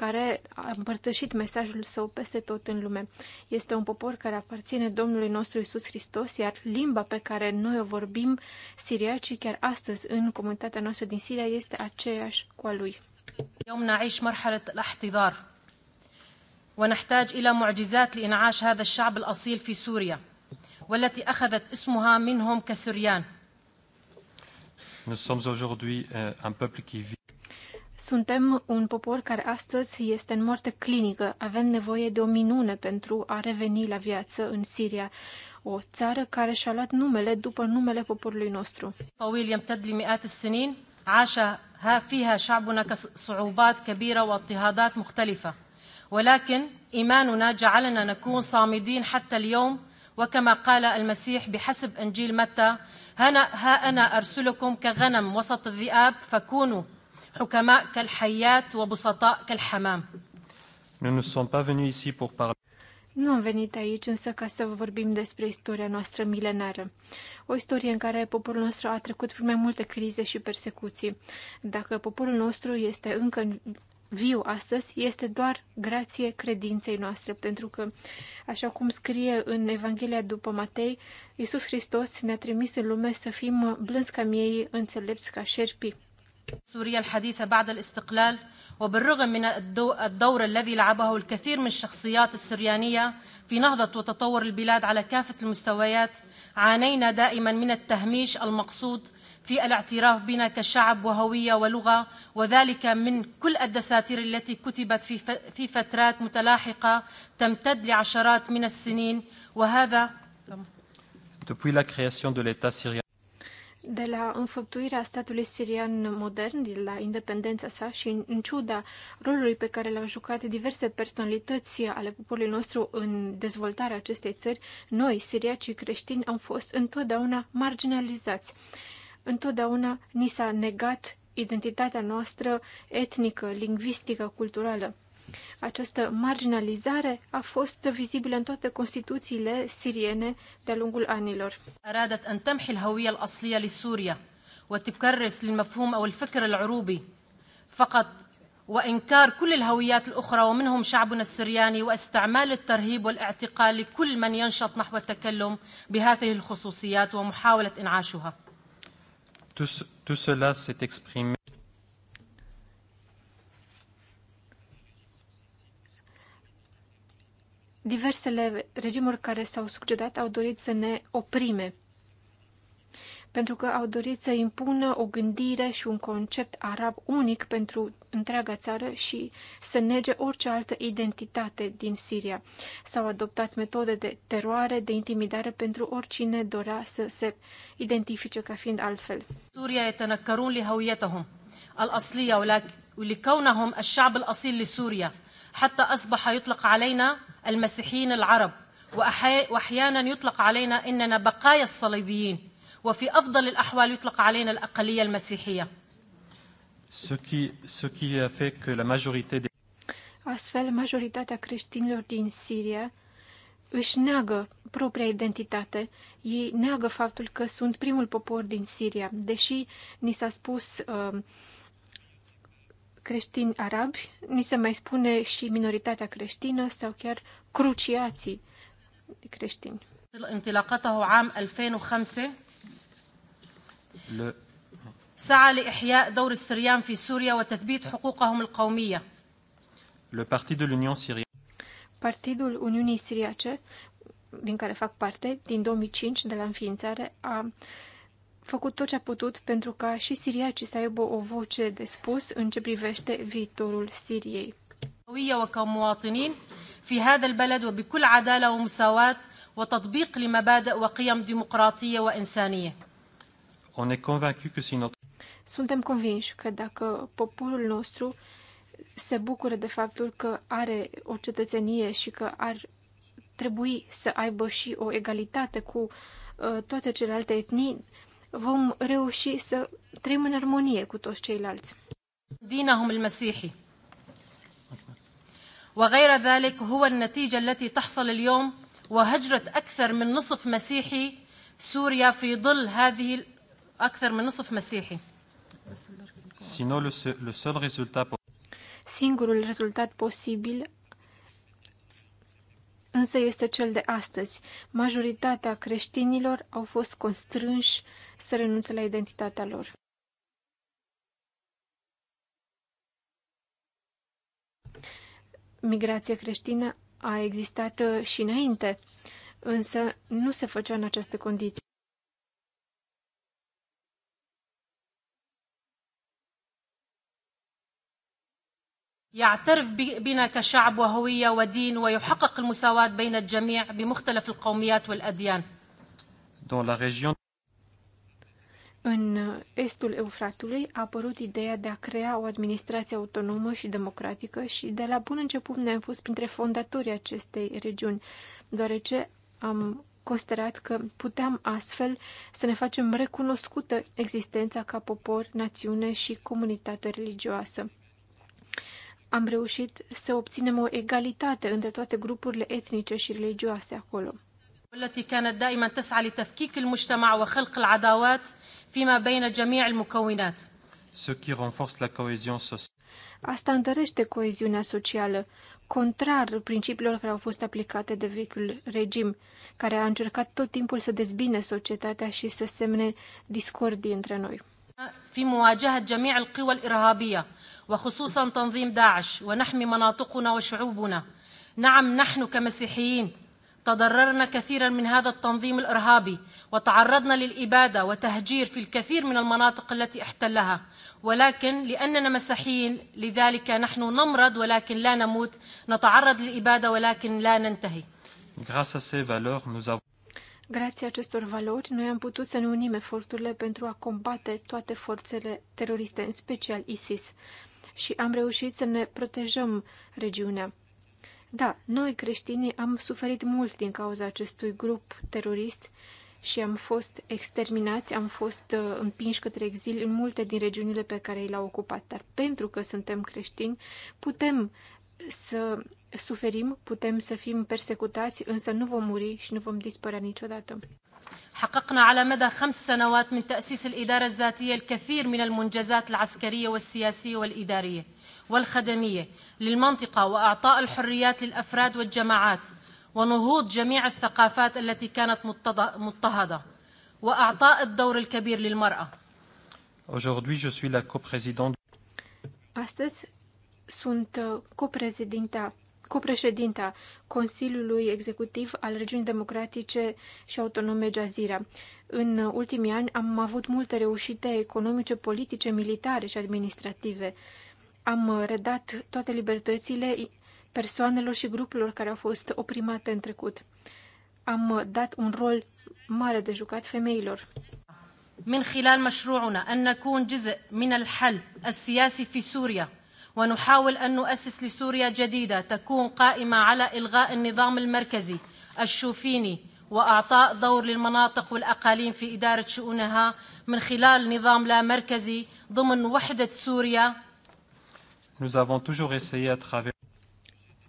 care a împărtășit mesajul său peste tot în lume. Este un popor care aparține Domnului nostru Isus Hristos, iar limba pe care noi o vorbim, siriacii, chiar astăzi în comunitatea noastră din Siria, este aceeași cu a lui. ونحتاج إلى معجزات لإنعاش هذا الشعب الأصيل في سوريا والتي أخذت اسمها منهم كسريان Nous sommes aujourd'hui euh, un peuple qui vit suntem un popor care astăzi este în moarte clinică. Avem nevoie de o minune pentru a reveni la viață în Siria, o țară care și-a luat numele după numele poporului nostru. عاشها فيها شعبنا صعوبات كبيرة واضطهادات مختلفة ولكن إيماننا جعلنا نكون صامدين حتى اليوم وكما قال المسيح بحسب إنجيل متى ها أنا أرسلكم كغنم وسط الذئاب فكونوا حكماء كالحيات وبسطاء كالحمام Nous ne sommes pas venus ici pour parler nu am venit aici însă ca să vorbim despre istoria noastră milenară. O istorie în care poporul nostru a trecut prin mai multe crize și persecuții. Dacă poporul nostru este încă viu astăzi, este doar grație credinței noastre, pentru că, așa cum scrie în Evanghelia după Matei, Iisus Hristos ne-a trimis în lume să fim blânzi ca miei, înțelepți ca șerpii. سوريا الحديثة بعد الاستقلال وبالرغم من الدور الذي لعبه الكثير من الشخصيات السريانية في نهضة وتطور البلاد على كافة المستويات عانينا دائما من التهميش المقصود في الاعتراف بنا كشعب وهوية ولغة وذلك من كل الدساتير التي كتبت في فترات متلاحقة تمتد لعشرات من السنين وهذا Depuis la création de l'État syrien de la înfăptuirea statului sirian modern, de la independența sa și în ciuda rolului pe care l-au jucat diverse personalități ale poporului nostru în dezvoltarea acestei țări, noi, siriacii creștini, am fost întotdeauna marginalizați. Întotdeauna ni s-a negat identitatea noastră etnică, lingvistică, culturală. Această marginalizare a fost vizibilă în toate constituțiile siriene de-a lungul anilor. Aradat an tamhi al-hawiyya al-asliya li Suria wa tukarris lil-mafhum aw al-fikr al-urubi faqat wa inkar kull al-hawiyyat al-ukhra wa minhum sha'bun as-siryani wa istimal at-tarhib wal-i'tiqal li kull man yanshat nahw at-takallum bi hadhihi al-khususiyat wa muhawalat in'ashuha. Tout cela s'est exprimé diversele regimuri care s-au succedat au dorit să ne oprime, pentru că au dorit să impună o gândire și un concept arab unic pentru întreaga țară și să nege orice altă identitate din Siria. S-au adoptat metode de teroare, de intimidare pentru oricine dorea să se identifice ca fiind altfel. Suria يتنكرون لهويتهم الأصلية ولكونهم الشعب الأصيل لسوريا حتى أصبح يطلق علينا المسيحيين العرب وأحيانا يطلق علينا إننا بقايا الصليبيين وفي أفضل الأحوال يطلق علينا الأقلية المسيحية Astfel, majoritatea creștinilor din Siria își neagă propria identitate, ei neagă faptul că sunt primul popor din Siria, deși ni s-a spus uh, creștini arabi, ni se mai spune și minoritatea creștină sau chiar cruciații de creștini. انطلاقته عام 2005 سعى لإحياء دور السريان في سوريا وتثبيت حقوقهم القومية. Le Parti de l'Union Syrienne. Partidul Uniunii Siriace, din care fac parte, din 2005, de la înființare, a făcut tot ce a putut pentru ca și siriacii să aibă o voce de spus în ce privește viitorul Siriei. وكمواطنين في هذا البلد وبكل عدالة ومساواة وتطبيق لمبادئ وقيم ديمقراطية وإنسانية. On est convaincu que si notre... Suntem convinși că dacă poporul nostru se bucură de faptul că are o cetățenie și că ar trebui să aibă și o egalitate cu uh, toate celelalte etnii, vom reuși să trăim în armonie cu toți ceilalți. دينهم المسيحي وغير ذلك هو النتيجة التي تحصل اليوم وهجرة أكثر من نصف مسيحي سوريا في ظل هذه أكثر من نصف مسيحي le le seul, résultat Singurul rezultat posibil însă este cel de astăzi. Majoritatea creștinilor au fost constrânși să renunțe la identitatea lor. Migrația creștină a existat uh, și înainte, însă nu se făcea în aceste condiții. يعترف بنا كشعب وهوية ودين ويحقق المساواة بين الجميع بمختلف القوميات والأديان. Dans la în estul Eufratului a apărut ideea de a crea o administrație autonomă și democratică și de la bun început ne-am fost printre fondatorii acestei regiuni, deoarece am considerat că puteam astfel să ne facem recunoscută existența ca popor, națiune și comunitate religioasă. Am reușit să obținem o egalitate între toate grupurile etnice și religioase acolo. التي كانت دائما تسعى لتفكيك المجتمع وخلق العداوات فيما بين جميع المكونات. Ce qui renforce la cohésion sociale. Asta întărește coeziunea socială, contrar principiilor care au fost aplicate de vechiul regim, care a încercat tot timpul să dezbine societatea și să semne discordii între noi. في مواجهة جميع القوى الإرهابية وخصوصا تنظيم داعش ونحمي مناطقنا وشعوبنا. نعم نحن كمسيحيين تضررنا كثيرا من هذا التنظيم الإرهابي وتعرضنا للإبادة وتهجير في الكثير من المناطق التي احتلها ولكن لأننا مسيحيين لذلك نحن نمرض ولكن لا نموت نتعرض للإبادة ولكن لا ننتهي Grație acestor valori, noi am putut să ne unim eforturile pentru a combate toate forțele teroriste, în special ISIS, și am reușit să ne protejăm regiunea. Da, noi creștinii am suferit mult din cauza acestui grup terorist și am fost exterminați, am fost uh, împinși către exil în multe din regiunile pe care i le-au ocupat. Dar pentru că suntem creștini, putem să suferim, putem să fim persecutați, însă nu vom muri și nu vom dispărea niciodată. حققنا على مدى خمس سنوات من تأسيس الإدارة الذاتية الكثير من المنجزات العسكرية والسياسية والإدارية والخدمية للمنطقة وأعطاء الحريات للأفراد والجماعات ونهوض جميع الثقافات التي كانت مضطهدة وأعطاء الدور الكبير للمرأة. Aujourd'hui, je suis la coprésidente. Astăzi sunt uh, coprezidenta copreședinta Consiliului Executiv al Regiunii Democratice și Autonome Jazira. În uh, ultimii ani am avut multe reușite economice, politice, militare și administrative am redat toate libertățile persoanelor și grupurilor care au fost oprimate în trecut. Am dat un rol mare de jucat femeilor. من خلال مشروعنا أن نكون جزء من الحل السياسي في سوريا ونحاول أن نؤسس لسوريا جديدة تكون قائمة على إلغاء النظام المركزي الشوفيني وأعطاء دور للمناطق والأقاليم في إدارة شؤونها من خلال نظام لا مركزي ضمن وحدة سوريا Nous avons toujours essayé à travers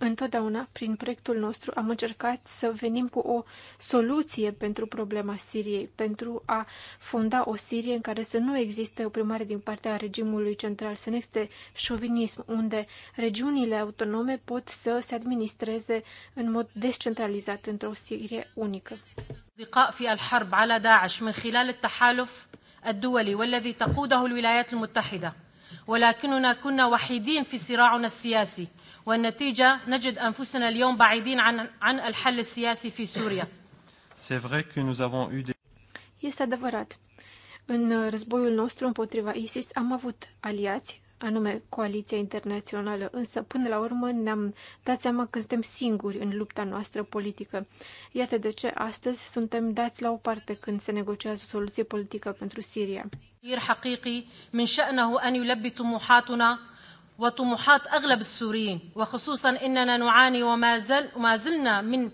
Întotdeauna, prin proiectul nostru, am încercat să venim cu o soluție pentru problema Siriei, pentru a funda o Sirie în care să nu existe o primare din partea regimului central, să nu existe șovinism, unde regiunile autonome pot să se administreze în mod descentralizat într-o Sirie unică. الحرب على من خلال التحالف الدولي والذي تقوده الولايات المتحده ولكننا كنا وحيدين في صراعنا السياسي والنتيجة نجد أنفسنا اليوم بعيدين عن عن الحل السياسي في سوريا. C'est vrai que nous avons eu des... Este adevărat. În războiul nostru împotriva ISIS am avut aliați, anume Coaliția Internațională, însă până la urmă ne-am dat seama că suntem singuri în lupta noastră politică. Iată de ce astăzi suntem dați la o parte când se negociază o soluție politică pentru Siria. من شأنه أن يلبي طموحاتنا وطموحات أغلب السوريين وخصوصا إننا نعاني وما, زل وما زلنا من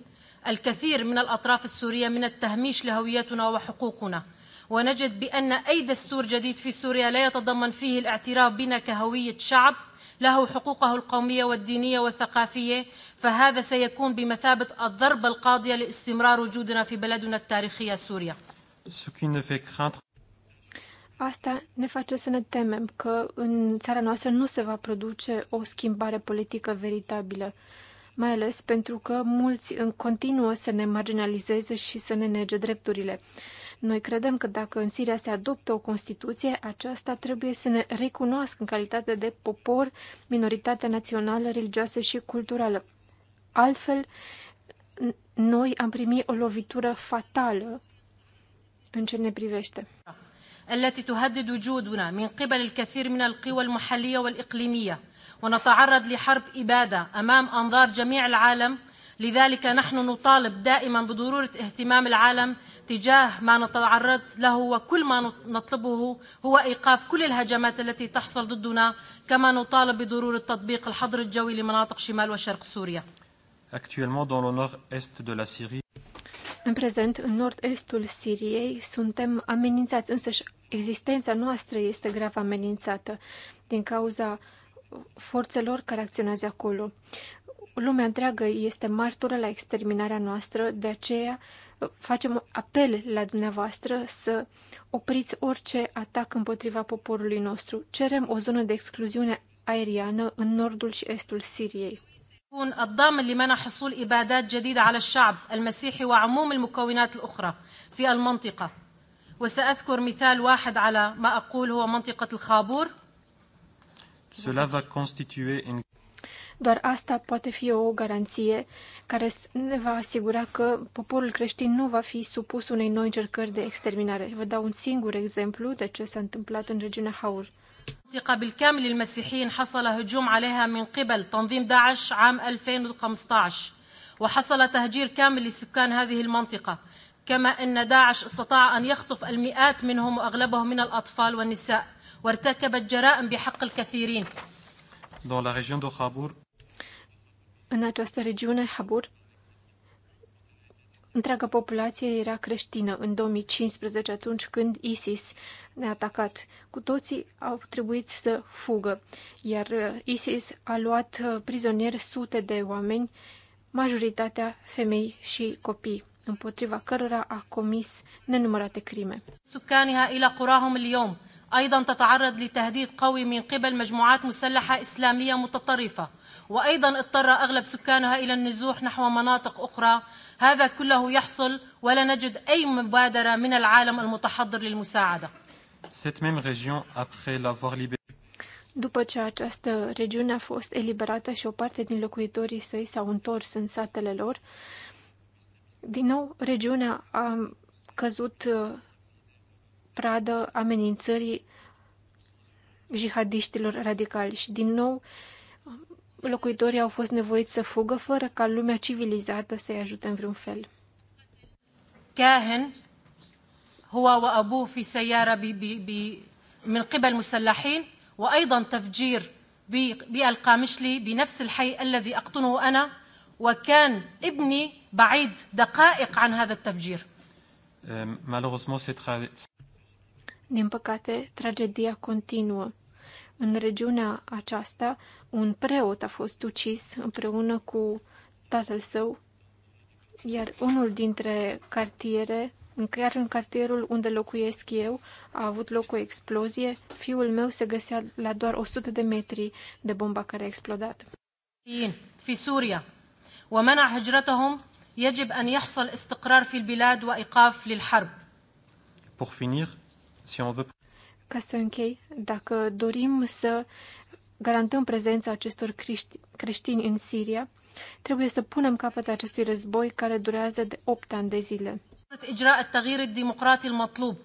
الكثير من الأطراف السورية من التهميش لهويتنا وحقوقنا ونجد بأن أي دستور جديد في سوريا لا يتضمن فيه الاعتراف بنا كهوية شعب له حقوقه القومية والدينية والثقافية فهذا سيكون بمثابة الضربة القاضية لاستمرار وجودنا في بلدنا التاريخية سوريا Asta ne face să ne temem că în țara noastră nu se va produce o schimbare politică veritabilă, mai ales pentru că mulți continuă să ne marginalizeze și să ne nege drepturile. Noi credem că dacă în Siria se adoptă o Constituție, aceasta trebuie să ne recunoască în calitate de popor, minoritate națională, religioasă și culturală. Altfel, noi am primit o lovitură fatală în ce ne privește. التي تهدد وجودنا من قبل الكثير من القوى المحلية والإقليمية ونتعرض لحرب إبادة أمام أنظار جميع العالم لذلك نحن نطالب دائما بضرورة اهتمام العالم تجاه ما نتعرض له وكل ما نطلبه هو إيقاف كل الهجمات التي تحصل ضدنا كما نطالب بضرورة تطبيق الحظر الجوي لمناطق شمال وشرق سوريا În prezent, în nord-estul Siriei, suntem amenințați, însă existența noastră este grav amenințată din cauza forțelor care acționează acolo lumea întreagă este martură la exterminarea noastră, de aceea uh, facem apel la dumneavoastră să opriți orice atac împotriva poporului nostru. Cerem o zonă de excluziune aeriană în nordul și estul Siriei. يكون الضامن لمنع حصول إبادات جديدة على الشعب المسيحي وعموم المكونات الأخرى في المنطقة وسأذكر مثال واحد على ما أقول هو منطقة الخابور Cela va constituer une doar asta poate fi o garanție care ne va asigura că poporul creștin nu va fi supus unei noi încercări de exterminare. Vă dau un singur exemplu de ce s-a întâmplat în regiunea Haur. منطقة بالكامل للمسيحيين حصل هجوم عليها من قبل تنظيم داعش عام 2015 وحصل تهجير كامل لسكان هذه المنطقة كما أن داعش استطاع أن يخطف المئات منهم وأغلبهم من الأطفال والنساء وارتكبت جرائم بحق الكثيرين Dans la région de Khabour, în această regiune, Habur, întreaga populație era creștină în 2015, atunci când ISIS ne-a atacat. Cu toții au trebuit să fugă, iar uh, ISIS a luat uh, prizonieri sute de oameni, majoritatea femei și copii împotriva cărora a comis nenumărate crime. أيضا تتعرض لتهديد قوي من قبل مجموعات مسلحة إسلامية متطرفة وأيضا اضطر أغلب سكانها إلى النزوح نحو مناطق أخرى هذا كله يحصل ولا نجد أي مبادرة من العالم المتحضر للمساعدة După ce această regiune a fost eliberată și o parte din locuitorii săi s-au întors în satele lor, din nou regiunea a căzut pradă amenințării jihadiștilor radicali și din nou locuitorii au fost nevoiți să fugă fără ca lumea civilizată să-i ajute în vreun fel. كاهن هو وأبوه في سيارة بي بي بي من قبل مسلحين وأيضا تفجير بالقامشلي بنفس الحي الذي أقطنه أنا وكان ابني بعيد دقائق عن هذا التفجير din păcate, tragedia continuă. În regiunea aceasta, un preot a fost ucis împreună cu tatăl său, iar unul dintre cartiere, chiar în cartierul unde locuiesc eu, a avut loc o explozie. Fiul meu se găsea la doar 100 de metri de bomba care a explodat. في سوريا ومنع هجرتهم يجب أن يحصل استقرار في البلاد وإيقاف للحرب. Pour finir, si on veut... Ca să închei, dacă dorim să garantăm prezența acestor crești, creștini în Siria, trebuie să punem capăt acestui război care durează de 8 ani de zile. إجراء التغيير الديمقراطي المطلوب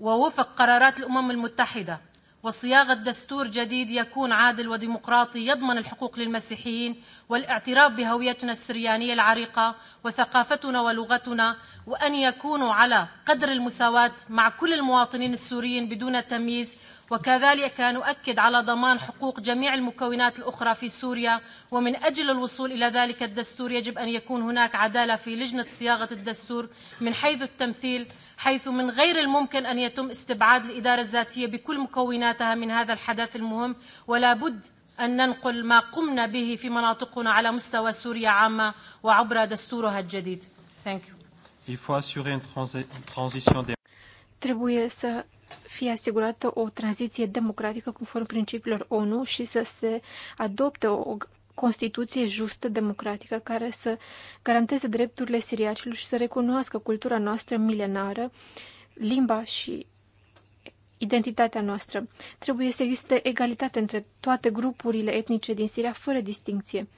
ووفق قرارات الأمم المتحدة وصياغة دستور جديد يكون عادل وديمقراطي يضمن الحقوق للمسيحيين والاعتراف بهويتنا السريانية العريقة وثقافتنا ولغتنا وأن يكونوا على قدر المساواة مع كل المواطنين السوريين بدون تمييز وكذلك نؤكد على ضمان حقوق جميع المكونات الأخرى في سوريا ومن أجل الوصول إلى ذلك الدستور يجب أن يكون هناك عدالة في لجنة صياغة الدستور من حيث التمثيل حيث من غير الممكن أن يتم استبعاد الإدارة الذاتية بكل مكوناتها من هذا الحدث المهم ولا بد أن ننقل ما قمنا به في مناطقنا على مستوى سوريا عامة وعبر دستورها الجديد Thank you. Il faut assurer une transi transition des... Trebuie să fie asigurată o tranziție democratică conform principiilor ONU și să se adopte o Constituție justă, democratică, care să garanteze drepturile siriacilor și să recunoască cultura noastră milenară, limba și identitatea noastră. Trebuie să existe egalitate între toate grupurile etnice din Siria, fără distinție.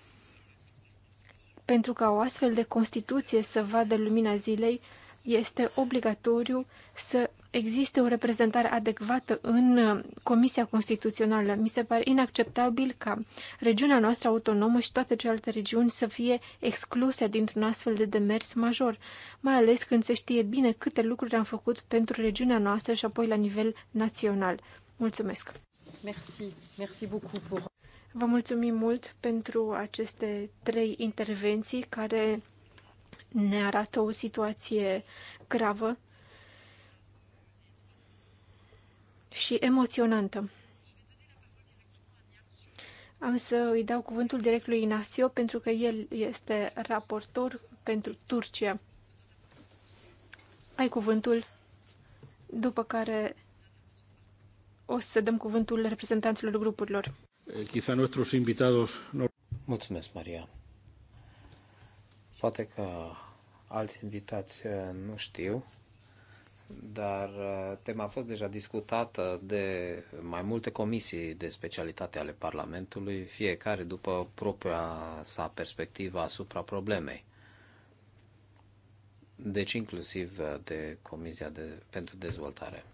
Pentru ca o astfel de Constituție să vadă lumina zilei, este obligatoriu să existe o reprezentare adecvată în uh, Comisia Constituțională. Mi se pare inacceptabil ca regiunea noastră autonomă și toate celelalte regiuni să fie excluse dintr-un astfel de demers major, mai ales când se știe bine câte lucruri am făcut pentru regiunea noastră și apoi la nivel național. Mulțumesc! Merci, merci beaucoup pour... Vă mulțumim mult pentru aceste trei intervenții care ne arată o situație gravă și emoționantă. Am să îi dau cuvântul direct lui Inasio pentru că el este raportor pentru Turcia. Ai cuvântul, după care o să dăm cuvântul reprezentanților grupurilor. Eh, quizá nuestros invitados Mulțumesc, Maria. Poate că alți invitați eh, nu știu, dar uh, tema a fost deja discutată de mai multe comisii de specialitate ale Parlamentului, fiecare după propria sa perspectivă asupra problemei. Deci inclusiv de Comisia de, pentru Dezvoltare.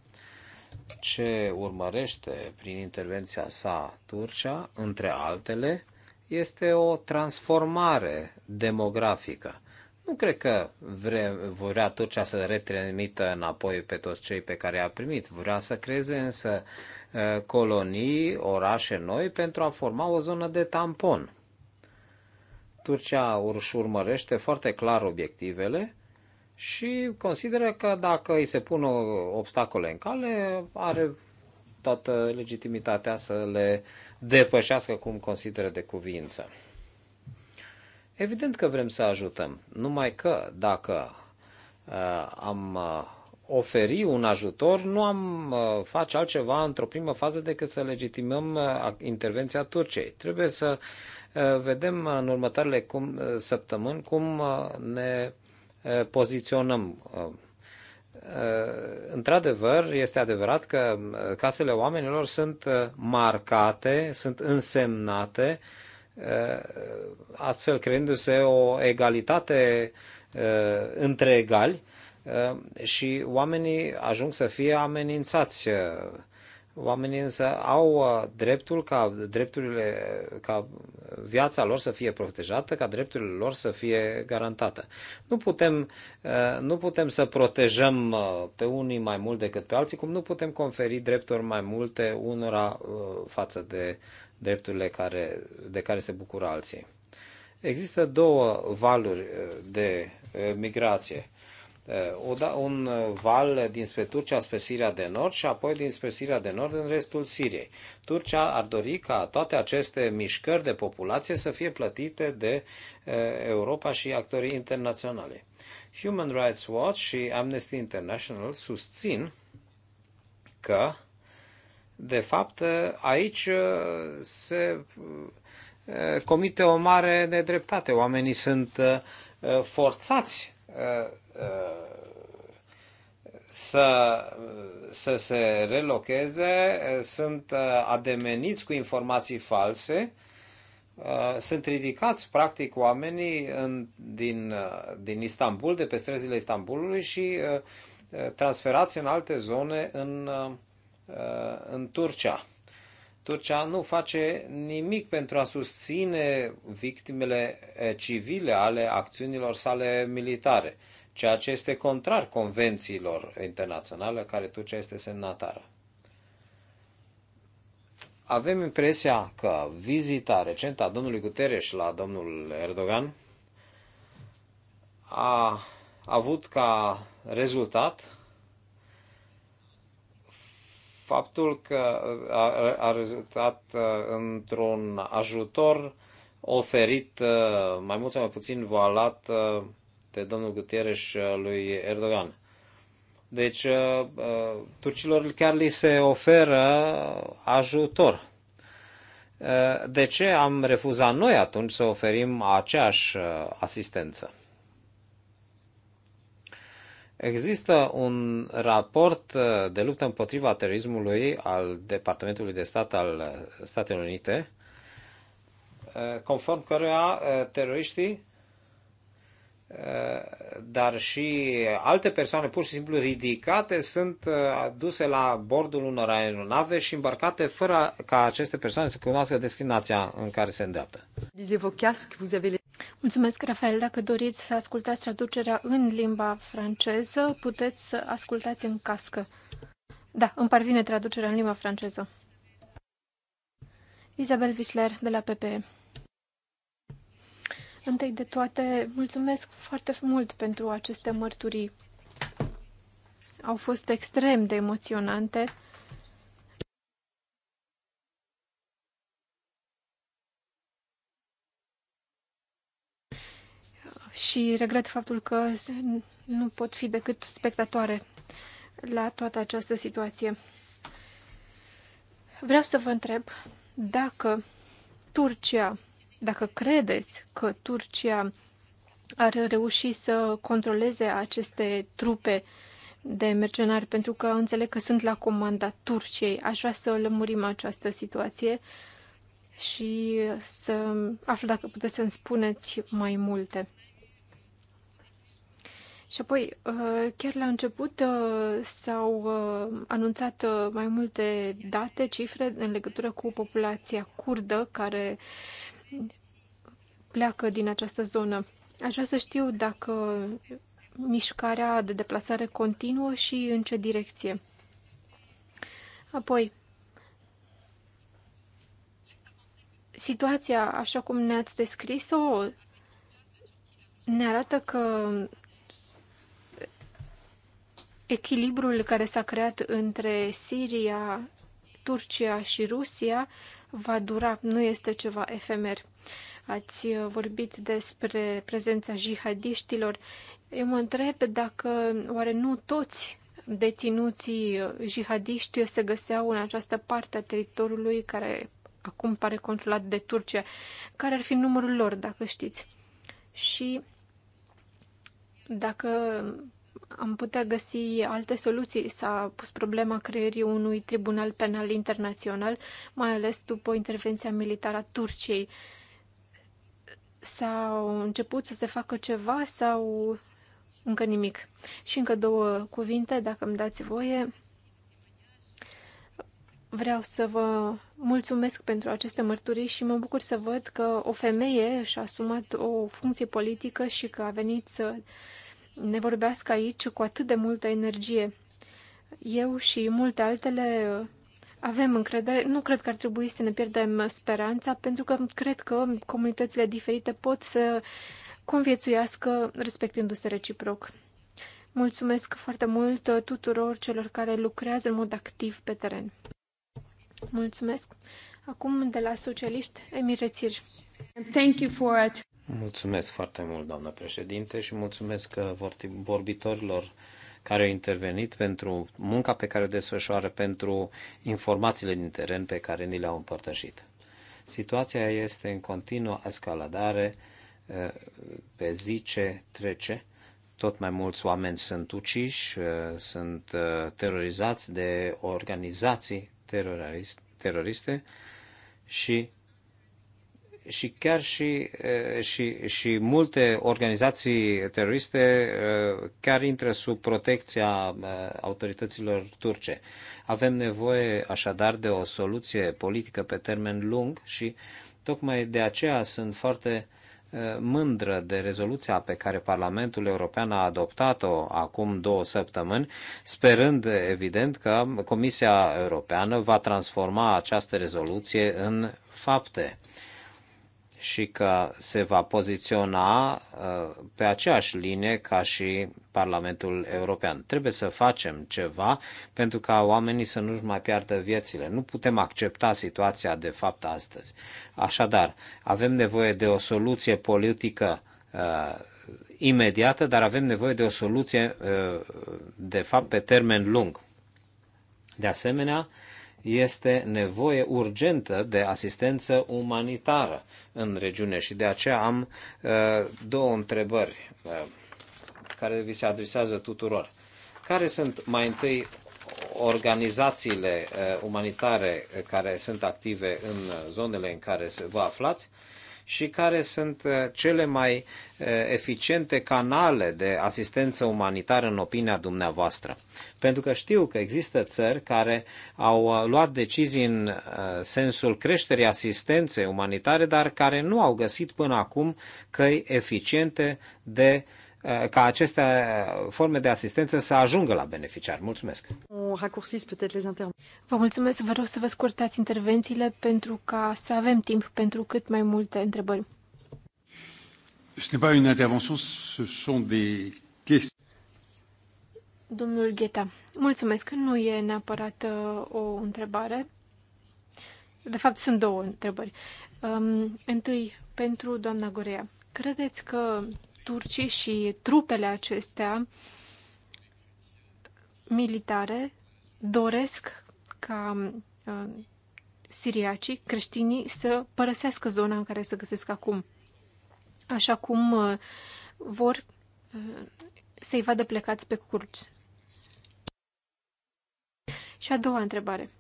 Ce urmărește prin intervenția sa Turcia, între altele, este o transformare demografică nu cred că vre, vrea Turcia să retrimită înapoi pe toți cei pe care i-a primit. Vrea să creeze însă uh, colonii, orașe noi pentru a forma o zonă de tampon. Turcia își urmărește foarte clar obiectivele și consideră că dacă îi se pun obstacole în cale, are toată legitimitatea să le depășească cum consideră de cuvință. Evident că vrem să ajutăm, numai că dacă uh, am uh, oferi un ajutor, nu am uh, face altceva într-o primă fază decât să legitimăm uh, intervenția Turciei. Trebuie să uh, vedem în următoarele cum, uh, săptămâni cum uh, ne uh, poziționăm. Uh, uh într-adevăr, este adevărat că uh, casele oamenilor sunt uh, marcate, sunt însemnate uh, Eh, astfel creându-se o egalitate eh, între egali eh, și oamenii ajung să fie amenințați. Oamenii însă au dreptul ca drepturile, ca viața lor să fie protejată, ca drepturile lor să fie garantată. Nu putem, nu putem să protejăm pe unii mai mult decât pe alții, cum nu putem conferi drepturi mai multe unora față de drepturile care, de care se bucură alții. Există două valuri uh, de uh, migrație. Uh, da, un val dinspre Turcia spre Siria de Nord și apoi dinspre Siria de Nord în restul Siriei. Turcia ar dori ca toate aceste mișcări de populație să fie plătite de Europa și actorii internaționale. Human Rights Watch și Amnesty International susțin că de fapt, aici uh, se uh, comite o mare nedreptate. Oamenii sunt uh, forțați să, să se relocheze, sunt ademeniți cu informații false, sunt ridicați practic oamenii în, din, din Istanbul, de pe străzile Istanbulului și transferați în alte zone în Uh, în Turcia. Turcia nu face nimic pentru a susține victimele eh, civile ale acțiunilor sale militare, ceea ce este contrar convențiilor internaționale care Turcia este semnatară. Avem impresia că vizita recentă a domnului Guterres la domnul Erdogan a avut ca rezultat faptul că uh, a, a rezultat uh, într-un ajutor oferit uh, mai mult sau mai puțin voalat de domnul Gutierrez lui Erdogan. Deci, turcilor chiar li se oferă ajutor. De ce am refuzat noi atunci să oferim aceeași asistență? Există un raport uh, de luptă împotriva terorismului al Departamentului de Stat al uh, Statelor Unite, uh, conform căruia teroriștii Eh, dar și alte persoane pur și simplu ridicate sunt eh, aduse la bordul unor aeronave și îmbarcate fără ca aceste persoane să cunoască destinația în care se îndreaptă. Mulțumesc, Rafael. Dacă doriți să ascultați traducerea în limba franceză, puteți să ascultați în cască. Da, îmi parvine traducerea în limba franceză. Isabel Wisler, de la PPE. Întâi de toate, mulțumesc foarte mult pentru aceste mărturii. Au fost extrem de emoționante. Și regret faptul că nu pot fi decât spectatoare la toată această situație. Vreau să vă întreb dacă Turcia dacă credeți că Turcia ar reuși să controleze aceste trupe de mercenari, pentru că înțeleg că sunt la comanda Turciei. Aș vrea să lămurim această situație și să aflu dacă puteți să-mi spuneți mai multe. Și apoi, uh, chiar la început uh, s-au uh, anunțat mai multe date, cifre în legătură cu populația curdă care pleacă din această zonă. Aș vrea să știu dacă mișcarea de deplasare continuă și în ce direcție. Apoi, situația, așa cum ne-ați descris-o, ne arată că echilibrul care s-a creat între Siria, Turcia și Rusia va dura, nu este ceva efemer. Ați uh, vorbit despre prezența jihadiștilor. Eu mă întreb dacă oare nu toți deținuții uh, jihadiști se găseau în această parte a teritoriului care acum pare controlat de Turcia. Care ar fi numărul lor, dacă știți? Și dacă am putea găsi alte soluții. S-a pus problema creierii unui tribunal penal internațional, mai ales după intervenția militară a Turciei. S-au început să se facă ceva sau încă nimic? Și încă două cuvinte, dacă îmi dați voie. Vreau să vă mulțumesc pentru aceste mărturii și mă bucur să văd că o femeie și-a asumat o funcție politică și că a venit să ne vorbească aici cu atât de multă energie. Eu și multe altele uh, avem încredere. Nu cred că ar trebui să ne pierdem speranța, pentru că cred că comunitățile diferite pot să conviețuiască respectându-se reciproc. Mulțumesc foarte mult uh, tuturor celor care lucrează în mod activ pe teren. Mulțumesc. Acum de la socialiști, Emir Rețir. Thank you for it. Mulțumesc foarte mult, doamnă președinte, și mulțumesc uh, vorbitorilor care au intervenit pentru munca pe care o desfășoară, pentru informațiile din teren pe care ni le-au împărtășit. Situația este în continuă escaladare, uh, pe zi ce trece, tot mai mulți oameni sunt uciși, uh, sunt terorizați de organizații teroriste și și chiar și, și, și multe organizații teroriste chiar intră sub protecția autorităților turce. Avem nevoie așadar de o soluție politică pe termen lung și tocmai de aceea sunt foarte mândră de rezoluția pe care Parlamentul European a adoptat-o acum două săptămâni, sperând evident că Comisia Europeană va transforma această rezoluție în fapte și că se va poziționa uh, pe aceeași linie ca și Parlamentul European. Trebuie să facem ceva pentru ca oamenii să nu-și mai piardă viețile. Nu putem accepta situația de fapt astăzi. Așadar, avem nevoie de o soluție politică uh, imediată, dar avem nevoie de o soluție uh, de fapt pe termen lung. De asemenea, este nevoie urgentă de asistență umanitară în regiune și de aceea am uh, două întrebări uh, care vi se adresează tuturor. Care sunt mai întâi organizațiile uh, umanitare care sunt active în zonele în care vă aflați și care sunt uh, cele mai uh, eficiente canale de asistență umanitară în opinia dumneavoastră. Pentru că știu că există țări care au uh, luat decizii în sensul creșterii asistenței umanitare, dar care nu au găsit până acum căi eficiente de Eh, ca aceste forme de asistență să ajungă la beneficiari. Mulțumesc! Vă mulțumesc, vă rog să vă scurtați intervențiile pentru ca să avem timp pentru cât mai multe întrebări. Ce n'est pas une intervention, ce sont des questions. Domnul Gheta, mulțumesc. Nu e neapărat uh, o întrebare. De fapt, sunt două întrebări. Um, întâi, pentru doamna Gorea. Credeți că turcii și trupele acestea militare doresc ca uh, siriacii, creștinii, să părăsească zona în care se găsesc acum. Așa cum uh, vor uh, să-i vadă plecați pe curți. Și a doua întrebare.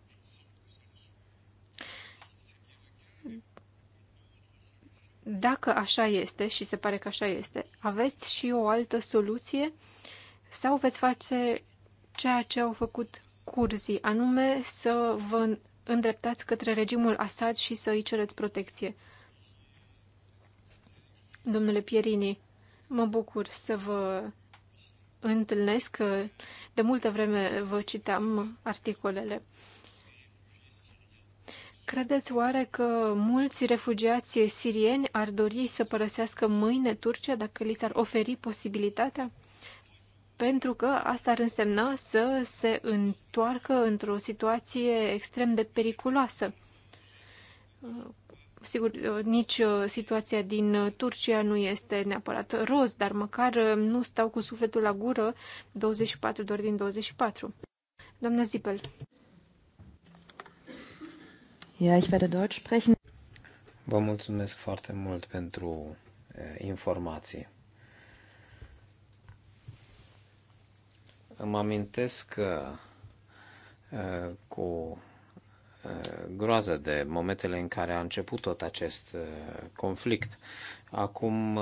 Dacă așa este, și se pare că așa este, aveți și o altă soluție sau veți face ceea ce au făcut curzii, anume să vă îndreptați către regimul Assad și să îi cereți protecție? Domnule Pierini, mă bucur să vă întâlnesc. De multă vreme vă citam articolele. Credeți oare că mulți refugiați sirieni ar dori să părăsească mâine Turcia dacă li s-ar oferi posibilitatea? Pentru că asta ar însemna să se întoarcă într-o situație extrem de periculoasă. Sigur, nici uh, situația din Turcia nu este neapărat roz, dar măcar uh, nu stau cu sufletul la gură 24 de ori din 24. Doamna Zipel. Ja, ich werde Deutsch sprechen. Vă mulțumesc foarte mult pentru informații. Îmi amintesc că cu groază de momentele în care a început tot acest conflict. Acum,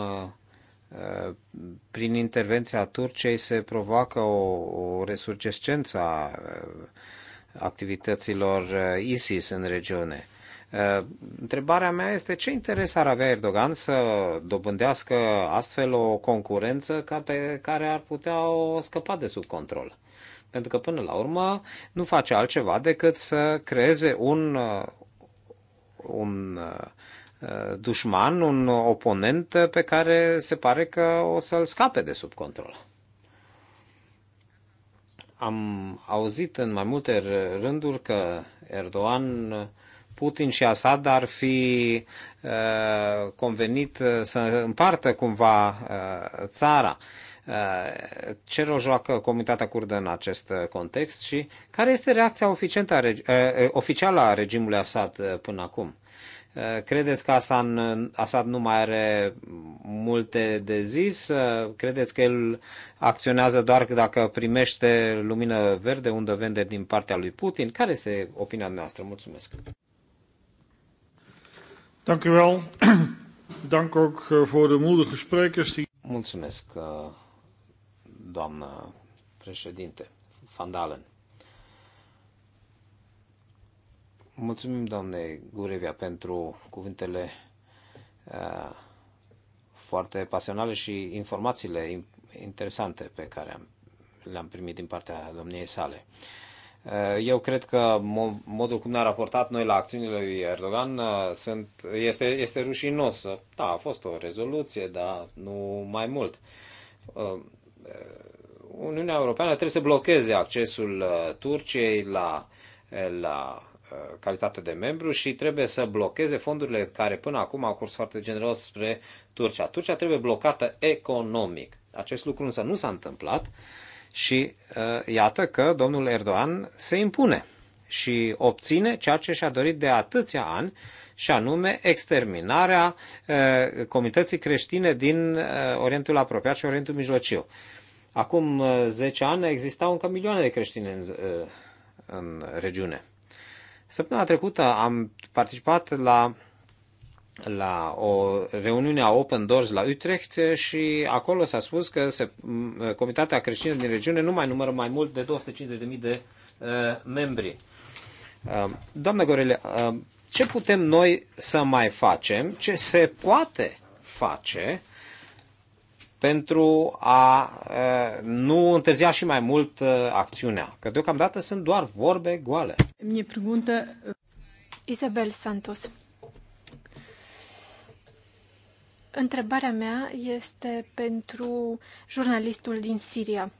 prin intervenția Turciei se provoacă o, o resurgescență a activităților uh, ISIS în regiune. Uh, întrebarea mea este ce interes ar avea Erdogan să dobândească astfel o concurență ca pe care ar putea o scăpa de sub control? Pentru că până la urmă nu face altceva decât să creeze un, uh, un dușman, un oponent pe care se pare că o să-l scape de sub control am auzit în mai multe rânduri că Erdogan, Putin și Assad ar fi uh, convenit uh, să împartă cumva uh, țara. ce rol joacă comunitatea curdă în acest context și care este reacția oficială a regimului Assad până acum? Credeți că Assad nu mai are multe de zis? Credeți că el acționează doar dacă primește lumină verde, unde vende din partea lui Putin? Care este opinia noastră? Mulțumesc! Eh, Mulțumesc, eh, doamnă președinte Van Dalen. Mulțumim, doamne Gurevia, pentru cuvintele uh, foarte pasionale și informațiile interesante pe care le-am primit din partea domniei sale. Uh, eu cred că modul cum ne-a raportat noi la acțiunile lui Erdogan uh, sunt, este, este rușinos. Da, a fost o rezoluție, dar nu mai mult. Uh, Uniunea Europeană trebuie să blocheze accesul Turciei la, la Uh, calitate de membru și trebuie să blocheze fondurile care până acum au curs foarte generos spre Turcia. Turcia trebuie blocată economic. Acest lucru însă nu s-a întâmplat și uh, iată că domnul Erdogan se impune și obține ceea ce și-a dorit de atâția ani, și anume exterminarea uh, comunității creștine din uh, Orientul Apropiat și Orientul Mijlociu. Acum uh, 10 ani existau încă milioane de creștini în, uh, în regiune. Săptămâna trecută am participat la, la o reuniune a Open Doors la Utrecht și acolo s-a spus că se, Comitatea Creștină din regiune nu mai numără mai mult de 250.000 de uh, membri. Uh, doamnă Gorele, uh, ce putem noi să mai facem? Ce se poate face uh, pentru a nu întârzia și mai mult acțiunea. Că deocamdată sunt doar vorbe goale. Mi pregunte... Isabel Santos. Întrebarea mea este pentru jurnalistul din Siria.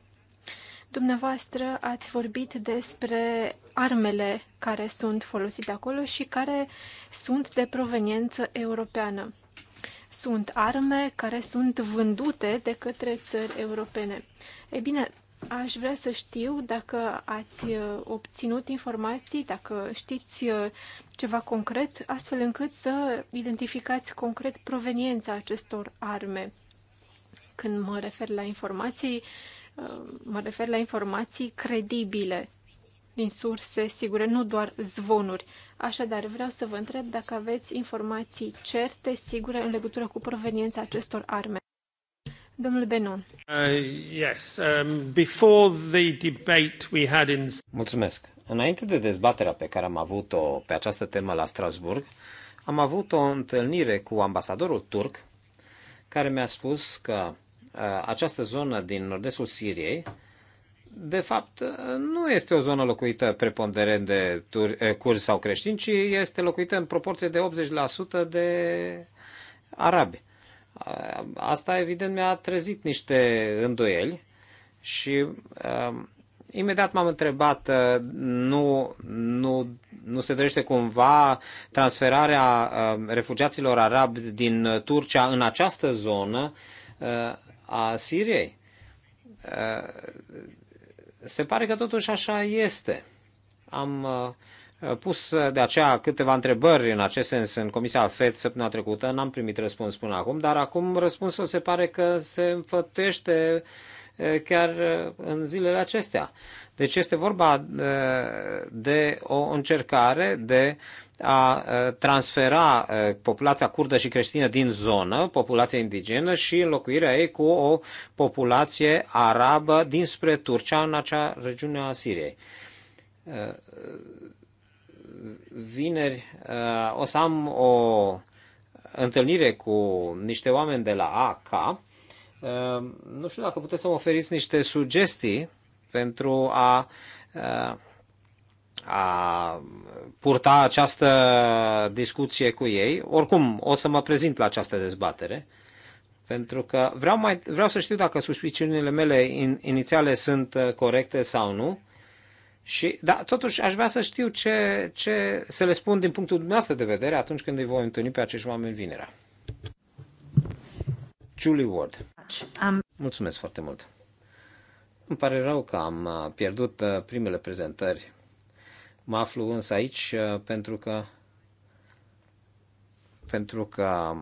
Dumneavoastră ați vorbit despre armele care sunt folosite acolo și care sunt de proveniență europeană sunt arme care sunt vândute de către țări europene. Ei bine, aș vrea să știu dacă ați uh, obținut informații, dacă știți uh, ceva concret, astfel încât să identificați concret proveniența acestor arme. Când mă refer la informații, uh, mă refer la informații credibile din surse sigure, nu doar zvonuri. Așadar, vreau să vă întreb dacă aveți informații certe, sigure, în legătură cu proveniența acestor arme. Domnul Benon. Uh, yes. Um, before the debate we had in... Mulțumesc. Înainte de dezbaterea pe care am avut-o pe această temă la Strasburg, am avut o întâlnire cu ambasadorul turc, care mi-a spus că uh, această zonă din nord-estul Siriei de fapt, nu este o zonă locuită preponderent de curzi sau creștini, ci este locuită în proporție de 80% de arabi. Asta, evident, mi-a trezit niște îndoieli și uh, imediat m-am întrebat, uh, nu, nu, nu se dorește cumva transferarea uh, refugiaților arabi din Turcia în această zonă uh, a Siriei? Uh, se pare că totuși așa este. Am uh, pus de aceea câteva întrebări în acest sens în Comisia FED săptămâna trecută, n-am primit răspuns până acum, dar acum răspunsul se pare că se înfătește uh, chiar uh, în zilele acestea. Deci este vorba uh, de o încercare de a uh, transfera uh, populația curdă și creștină din zonă, populația indigenă, și înlocuirea ei cu o populație arabă dinspre Turcia în acea regiune a Siriei. Vineri o să am o întâlnire cu niște oameni de la AK. Nu știu dacă puteți să mi oferiți niște sugestii pentru a, a purta această discuție cu ei. Oricum, o să mă prezint la această dezbatere, pentru că vreau, mai, vreau să știu dacă suspiciunile mele in, inițiale sunt uh, corecte sau nu. Și, da, totuși aș vrea să știu ce, ce să le spun din punctul dumneavoastră de vedere atunci când îi voi întâlni pe acești oameni vinerea. Julie Ward. Mulțumesc foarte mult. Îmi pare rău că am uh, pierdut uh, primele prezentări. Mă aflu însă aici uh, pentru că pentru că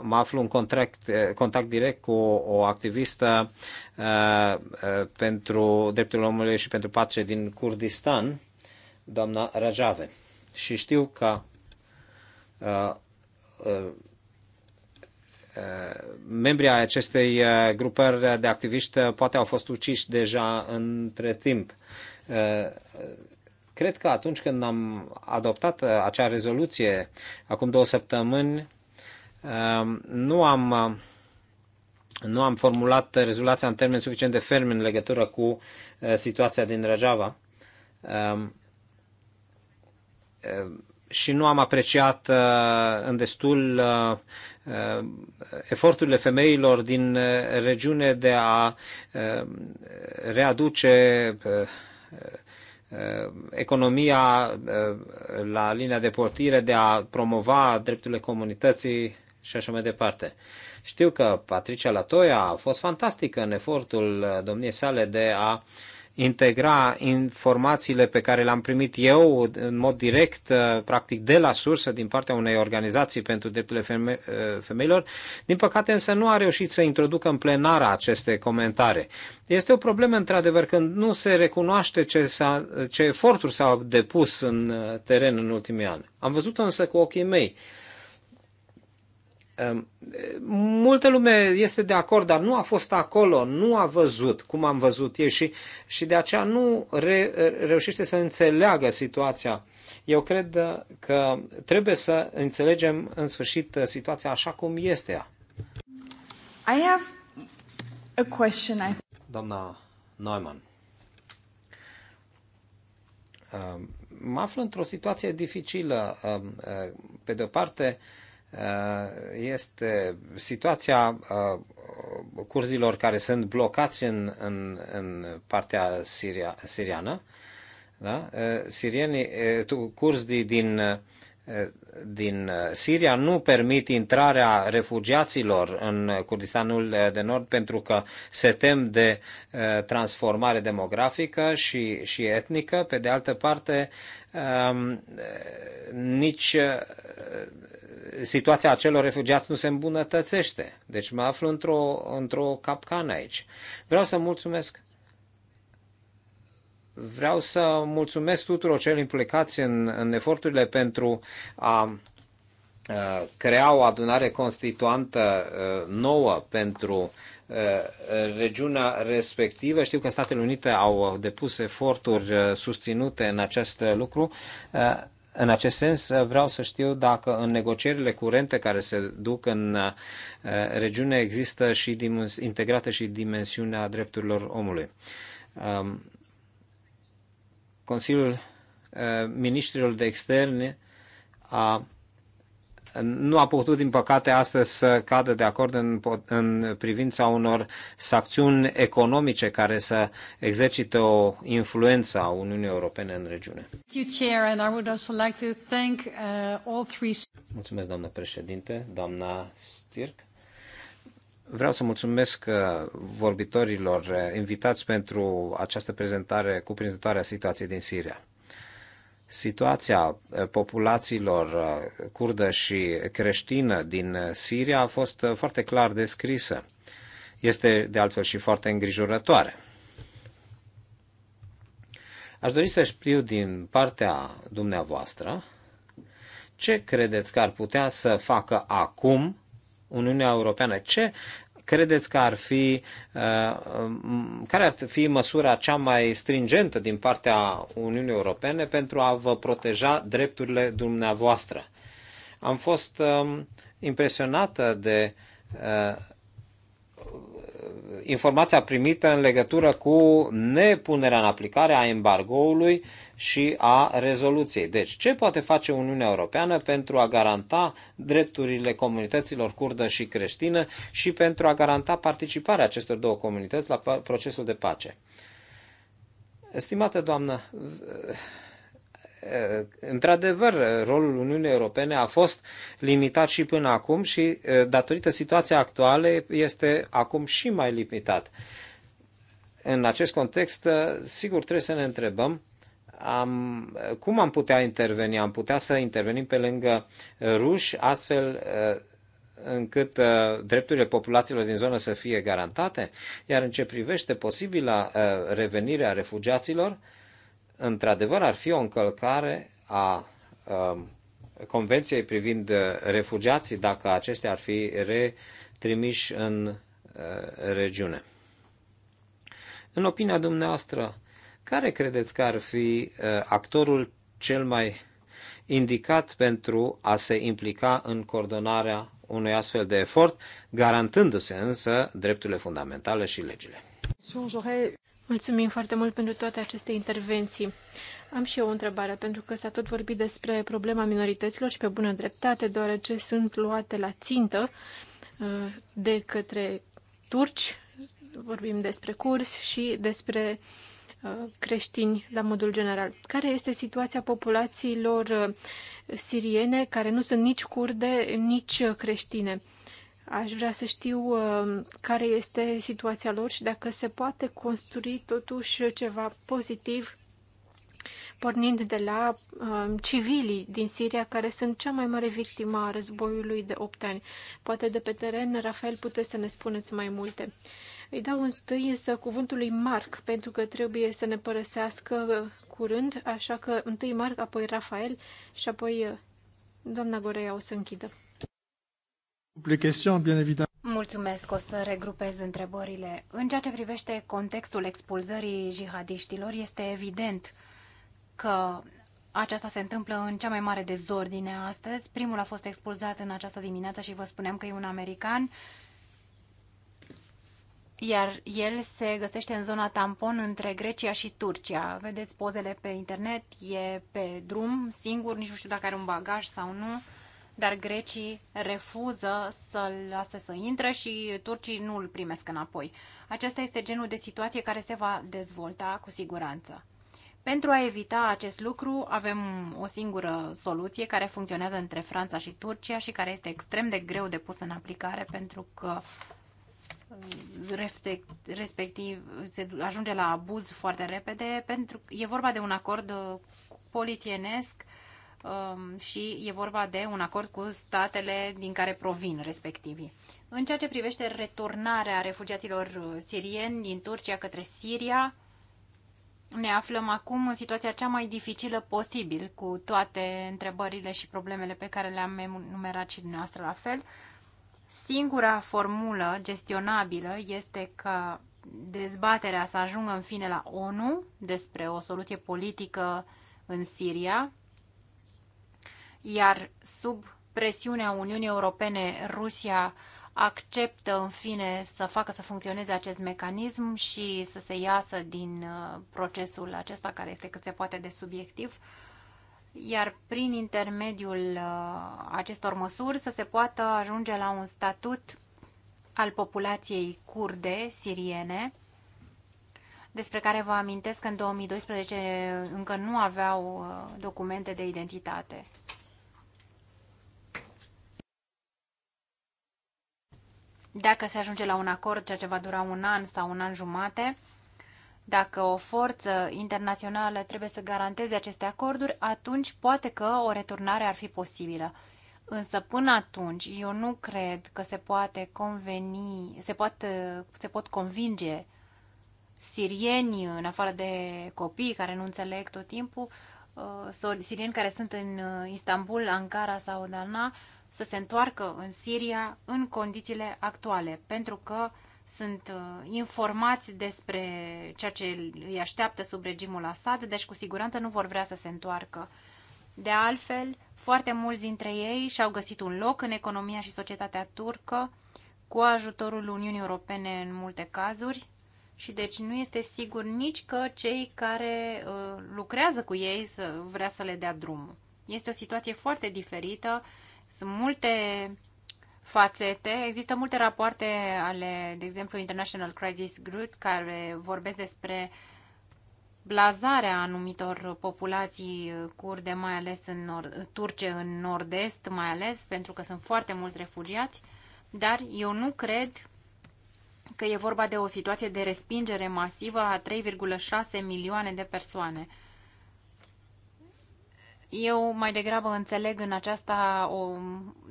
mă aflu în contract, contact direct cu o, activistă pentru drepturile omului și pentru pace din Kurdistan, doamna Rajave. Și știu că membrii acestei uh, grupări de activiști uh, poate au fost uciși deja între timp. Uh, cred că atunci când am adoptat acea rezoluție, acum două săptămâni, nu am, nu am formulat rezoluția în termeni suficient de fermi în legătură cu situația din Rajava și nu am apreciat uh, în destul uh, uh, eforturile femeilor din regiune de a readuce economia la linia de portire, de a promova drepturile comunității și așa mai departe. Știu că Patricia Latoia a fost fantastică în efortul domniei sale de a uh, integra informațiile pe care le-am primit eu în mod direct, uh, practic de la sursă, din partea unei organizații pentru drepturile feme- uh, femeilor. Din păcate însă nu a reușit să introducă în plenara aceste comentare. Este o problemă, într-adevăr, când nu se recunoaște ce, s-a, ce eforturi s-au depus în uh, teren în ultimii ani. Am văzut însă cu ochii mei Ehm, multă lume este de acord, dar nu a fost acolo, nu a văzut cum am văzut eu și, și de aceea nu re, reușește să înțeleagă situația. Eu cred că trebuie să înțelegem în sfârșit situația așa cum este ea. I have a question. I... Doamna Neumann, ehm, mă aflu într-o situație dificilă. Ehm, pe de o parte, Uh, este situația uh, curzilor care sunt blocați în, în, în partea siria, siriană. Da? Uh, sirienii, curzii din, din Siria nu permit intrarea refugiaților în Kurdistanul de Nord pentru că se tem de transformare demografică și, și etnică. Pe de altă parte, um, nici situația acelor refugiați nu se îmbunătățește. Deci mă aflu într-o, într-o capcană aici. Vreau să mulțumesc vreau să mulțumesc tuturor celor implicați în, în eforturile pentru a crea o adunare constituantă nouă pentru regiunea respectivă. Știu că Statele Unite au depus eforturi susținute în acest lucru în acest sens, vreau să știu dacă în negocierile curente care se duc în uh, regiune există și integrată și dimensiunea drepturilor omului. Um, Consiliul uh, Ministrilor de Externe a nu a putut, din păcate, astăzi să cadă de acord în, în privința unor sancțiuni economice care să exercite o influență a Uniunii Europene în regiune. Uh, mulțumesc, doamnă președinte, doamna Stirk. Vreau să mulțumesc uh, vorbitorilor uh, invitați pentru această prezentare cuprinzătoare a situației din Siria situația eh, populațiilor eh, curdă și creștină din eh, Siria a fost foarte clar descrisă. Este de altfel și foarte îngrijorătoare. Aș dori să știu din partea dumneavoastră ce credeți că ar putea să facă acum Uniunea Europeană? Ce credeți că ar fi, uh, care ar fi măsura cea mai stringentă din partea Uniunii Europene pentru a vă proteja drepturile dumneavoastră? Am fost um, impresionată de uh, informația primită în legătură cu nepunerea în aplicare a embargoului și a rezoluției. Deci, ce poate face Uniunea Europeană pentru a garanta drepturile comunităților curdă și creștină și pentru a garanta participarea acestor două comunități la procesul de pace? Estimată doamnă Eh, într-adevăr, rolul Uniunii Europene a fost limitat și până acum și, eh, datorită situației actuale, este acum și mai limitat. În acest context, eh, sigur, trebuie să ne întrebăm am, cum am putea interveni? Am putea să intervenim pe lângă ruși, astfel încât drepturile populațiilor din zonă să fie garantate, iar în ce privește posibila revenirea revenire a refugiaților, într-adevăr ar fi o încălcare a um, Convenției privind uh, refugiații dacă acestea ar fi retrimiși în uh, regiune. În opinia dumneavoastră, care credeți că ar fi uh, actorul cel mai indicat pentru a se implica în coordonarea unui astfel de efort, garantându-se însă drepturile fundamentale și legile? Mulțumim foarte mult pentru toate aceste intervenții. Am și eu o întrebare, pentru că s-a tot vorbit despre problema minorităților și pe bună dreptate, deoarece sunt luate la țintă uh, de către turci, vorbim despre curs și despre uh, creștini la modul general. Care este situația populațiilor uh, siriene care nu sunt nici curde, nici creștine? Aș vrea să știu uh, care este situația lor și dacă se poate construi totuși ceva pozitiv pornind de la um, civilii din Siria, care sunt cea mai mare victimă a războiului de 8 ani. Poate de pe teren, Rafael, puteți să ne spuneți mai multe. Îi dau întâi însă cuvântul lui Marc, pentru că trebuie să ne părăsească curând, așa că întâi Marc, apoi Rafael și apoi uh, doamna Gorea o să închidă. Mulțumesc, o să regrupez întrebările. În ceea ce privește contextul expulzării jihadiștilor, este evident că aceasta se întâmplă în cea mai mare dezordine astăzi. Primul a fost expulzat în această dimineață și vă spuneam că e un american, iar el se găsește în zona tampon între Grecia și Turcia. Vedeți pozele pe internet, e pe drum, singur, nici nu știu dacă are un bagaj sau nu dar grecii refuză să-l lase să intre și turcii nu îl primesc înapoi. Acesta este genul de situație care se va dezvolta cu siguranță. Pentru a evita acest lucru, avem o singură soluție care funcționează între Franța și Turcia și care este extrem de greu de pus în aplicare pentru că uh, respectiv se ajunge la abuz foarte repede pentru că e vorba de un acord uh, polițienesc Um, și e vorba de un acord cu statele din care provin respectivii. În ceea ce privește returnarea refugiaților uh, sirieni din Turcia către Siria, ne aflăm acum în situația cea mai dificilă posibil, cu toate întrebările și problemele pe care le-am enumerat și dumneavoastră la fel. Singura formulă gestionabilă este ca dezbaterea să ajungă în fine la ONU despre o soluție politică în Siria, iar sub presiunea Uniunii Europene, Rusia acceptă în fine să facă să funcționeze acest mecanism și să se iasă din uh, procesul acesta care este cât se poate de subiectiv, iar prin intermediul uh, acestor măsuri să se poată ajunge la un statut al populației curde siriene, despre care vă amintesc că în 2012 încă nu aveau uh, documente de identitate. Dacă se ajunge la un acord, ceea ce va dura un an sau un an jumate, dacă o forță internațională trebuie să garanteze aceste acorduri, atunci poate că o returnare ar fi posibilă. Însă până atunci eu nu cred că se poate conveni, se, poate, se pot convinge sirieni, în afară de copii care nu înțeleg tot timpul, uh, sirieni care sunt în uh, Istanbul, Ankara sau Dana, să se întoarcă în Siria în condițiile actuale, pentru că sunt uh, informați despre ceea ce îi așteaptă sub regimul Assad, deci cu siguranță nu vor vrea să se întoarcă. De altfel, foarte mulți dintre ei și-au găsit un loc în economia și societatea turcă cu ajutorul Uniunii Europene în multe cazuri și deci nu este sigur nici că cei care uh, lucrează cu ei să vrea să le dea drumul. Este o situație foarte diferită sunt multe fațete. Există multe rapoarte ale, de exemplu, International Crisis Group, care vorbesc despre blazarea anumitor populații curde mai ales în nord, turce în nord-est, mai ales pentru că sunt foarte mulți refugiați, dar eu nu cred că e vorba de o situație de respingere masivă a 3,6 milioane de persoane. Eu mai degrabă înțeleg în aceasta o,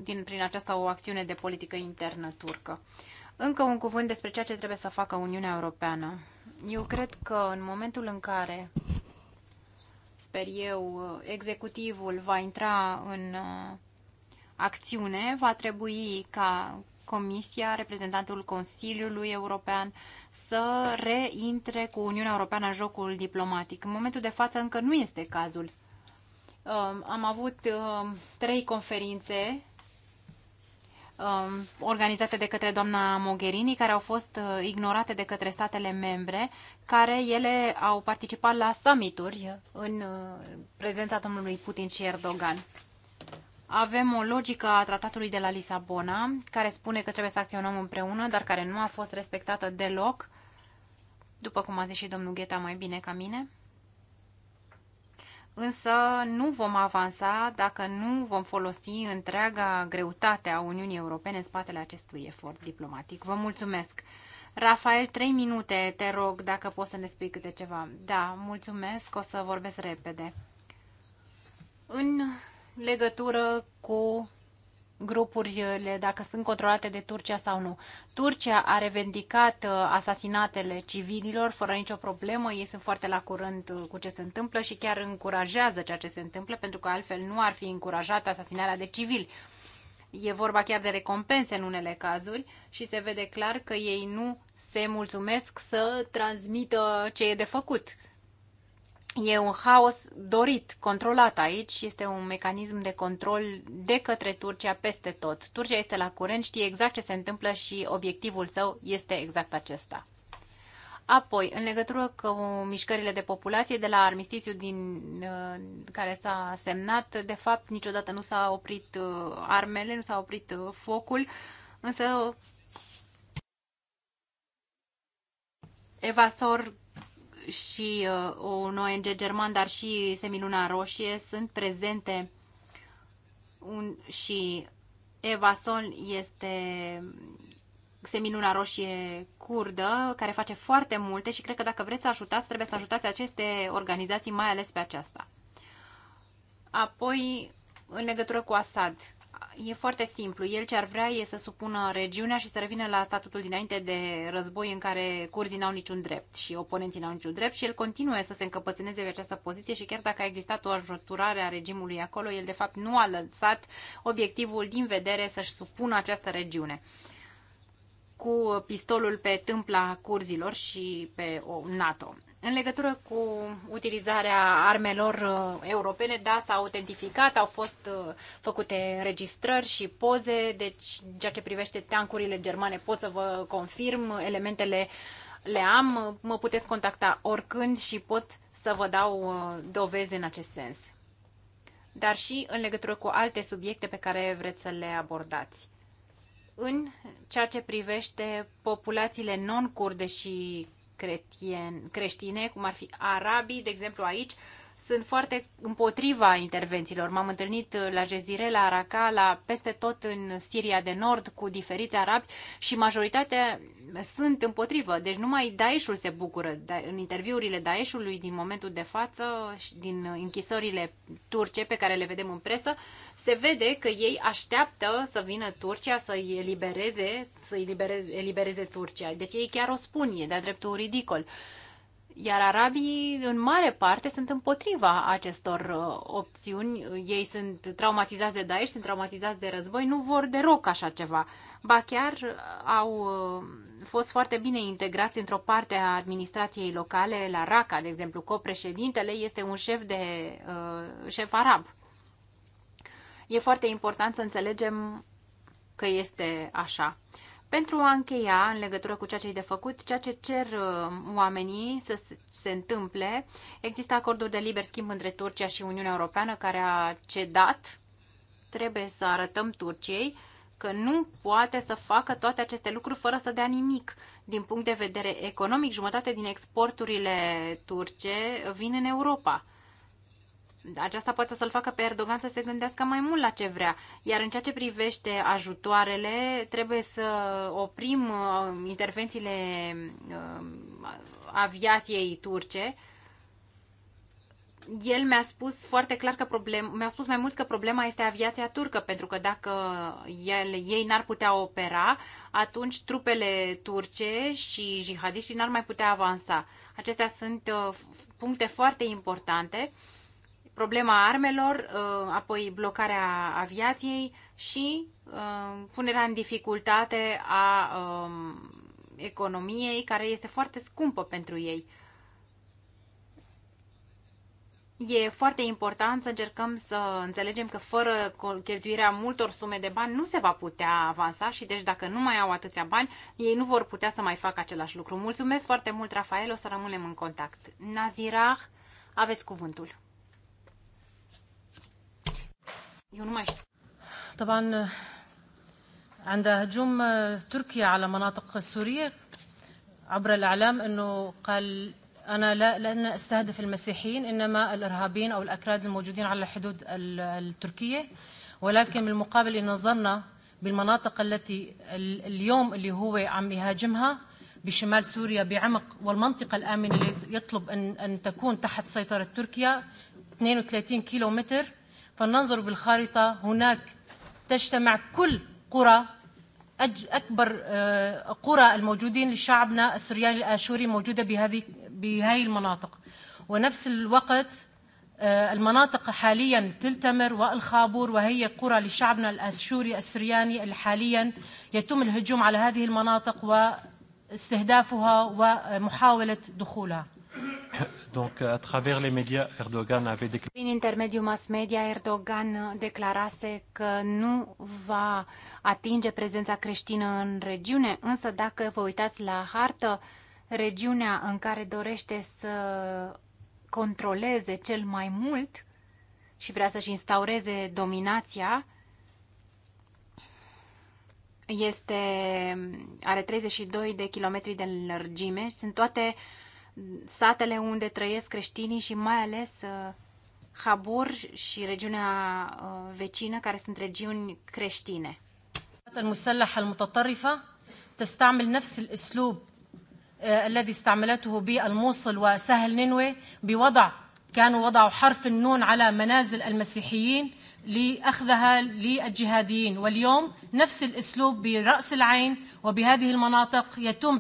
din, prin aceasta o acțiune de politică internă turcă. Încă un cuvânt despre ceea ce trebuie să facă Uniunea Europeană. Eu cred că în momentul în care, sper eu, executivul va intra în uh, acțiune, va trebui ca Comisia, reprezentantul Consiliului European, să reintre cu Uniunea Europeană în jocul diplomatic. În momentul de față încă nu este cazul. Um, am avut um, trei conferințe um, organizate de către doamna Mogherini, care au fost uh, ignorate de către statele membre, care ele au participat la summituri în uh, prezența domnului Putin și Erdogan. Avem o logică a tratatului de la Lisabona, care spune că trebuie să acționăm împreună, dar care nu a fost respectată deloc, după cum a zis și domnul Gheta mai bine ca mine însă nu vom avansa dacă nu vom folosi întreaga greutate a Uniunii Europene în spatele acestui efort diplomatic. Vă mulțumesc! Rafael, trei minute, te rog, dacă poți să ne spui câte ceva. Da, mulțumesc, o să vorbesc repede. În legătură cu grupurile, dacă sunt controlate de Turcia sau nu. Turcia a revendicat uh, asasinatele civililor fără nicio problemă, ei sunt foarte la curând uh, cu ce se întâmplă și chiar încurajează ceea ce se întâmplă, pentru că altfel nu ar fi încurajat asasinarea de civili. E vorba chiar de recompense în unele cazuri și se vede clar că ei nu se mulțumesc să transmită ce e de făcut E un haos dorit, controlat aici, este un mecanism de control de către Turcia peste tot. Turcia este la curent, știe exact ce se întâmplă și obiectivul său este exact acesta. Apoi, în legătură cu mișcările de populație de la armistițiu din, uh, care s-a semnat, de fapt niciodată nu s-a oprit uh, armele, nu s-a oprit uh, focul, însă Evasor și uh, un ONG german, dar și Semiluna Roșie sunt prezente un, și Sol este semiluna roșie curdă, care face foarte multe și cred că dacă vreți să ajutați, trebuie să ajutați aceste organizații, mai ales pe aceasta. Apoi, în legătură cu Assad, e foarte simplu. El ce ar vrea e să supună regiunea și să revină la statutul dinainte de război în care curzii n-au niciun drept și oponenții n-au niciun drept și el continuă să se încăpățâneze pe această poziție și chiar dacă a existat o ajuturare a regimului acolo, el de fapt nu a lăsat obiectivul din vedere să-și supună această regiune cu pistolul pe tâmpla curzilor și pe NATO. În legătură cu utilizarea armelor uh, europene, da, s au autentificat, au fost uh, făcute registrări și poze, deci ceea ce privește tancurile germane pot să vă confirm, elementele le am, mă puteți contacta oricând și pot să vă dau uh, dovezi în acest sens. Dar și în legătură cu alte subiecte pe care vreți să le abordați în ceea ce privește populațiile non-curde și cretien, creștine, cum ar fi arabii, de exemplu aici, sunt foarte împotriva intervențiilor. M-am întâlnit uh, la Jezire, la Araca, la peste tot în Siria de Nord cu diferiți arabi și majoritatea sunt împotrivă. Deci numai Daeshul se bucură. Da, în interviurile Daeshului din momentul de față, din închisorile turce pe care le vedem în presă, se vede că ei așteaptă să vină Turcia să îi elibereze, să îi libereze, elibereze Turcia. Deci ei chiar o spun, e de-a dreptul ridicol. Iar arabii, în mare parte, sunt împotriva acestor uh, opțiuni. Ei sunt traumatizați de Daesh, sunt traumatizați de război, nu vor deloc așa ceva. Ba chiar uh, au uh, fost foarte bine integrați într-o parte a administrației locale, la Raqqa, de exemplu, copreședintele este un șef, de, șef arab E foarte important să înțelegem că este așa. Pentru a încheia în legătură cu ceea ce e de făcut, ceea ce cer uh, oamenii să se întâmple, există acorduri de liber schimb între Turcia și Uniunea Europeană care a cedat. Trebuie să arătăm Turciei că nu poate să facă toate aceste lucruri fără să dea nimic. Din punct de vedere economic, jumătate din exporturile turce vin în Europa aceasta poate să-l facă pe Erdogan să se gândească mai mult la ce vrea. Iar în ceea ce privește ajutoarele, trebuie să oprim uh, intervențiile uh, aviației turce. El mi-a spus foarte clar că problema, mi-a spus mai mult că problema este aviația turcă, pentru că dacă el, ei n-ar putea opera, atunci trupele turce și jihadiștii n-ar mai putea avansa. Acestea sunt uh, puncte foarte importante problema armelor, uh, apoi blocarea aviației și uh, punerea în dificultate a um, economiei, care este foarte scumpă pentru ei. E foarte important să încercăm să înțelegem că fără cheltuirea multor sume de bani nu se va putea avansa și deci dacă nu mai au atâția bani, ei nu vor putea să mai facă același lucru. Mulțumesc foarte mult, Rafael, o să rămânem în contact. Nazirah, aveți cuvântul. Eu nu mai știu. طبعا عند هجوم تركيا على مناطق سوريا عبر الإعلام أنه قال أنا لا لأن أستهدف المسيحيين إنما الإرهابيين أو الأكراد الموجودين على الحدود التركية ولكن بالمقابل إن نظرنا بالمناطق التي اليوم اللي هو عم يهاجمها بشمال سوريا بعمق والمنطقة الآمنة اللي يطلب أن أن تكون تحت سيطرة تركيا 32 كيلومتر فلننظر بالخارطة هناك تجتمع كل قرى أكبر قرى الموجودين لشعبنا السرياني الآشوري موجودة بهذه بهاي المناطق ونفس الوقت المناطق حاليا تلتمر والخابور وهي قرى لشعبنا الآشوري السرياني اللي حاليا يتم الهجوم على هذه المناطق واستهدافها ومحاولة دخولها Donc, à travers les médias, Erdogan avait déclaré... Prin intermediul mass media, Erdogan declarase că nu va atinge prezența creștină în regiune, însă dacă vă uitați la hartă, regiunea în care dorește să controleze cel mai mult și vrea să-și instaureze dominația, este, are 32 de kilometri de lărgime, sunt toate uh, satele unde trăiesc creștinii și mai ales uh, Habur și regiunea uh, vecină, care sunt regiuni creștine. المسلحة المتطرفة تستعمل نفس الأسلوب الذي استعملته بالموصل وسهل نينوي بوضع كانوا وضعوا حرف النون على منازل المسيحيين لأخذها للجهاديين واليوم نفس الاسلوب برأس العين وبهذه المناطق يتم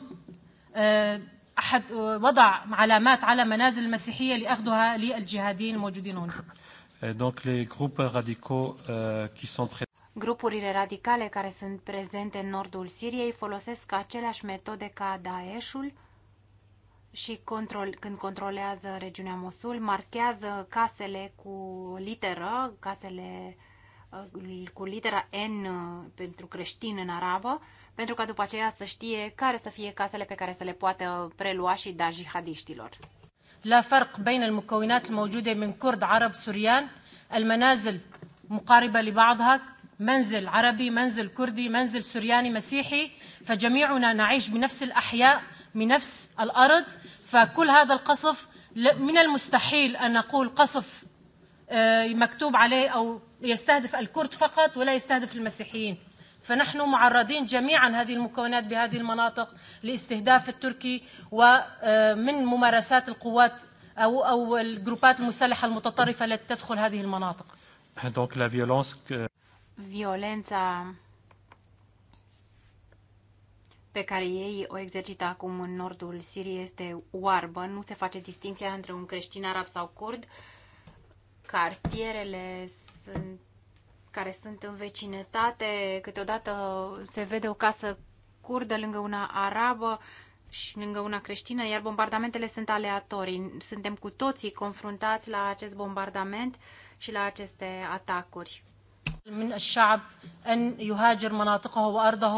أحد وضع علامات على منازل المسيحية لأخذها للجهادين الموجودين هنا. Donc les groupes radicaux euh, qui sont présents Grupurile radicale care sunt prezente în nordul Siriei folosesc aceleași metode ca Daeshul și control, când controlează regiunea Mosul, marchează casele cu literă, casele uh, cu litera N uh, pentru creștin în arabă pentru ca după aceea să știe care să fie casele pe care să le poată prelua și da jihadiștilor. La farq bain al mukawinat al mawjuda min kurd arab surian, al manazil muqariba li ba'dha, منزل عربي منزل كردي منزل سرياني مسيحي فجميعنا نعيش بنفس الأحياء بنفس الأرض فكل هذا القصف من المستحيل أن نقول قصف مكتوب عليه أو يستهدف الكرد فقط ولا يستهدف المسيحيين فنحن معرضين جميعا هذه المكونات بهذه المناطق لاستهداف التركي ومن ممارسات القوات أو أو الجروبات المسلحة المتطرفة التي تدخل هذه المناطق. Donc la violence que... pe care ei o exercită acum în nordul Siriei este oarbă, nu se face distinția între un creștin arab sau curd. Cartierele sunt care sunt în vecinătate, câteodată se vede o casă curdă lângă una arabă și lângă una creștină, iar bombardamentele sunt aleatorii. Suntem cu toții confruntați la acest bombardament și la aceste atacuri. من الشعب أن يهاجر مناطقه وأرضه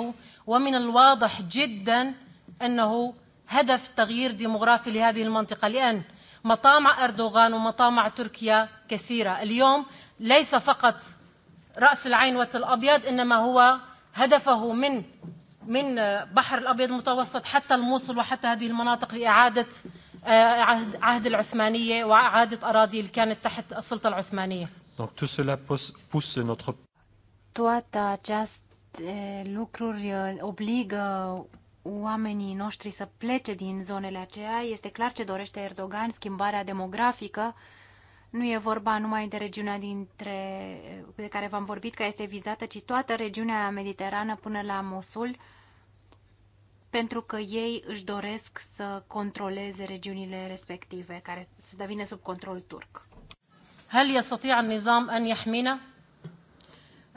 ومن الواضح جدا أنه هدف تغيير ديموغرافي لهذه المنطقة لأن مطامع أردوغان ومطامع تركيا كثيرة اليوم ليس فقط رأس العين والأبيض إنما هو هدفه من من بحر الأبيض المتوسط حتى الموصل وحتى هذه المناطق لإعادة عهد العثمانية وإعادة أراضي اللي كانت تحت السلطة العثمانية. Donc tout toate aceste lucruri obligă oamenii noștri să plece din zonele aceea. Este clar ce dorește Erdogan, schimbarea demografică, uh, nu e vorba numai de regiunea dintre, de care v-am vorbit, că este vizată, ci toată regiunea mediterană până la Mosul, pentru că ei își doresc să controleze regiunile respective, care să devină sub control turc. هل يستطيع النظام أن يحمينا؟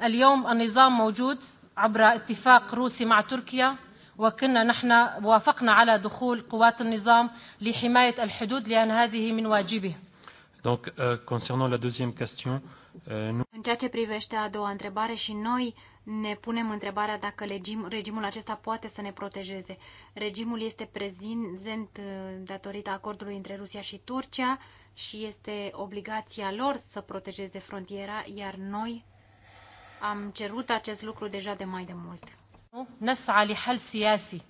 اليوم النظام موجود عبر اتفاق روسي مع تركيا وكنا نحن وافقنا على دخول قوات النظام لحماية الحدود لأن هذه من واجبهم Donc, euh, concernant la deuxième question, euh, nous... În ceea ce privește a doua întrebare și noi ne punem întrebarea dacă legim, regimul acesta poate să ne protejeze. Regimul este prezent uh, datorită acordului între Rusia și Turcia și este obligația lor să protejeze frontiera, iar noi am cerut acest lucru deja de mai de mult. نسعى لحل سياسي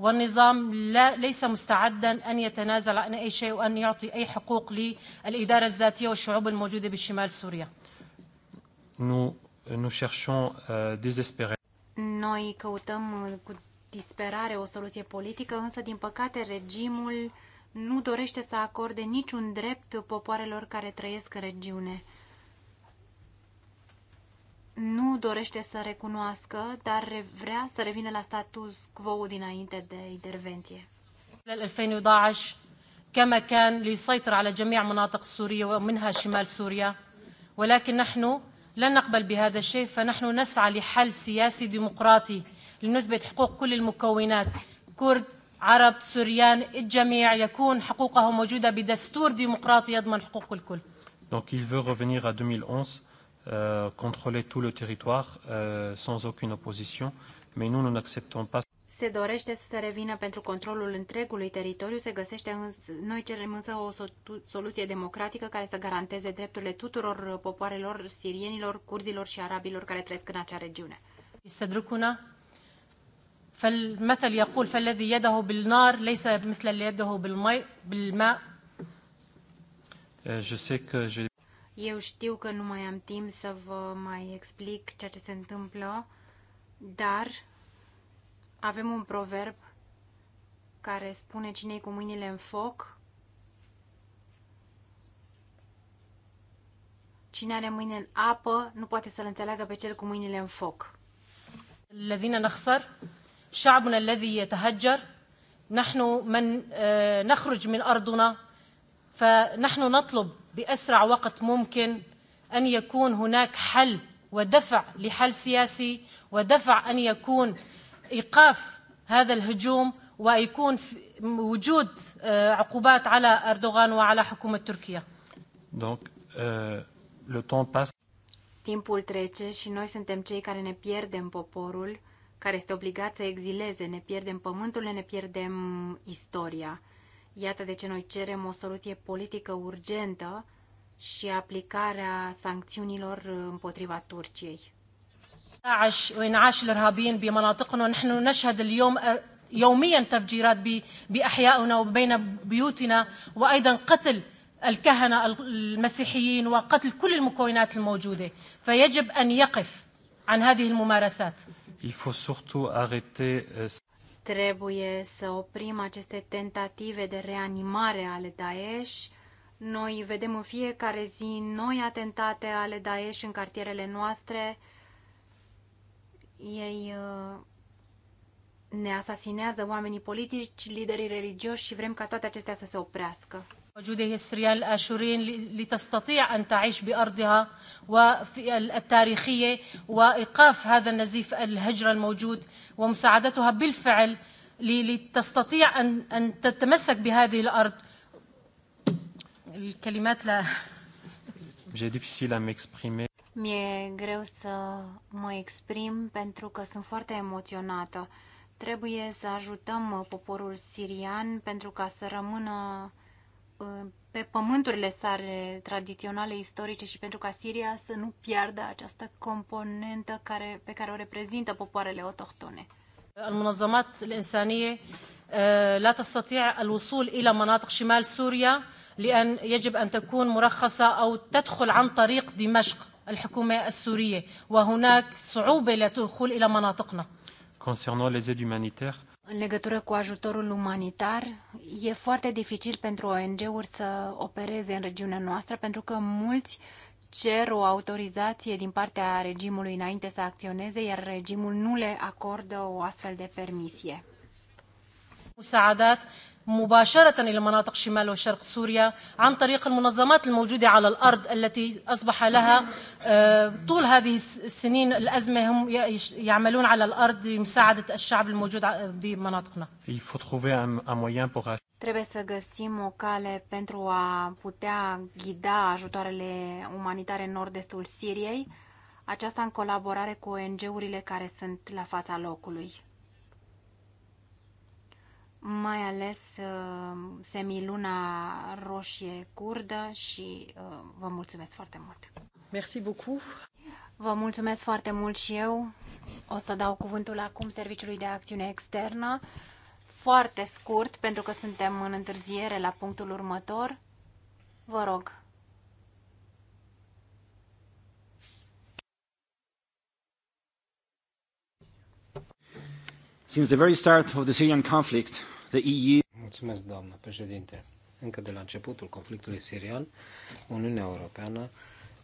والنظام لا ليس مستعدا أن يتنازل عن أي شيء وأن يعطي أي حقوق للإدارة الذاتية والشعوب الموجودة بالشمال سوريا. Euh, Noi căutăm cu disperare o soluție politică, însă din păcate regimul nu dorește să acorde niciun drept popoarelor care trăiesc în regiune nu dorește să recunoască, dar vrea să revină la status quo dinainte de intervenție. كما كان ليسيطر على جميع مناطق سوريا ومنها شمال سوريا ولكن نحن لن نقبل بهذا الشيء فنحن نسعى لحل سياسي ديمقراطي لنثبت حقوق كل المكونات كرد عرب سوريان الجميع يكون حقوقهم موجودة بدستور ديمقراطي يضمن حقوق الكل Donc il veut revenir à 2011 euh, contrôler tout le territoire euh, sans aucune opposition, mais nous, nous n'acceptons pas. Se dorește să se revină pentru controlul întregului teritoriu, se găsește însă, noi cerem însă o soluție democratică care să garanteze drepturile tuturor popoarelor sirienilor, curzilor și arabilor care trăiesc în acea regiune. يستدركنا فالمثل يقول فالذي يده بالنار ليس مثل اللي يده بالماء Je sais que je eu știu că nu mai am timp să vă mai explic ceea ce se întâmplă, dar avem un proverb care spune cine cu mâinile în foc, cine are mâine în apă nu poate să-l înțeleagă pe cel cu mâinile în foc. الذين نخسر شعبنا الذي يتهجر نحن من نخرج من أرضنا فنحن نطلب بأسرع وقت ممكن أن يكون هناك حل ودفع لحل سياسي ودفع أن يكون إيقاف هذا الهجوم ويكون وجود عقوبات على أردوغان وعلى حكومة تركيا. Donc, euh, le temps Timpul trece și noi suntem cei care ne pierdem poporul, care este obligat să exileze, ne pierdem pământul, ne pierdem istoria. Iată de ce noi cerem o soluție politică urgentă și aplicarea sancțiunilor împotriva Turciei. داعش وانعاش الارهابيين بمناطقنا ونحن نشهد اليوم يوميا تفجيرات باحيائنا وبين بيوتنا وايضا قتل الكهنه المسيحيين وقتل كل المكونات الموجوده فيجب ان يقف عن هذه الممارسات. Il faut surtout arrêter Trebuie să oprim aceste tentative de reanimare ale Daesh. Noi vedem în fiecare zi noi atentate ale Daesh în cartierele noastre. Ei uh, ne asasinează oamenii politici, liderii religioși și vrem ca toate acestea să se oprească. وجوده السوريان الآشورين لتستطيع أن تعيش بأرضها وفي التاريخية وإيقاف هذا النزيف الهجرة الموجود ومساعدتها بالفعل لتستطيع أن أن تتمسك بهذه الأرض الكلمات لا Mi-e greu să mă exprim pentru că sunt foarte emoționată. Trebuie să ajutăm poporul sirian pentru ca să rămână pe pământurile sale tradiționale, istorice și pentru ca Siria să nu piardă această componentă care, pe care o reprezintă popoarele autohtone. المنظمات الإنسانية لا تستطيع الوصول إلى مناطق شمال سوريا لأن يجب أن تكون مرخصة أو تدخل عن طريق دمشق الحكومة السورية وهناك صعوبة للدخول إلى مناطقنا. Concernant les aides humanitaires, în legătură cu ajutorul umanitar, e foarte dificil pentru ONG-uri să opereze în regiunea noastră pentru că mulți cer o autorizație din partea regimului înainte să acționeze, iar regimul nu le acordă o astfel de permisie. مباشرة إلى مناطق شمال وشرق سوريا عن طريق المنظمات الموجودة على الأرض التي أصبح لها طول هذه السنين الأزمة هم يعملون على الأرض لمساعدة الشعب الموجود بمناطقنا Trebuie să găsim o cale pentru a putea ghida ajutoarele umanitare în nord-estul Siriei, aceasta în colaborare cu ONG-urile care sunt la fața locului mai ales uh, semiluna roșie curdă și uh, vă mulțumesc foarte mult. Merci beaucoup. Vă mulțumesc foarte mult și eu. O să dau cuvântul acum Serviciului de Acțiune Externă. Foarte scurt, pentru că suntem în întârziere la punctul următor. Vă rog. Since the very start of the Syrian conflict, The EU... Mulțumesc, doamnă președinte. Încă de la începutul conflictului sirian, Uniunea Europeană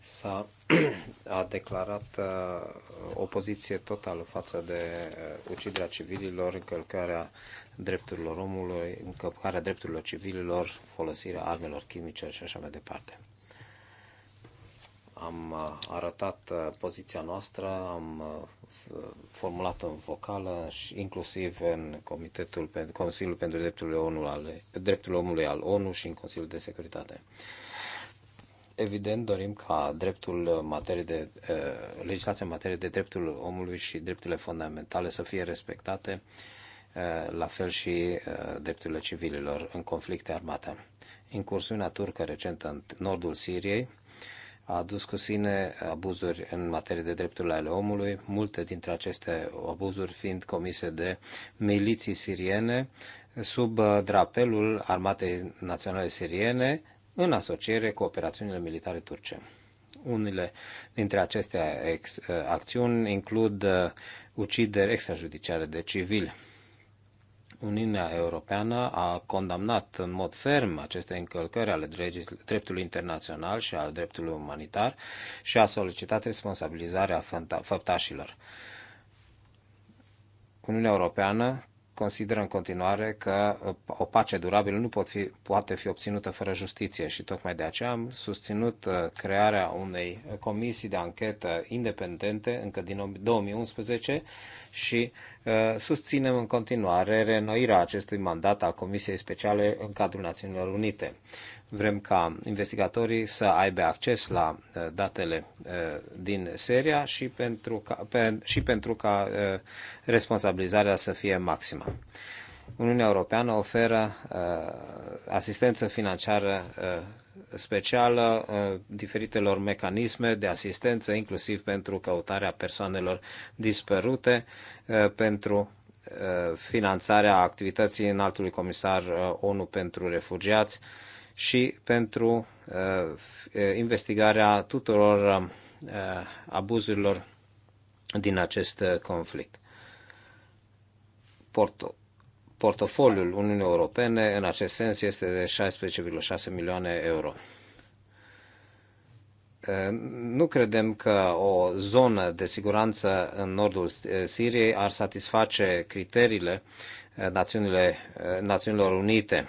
s-a a declarat uh, o poziție totală față de uh, uciderea civililor, încălcarea drepturilor omului, încălcarea drepturilor civililor, folosirea armelor chimice și așa mai departe. Am uh, arătat uh, poziția noastră, am uh, formulată în vocală și inclusiv în Comitetul Consiliul pentru Drepturile, ONU ale, Drepturile Omului al ONU și în Consiliul de Securitate. Evident, dorim ca dreptul materie de, eh, legislația în materie de dreptul omului și drepturile fundamentale să fie respectate, eh, la fel și eh, drepturile civililor în conflicte armate. Incursiunea turcă recentă în nordul Siriei a adus cu sine abuzuri în materie de drepturile ale omului, multe dintre aceste abuzuri fiind comise de miliții siriene sub uh, drapelul Armatei Naționale Siriene în asociere cu operațiunile militare turce. Unele dintre aceste uh, acțiuni includ uh, ucideri extrajudiciare de civili. Uniunea Europeană a condamnat în mod ferm aceste încălcări ale dreptului internațional și al dreptului umanitar și a solicitat responsabilizarea făptașilor. Uniunea Europeană consideră în continuare că uh, o pace durabilă nu pot fi, poate fi obținută fără justiție și tocmai de aceea am susținut uh, crearea unei uh, comisii de anchetă independente încă din 2011 și susținem în continuare renoirea acestui mandat al Comisiei Speciale în cadrul Națiunilor Unite. Vrem ca investigatorii să aibă acces la uh, datele uh, din Seria și pentru ca, pe, și pentru ca uh, responsabilizarea să fie maximă. Uniunea Europeană oferă asistență financiară specială diferitelor mecanisme de asistență, inclusiv pentru căutarea persoanelor dispărute, pentru finanțarea activității înaltului comisar ONU pentru refugiați și pentru uh, investigarea tuturor um, uh, abuzurilor din acest uh, conflict. Porto, portofoliul Uniunii Europene în acest sens este de 16,6 milioane euro. Nu credem că o zonă de siguranță în nordul Siriei ar satisface criteriile Națiunilor Unite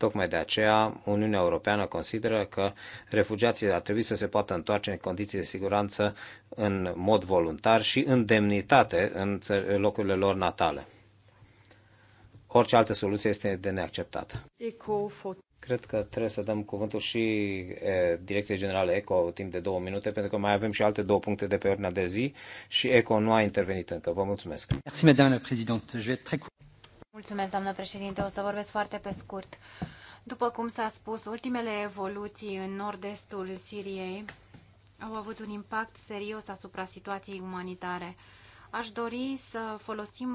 Tocmai de aceea, Uniunea Europeană consideră că refugiații ar trebui să se poată întoarce în condiții de siguranță în mod voluntar și în demnitate în locurile lor natale. Orice altă soluție este de neacceptată. Cred că trebuie să dăm cuvântul și e, Direcției Generale ECO timp de două minute, pentru că mai avem și alte două puncte de pe ordinea de zi și ECO nu a intervenit încă. Vă mulțumesc. Merci, Madame la Mulțumesc, doamnă președinte. O să vorbesc foarte pe scurt. După cum s-a spus, ultimele evoluții în nord-estul Siriei au avut un impact serios asupra situației umanitare. Aș dori să folosim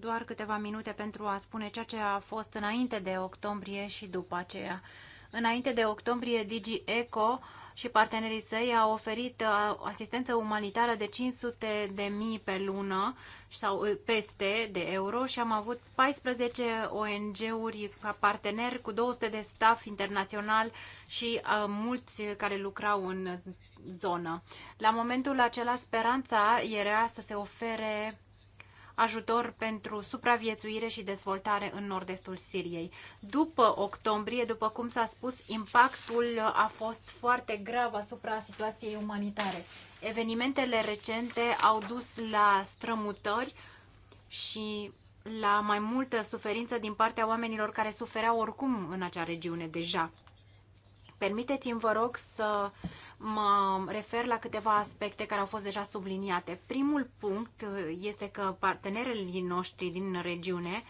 doar câteva minute pentru a spune ceea ce a fost înainte de octombrie și după aceea. Înainte de octombrie, Digi Eco și partenerii săi au oferit uh, asistență umanitară de 500 de mii pe lună sau uh, peste de euro și am avut 14 ONG-uri ca parteneri cu 200 de staff internațional și uh, mulți care lucrau în zonă. La momentul acela, speranța era să se ofere ajutor pentru supraviețuire și dezvoltare în nord-estul Siriei. După octombrie, după cum s-a spus, impactul a fost foarte grav asupra situației umanitare. Evenimentele recente au dus la strămutări și la mai multă suferință din partea oamenilor care sufereau oricum în acea regiune deja. Permiteți-mi, vă rog, să mă refer la câteva aspecte care au fost deja subliniate. Primul punct uh, este că partenerii noștri din regiune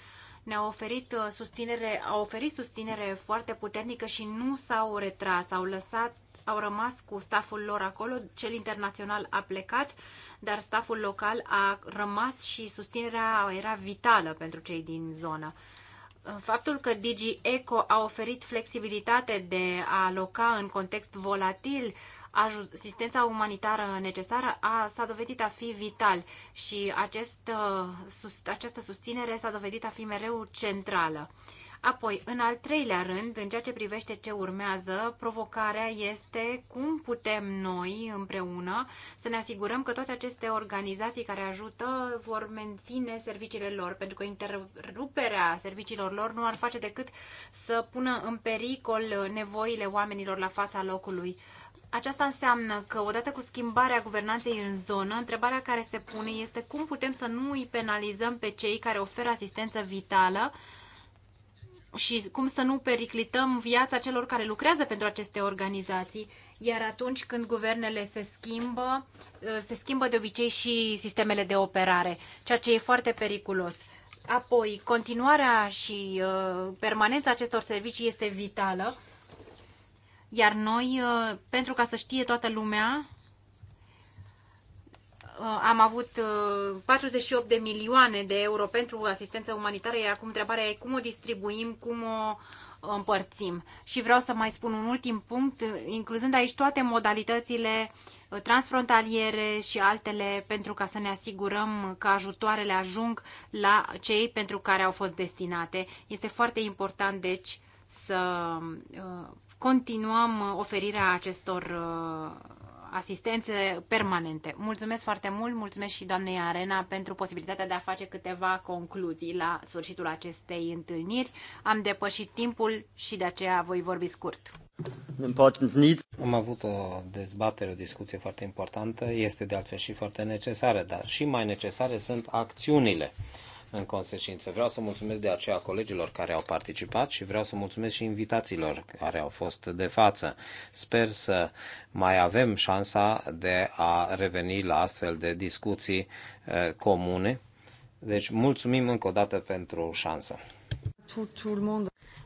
ne au oferit uh, susținere, au oferit susținere foarte puternică și nu s-au retras, au lăsat au rămas cu staful lor acolo, cel internațional a plecat, dar staful local a rămas și susținerea era vitală pentru cei din zonă faptul că Digi Eco a oferit flexibilitate de a aloca în context volatil asistența umanitară necesară a, s-a dovedit a fi vital și acest, uh, sus, această susținere s-a dovedit a fi mereu centrală. Apoi, în al treilea rând, în ceea ce privește ce urmează, provocarea este cum putem noi împreună să ne asigurăm că toate aceste organizații care ajută vor menține serviciile lor, pentru că interruperea serviciilor lor nu ar face decât să pună în pericol nevoile oamenilor la fața locului. Aceasta înseamnă că odată cu schimbarea guvernanței în zonă, întrebarea care se pune este cum putem să nu îi penalizăm pe cei care oferă asistență vitală și cum să nu periclităm viața celor care lucrează pentru aceste organizații. Iar atunci când guvernele se schimbă, uh, se schimbă de obicei și sistemele de operare, ceea ce e foarte periculos. Apoi, continuarea și uh, permanența acestor servicii este vitală, iar noi, uh, pentru ca să știe toată lumea Uh, am avut 48 uh, de milioane de euro pentru asistență umanitară, iar acum întrebarea e cum o distribuim, cum o uh, împărțim. Și vreau să mai spun un ultim punct, incluzând aici toate modalitățile transfrontaliere și altele pentru ca să ne asigurăm că ajutoarele ajung la cei pentru care au fost destinate. Este foarte important, deci, să continuăm oferirea acestor asistențe permanente. Mulțumesc foarte mult, mulțumesc și doamnei Arena pentru posibilitatea de a face câteva concluzii la sfârșitul acestei întâlniri. Am depășit timpul și de aceea voi vorbi scurt. Am avut o dezbatere, o discuție foarte importantă, este de altfel și foarte necesară, dar și mai necesare sunt acțiunile în consecință. Vreau să mulțumesc de aceea colegilor care au participat și vreau să mulțumesc și invitațiilor care au fost de față. Sper să mai avem șansa de a reveni la astfel de discuții eh, comune. Deci mulțumim încă o dată pentru șansă.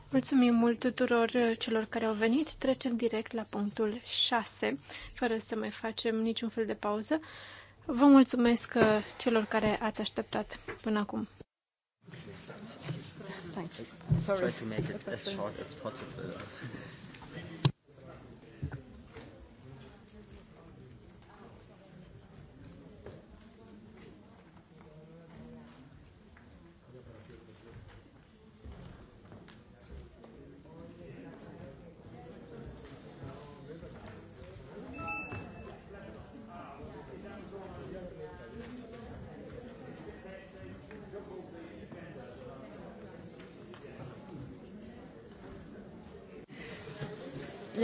Mulțumim mult tuturor eh, celor care au venit. Trecem direct la punctul 6, fără să mai facem niciun fel de pauză. Vă mulțumesc uh, celor care ați așteptat până acum. Thanks. Sorry. Try to make it as short as possible.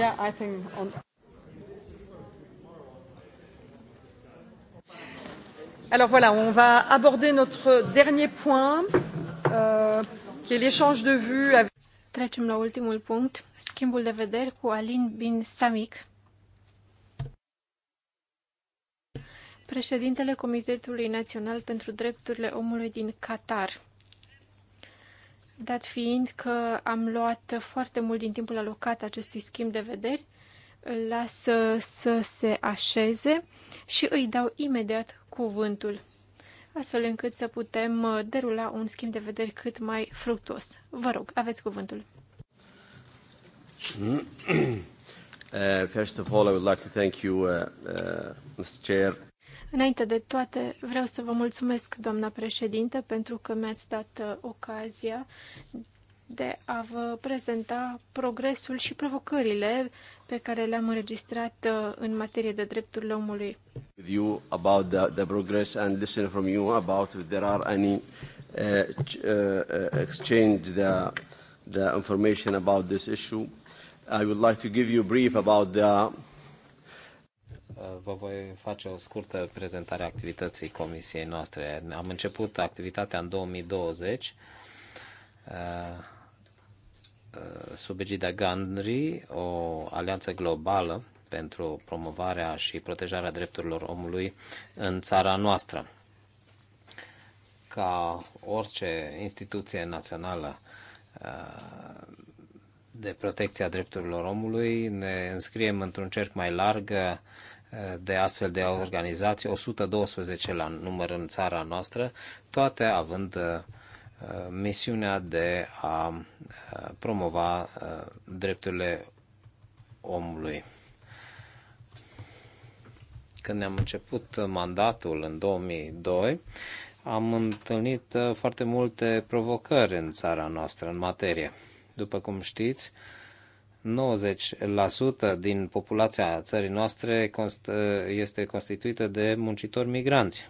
Yeah, I think on. Alors voilà, on va aborder notre dernier point, euh, qui est l'échange de vues avec. Trecem la ultimul punct, schimbul de vederi cu Alin Bin Samik, președintele Comitetului Național pentru Drepturile Omului din Qatar. Dat fiind că am luat foarte mult din timpul alocat acestui schimb de vederi, îl las uh, să se așeze și îi dau imediat cuvântul, astfel încât să putem uh, derula un schimb de vederi cât mai fructuos. Vă rog, aveți cuvântul. Mm. Uh, first of all, I would like to thank you, uh, uh, Mr. Chair. Înainte de toate, vreau să vă mulțumesc, doamna președinte, pentru că mi-ați dat uh, ocazia de a vă prezenta progresul și provocările pe care le-am înregistrat uh, în materie de drepturile omului. With you about the, the progress and listen from you about if there are any uh, uh, uh, exchange the, the information about this issue. I would like to give you a brief about the vă voi face o scurtă prezentare a activității comisiei noastre. Am început activitatea în 2020 uh, uh, sub egida Gandri, o alianță globală pentru promovarea și protejarea drepturilor omului în țara noastră. Ca orice instituție națională uh, de protecție a drepturilor omului, ne înscriem într-un cerc mai larg de astfel de organizații, 112 la număr în țara noastră, toate având uh, misiunea de a uh, promova uh, drepturile omului. Când ne-am început mandatul în 2002, am întâlnit foarte multe provocări în țara noastră în materie. După cum știți, 90% din populația țării noastre este constituită de muncitori migranți.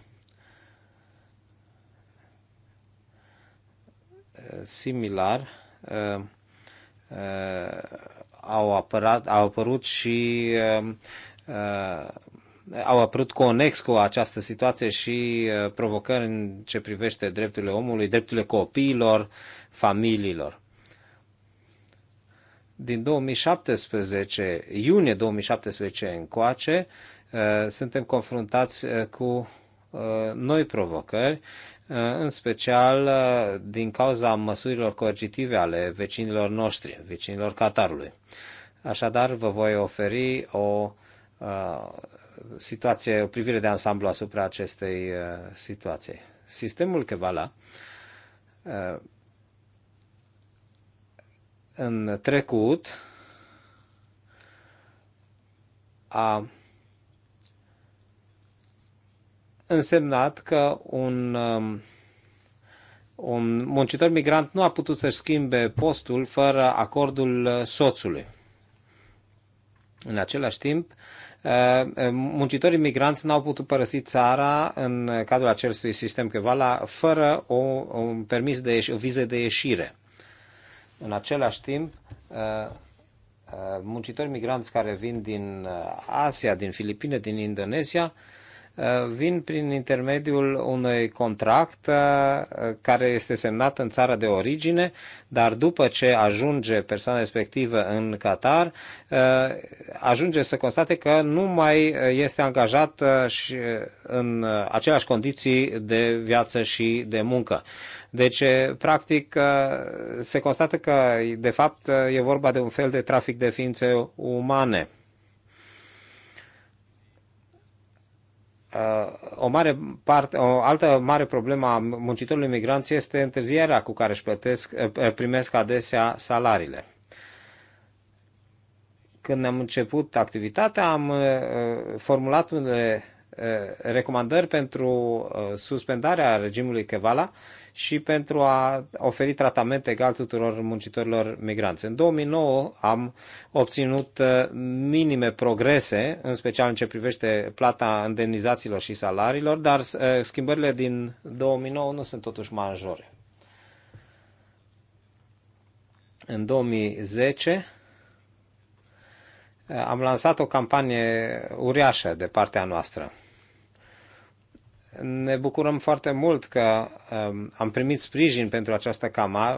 Similar, uh, uh, au, apărat, au apărut și uh, au apărut conex cu această situație și provocări în ce privește drepturile omului, drepturile copiilor, familiilor din 2017, iunie 2017 încoace, uh, suntem confruntați uh, cu uh, noi provocări, în special din cauza măsurilor coercitive ale vecinilor noștri, vecinilor Qatarului. Așadar, vă voi oferi o situație, o privire de ansamblu asupra acestei situații. Sistemul Kevala în trecut a însemnat că un, um, un muncitor migrant nu a putut să-și schimbe postul fără acordul soțului. În același timp, uh, muncitorii migranți n-au putut părăsi țara în cadrul acestui sistem Kevala fără o, un permis de ieș- o viză de ieșire. În același timp, uh, uh, muncitori migranți care vin din uh, Asia, din Filipine, din Indonezia, Uh, vin prin intermediul unui contract uh, care este semnat în țara de origine, dar după ce ajunge persoana respectivă în Qatar, uh, ajunge să constate că nu mai este angajat și în aceleași condiții de viață și de muncă. Deci, practic, se constată că, de fapt, e vorba de un fel de trafic de ființe umane. Uh, o, mare parte, o altă mare problemă a muncitorilor imigranți este întârzierea cu care își plătesc, uh, uh, primesc adesea salariile. Când am început activitatea, am formulat unele Eh, recomandări pentru eh, suspendarea regimului Kevala și pentru a oferi tratament egal tuturor muncitorilor migranți. În 2009 am obținut eh, minime progrese, în special în ce privește plata indemnizațiilor și salariilor, dar schimbările din 2009 nu sunt totuși majore. În 2010 am lansat o campanie uriașă de partea noastră ne bucurăm foarte mult că um, am primit sprijin pentru această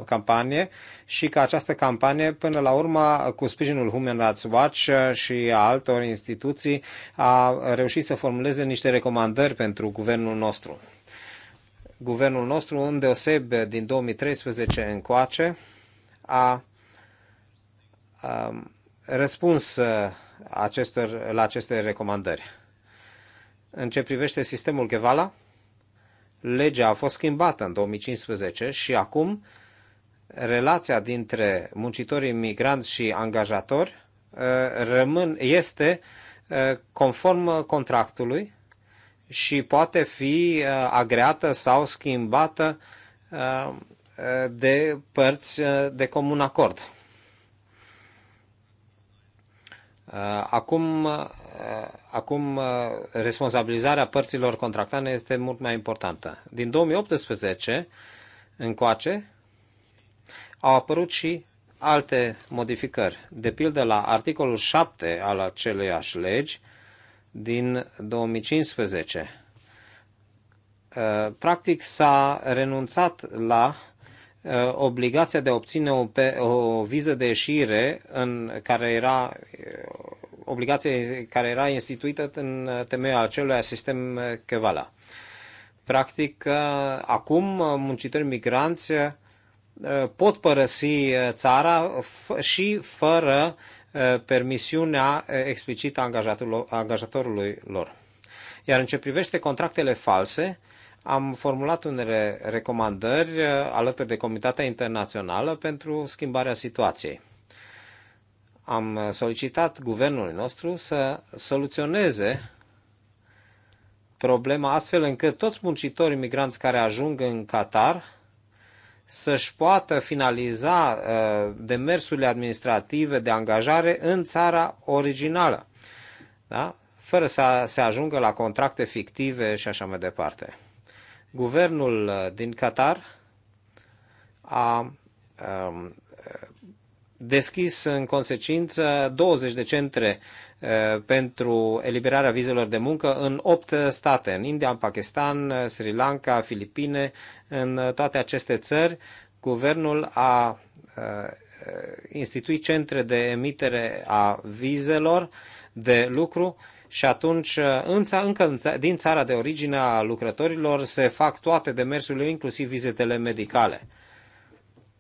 campanie și că această campanie, până la urmă, cu sprijinul Human Rights Watch și a altor instituții, a reușit să formuleze niște recomandări pentru guvernul nostru. Guvernul nostru, îndeoseb din 2013 încoace, a, a um, răspuns uh, acestor, la aceste recomandări în ce privește sistemul Gevala, legea a fost schimbată în 2015 și acum relația dintre muncitorii migranți și angajatori uh, rămân, este uh, conform contractului și poate fi uh, agreată sau schimbată de părți de comun acord. Acum Eh, acum eh, responsabilizarea părților contractante este mult mai importantă. Din 2018 încoace au apărut și alte modificări. De pildă la articolul 7 al aceleiași legi din 2015. Eh, practic s-a renunțat la obligația de a obține o, pe, o viză de ieșire în care era obligație care era instituită în temeiul acelui sistem Kevala. Practic, acum muncitorii migranți eh, pot părăsi eh, țara și fără eh, permisiunea explicită a angajatorului lor. Iar în ce privește contractele false, am formulat unele recomandări alături de Comitatea Internațională pentru schimbarea situației am solicitat guvernului nostru să soluționeze problema astfel încât toți muncitorii migranți care ajung în Qatar să-și poată finaliza uh, demersurile administrative de angajare în țara originală, da? fără să se ajungă la contracte fictive și așa mai departe. Guvernul uh, din Qatar a um, deschis în consecință 20 de centre eh, pentru eliberarea vizelor de muncă în 8 state, în India, în Pakistan, Sri Lanka, Filipine, în toate aceste țări. Guvernul a eh, instituit centre de emitere a vizelor de lucru și atunci eh, în ța- încă în ța- din țara de origine a lucrătorilor se fac toate demersurile, inclusiv vizitele medicale.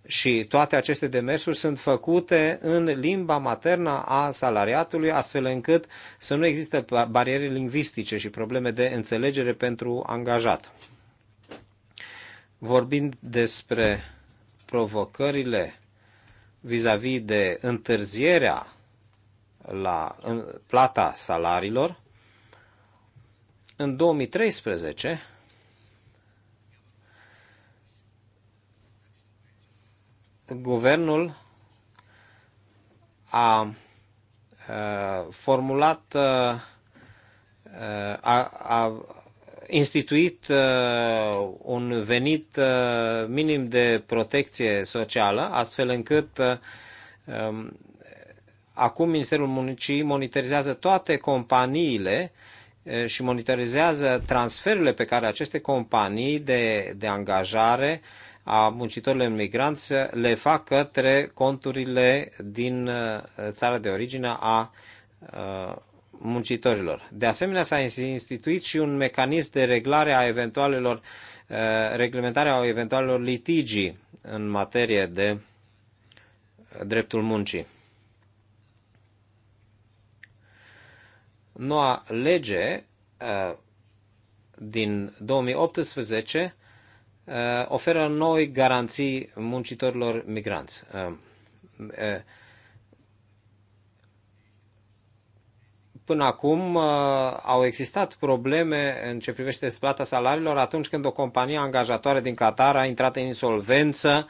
Și toate aceste demersuri sunt făcute în limba maternă a salariatului, astfel încât să nu există bariere lingvistice și probleme de înțelegere pentru angajat. Vorbind despre provocările vis-a-vis -vis de întârzierea la plata salariilor, în 2013 guvernul a formulat, a, a instituit un venit minim de protecție socială, astfel încât um, acum Ministerul Muncii monitorizează toate companiile și monitorizează transferurile pe care aceste companii de, de angajare uh, a muncitorilor migranți le fac către conturile din uh, țara de origine a uh, muncitorilor. De asemenea, s-a instituit și un mecanism de reglare a eventualelor, uh, reglementarea a eventualelor litigii în materie de dreptul muncii. Noua lege din 2018 Uh, oferă noi garanții muncitorilor migranți. Uh, uh, până acum au existat probleme în ce privește plata salariilor atunci când o companie angajatoare din Qatar a intrat în insolvență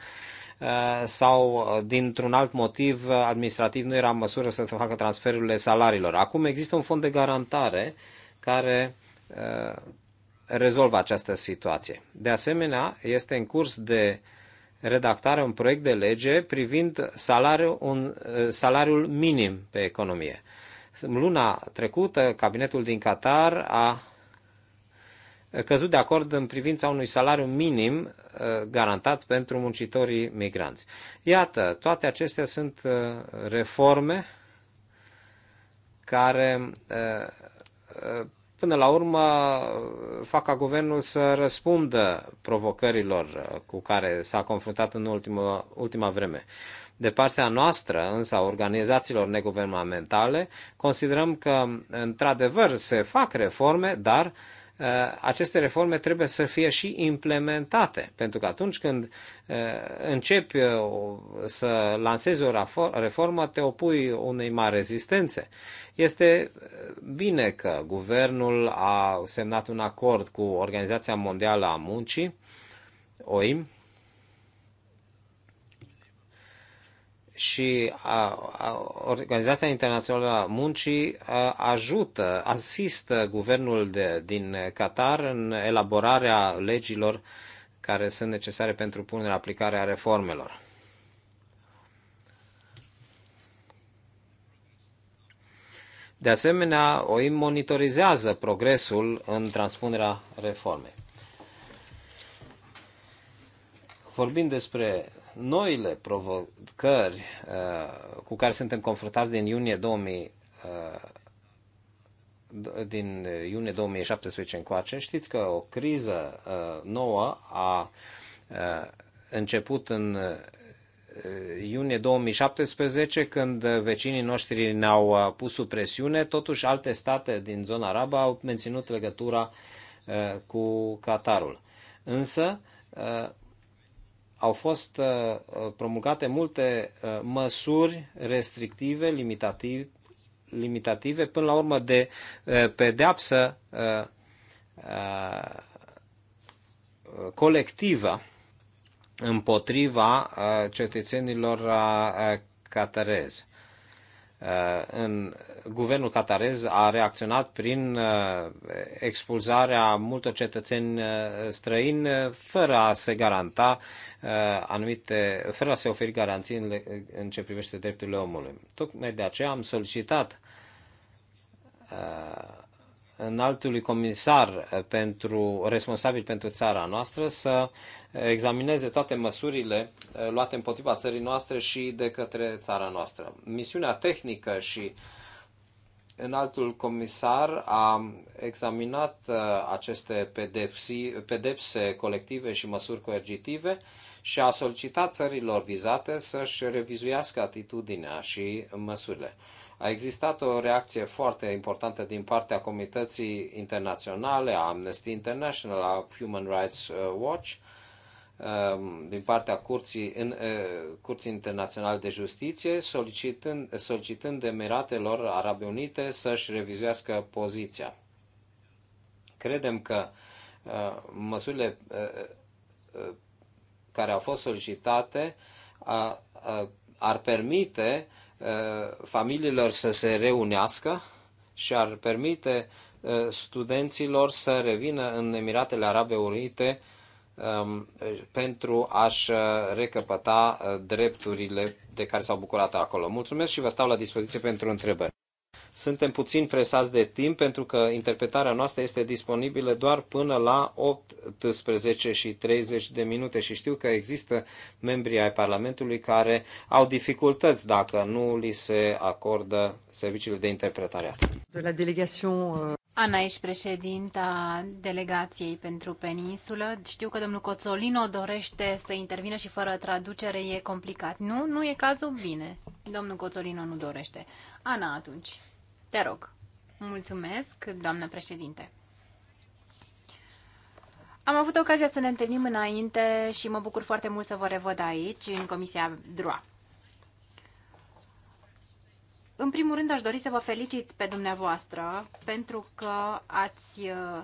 sau dintr-un alt motiv administrativ nu era în măsură să facă transferurile salariilor. Acum există un fond de garantare care rezolvă această situație. De asemenea, este în curs de redactare un proiect de lege privind salariul, un, eh, salariul minim pe economie. Luna trecută, cabinetul din Qatar a căzut de acord în privința unui salariu minim eh, garantat pentru muncitorii migranți. Iată, toate acestea sunt eh, reforme care până la urmă fac ca guvernul să răspundă provocărilor uh, cu care s-a confruntat în ultima, ultima vreme. De partea noastră, însă, a organizațiilor neguvernamentale, considerăm că, într-adevăr, se fac reforme, dar uh, Uh, aceste reforme trebuie să fie și implementate, pentru că atunci când uh, începi uh, să lansezi o reformă, te opui unei mari rezistențe. Este bine că guvernul a semnat un acord cu Organizația Mondială a Muncii, OIM, și a, a, Organizația Internațională a Muncii a, ajută, asistă guvernul de, din Qatar în elaborarea legilor care sunt necesare pentru punerea aplicare a reformelor. De asemenea, o monitorizează progresul în transpunerea reformei. Vorbind despre noile provocări uh, cu care suntem confruntați din iunie 2000 uh, din iunie 2017 încoace, știți că o criză uh, nouă a început în iunie 2017, când vecinii noștri ne-au pus sub presiune, totuși alte state din zona arabă au menținut legătura cu Qatarul. Însă, au fost uh, uh, promulgate multe uh, măsuri restrictive, limitative, limitative până la urmă de pedeapsă colectivă împotriva cetățenilor catărezi. Uh, în guvernul catarez a reacționat prin uh, expulzarea multor cetățeni uh, străini fără a se garanta anumite, fără a se oferi garanții în, ce privește drepturile omului. Tocmai de aceea am solicitat înaltului comisar eh, pentru, responsabil pentru țara noastră să eh, examineze toate măsurile eh, luate împotriva țării noastre și de către țara noastră. Misiunea tehnică și înaltul comisar a examinat aceste pedepsi, pedepse colective și măsuri coercitive și a solicitat țărilor vizate să-și revizuiască atitudinea și măsurile. A existat o reacție foarte importantă din partea comunității internaționale, a Amnesty International, a Human Rights uh, Watch, um, din partea Curții, în, uh, Curții Internaționale de Justiție, solicitând, solicitând Emiratelor Arabe Unite să-și revizuiască poziția. Credem că uh, măsurile care au fost solicitate ar permite uh, Uh, familiilor să se reunească și ar permite uh, studenților să revină în Emiratele Arabe Unite um, pentru a-și uh, recăpăta drepturile de care s-au bucurat acolo. Mulțumesc și vă stau la dispoziție pentru întrebări. Suntem puțin presați de timp pentru că interpretarea noastră este disponibilă doar până la 18 și 30 de minute și știu că există membri ai Parlamentului care au dificultăți dacă nu li se acordă serviciile de interpretare. De la delegațion... Uh, Ana, ești președinta delegației pentru peninsulă. Știu că domnul Coțolino dorește să intervină și fără traducere e complicat. Nu? Nu e cazul? Bine. Domnul Coțolino nu dorește. Ana, atunci. Te rog. Mulțumesc, doamnă președinte. Am avut ocazia să ne întâlnim înainte și mă bucur foarte mult să vă revăd aici, în Comisia DROA. În primul rând, aș dori să vă felicit pe dumneavoastră pentru că ați uh,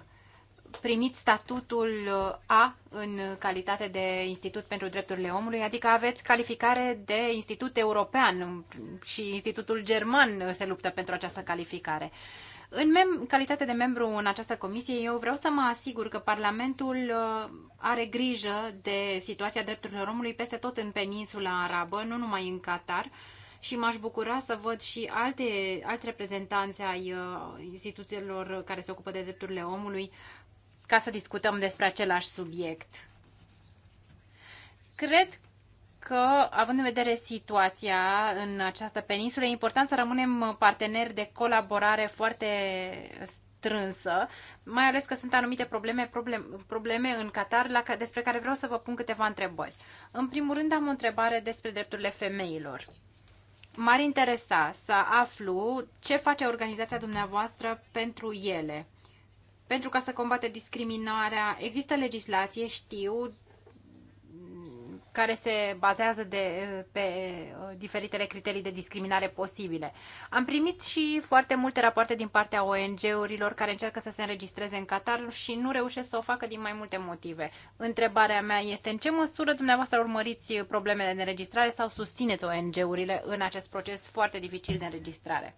primit statutul uh, A în calitate de Institut pentru Drepturile Omului, adică aveți calificare de Institut European și Institutul German se luptă pentru această calificare. În mem- calitate de membru în această comisie, eu vreau să mă asigur că Parlamentul uh, are grijă de situația drepturilor omului peste tot în peninsula arabă, nu numai în Qatar, și m-aș bucura să văd și alte, alți reprezentanți ai uh, instituțiilor care se ocupă de drepturile omului uh, ca să discutăm despre același subiect. Cred că, având în vedere situația în această peninsulă, e important să rămânem parteneri de colaborare foarte strânsă, mai ales că sunt anumite probleme, probleme, probleme în Qatar la, despre care vreau să vă pun câteva întrebări. În primul rând am o întrebare despre drepturile femeilor. M-ar interesa să aflu ce face organizația dumneavoastră pentru ele pentru ca să combată discriminarea. Există legislație, știu, care se bazează de, pe uh, diferitele criterii de discriminare posibile. Am primit și foarte multe rapoarte din partea ONG-urilor care încearcă să se înregistreze în Qatar și nu reușesc să o facă din mai multe motive. Întrebarea mea este în ce măsură dumneavoastră urmăriți problemele de înregistrare sau susțineți ONG-urile în acest proces foarte dificil de înregistrare?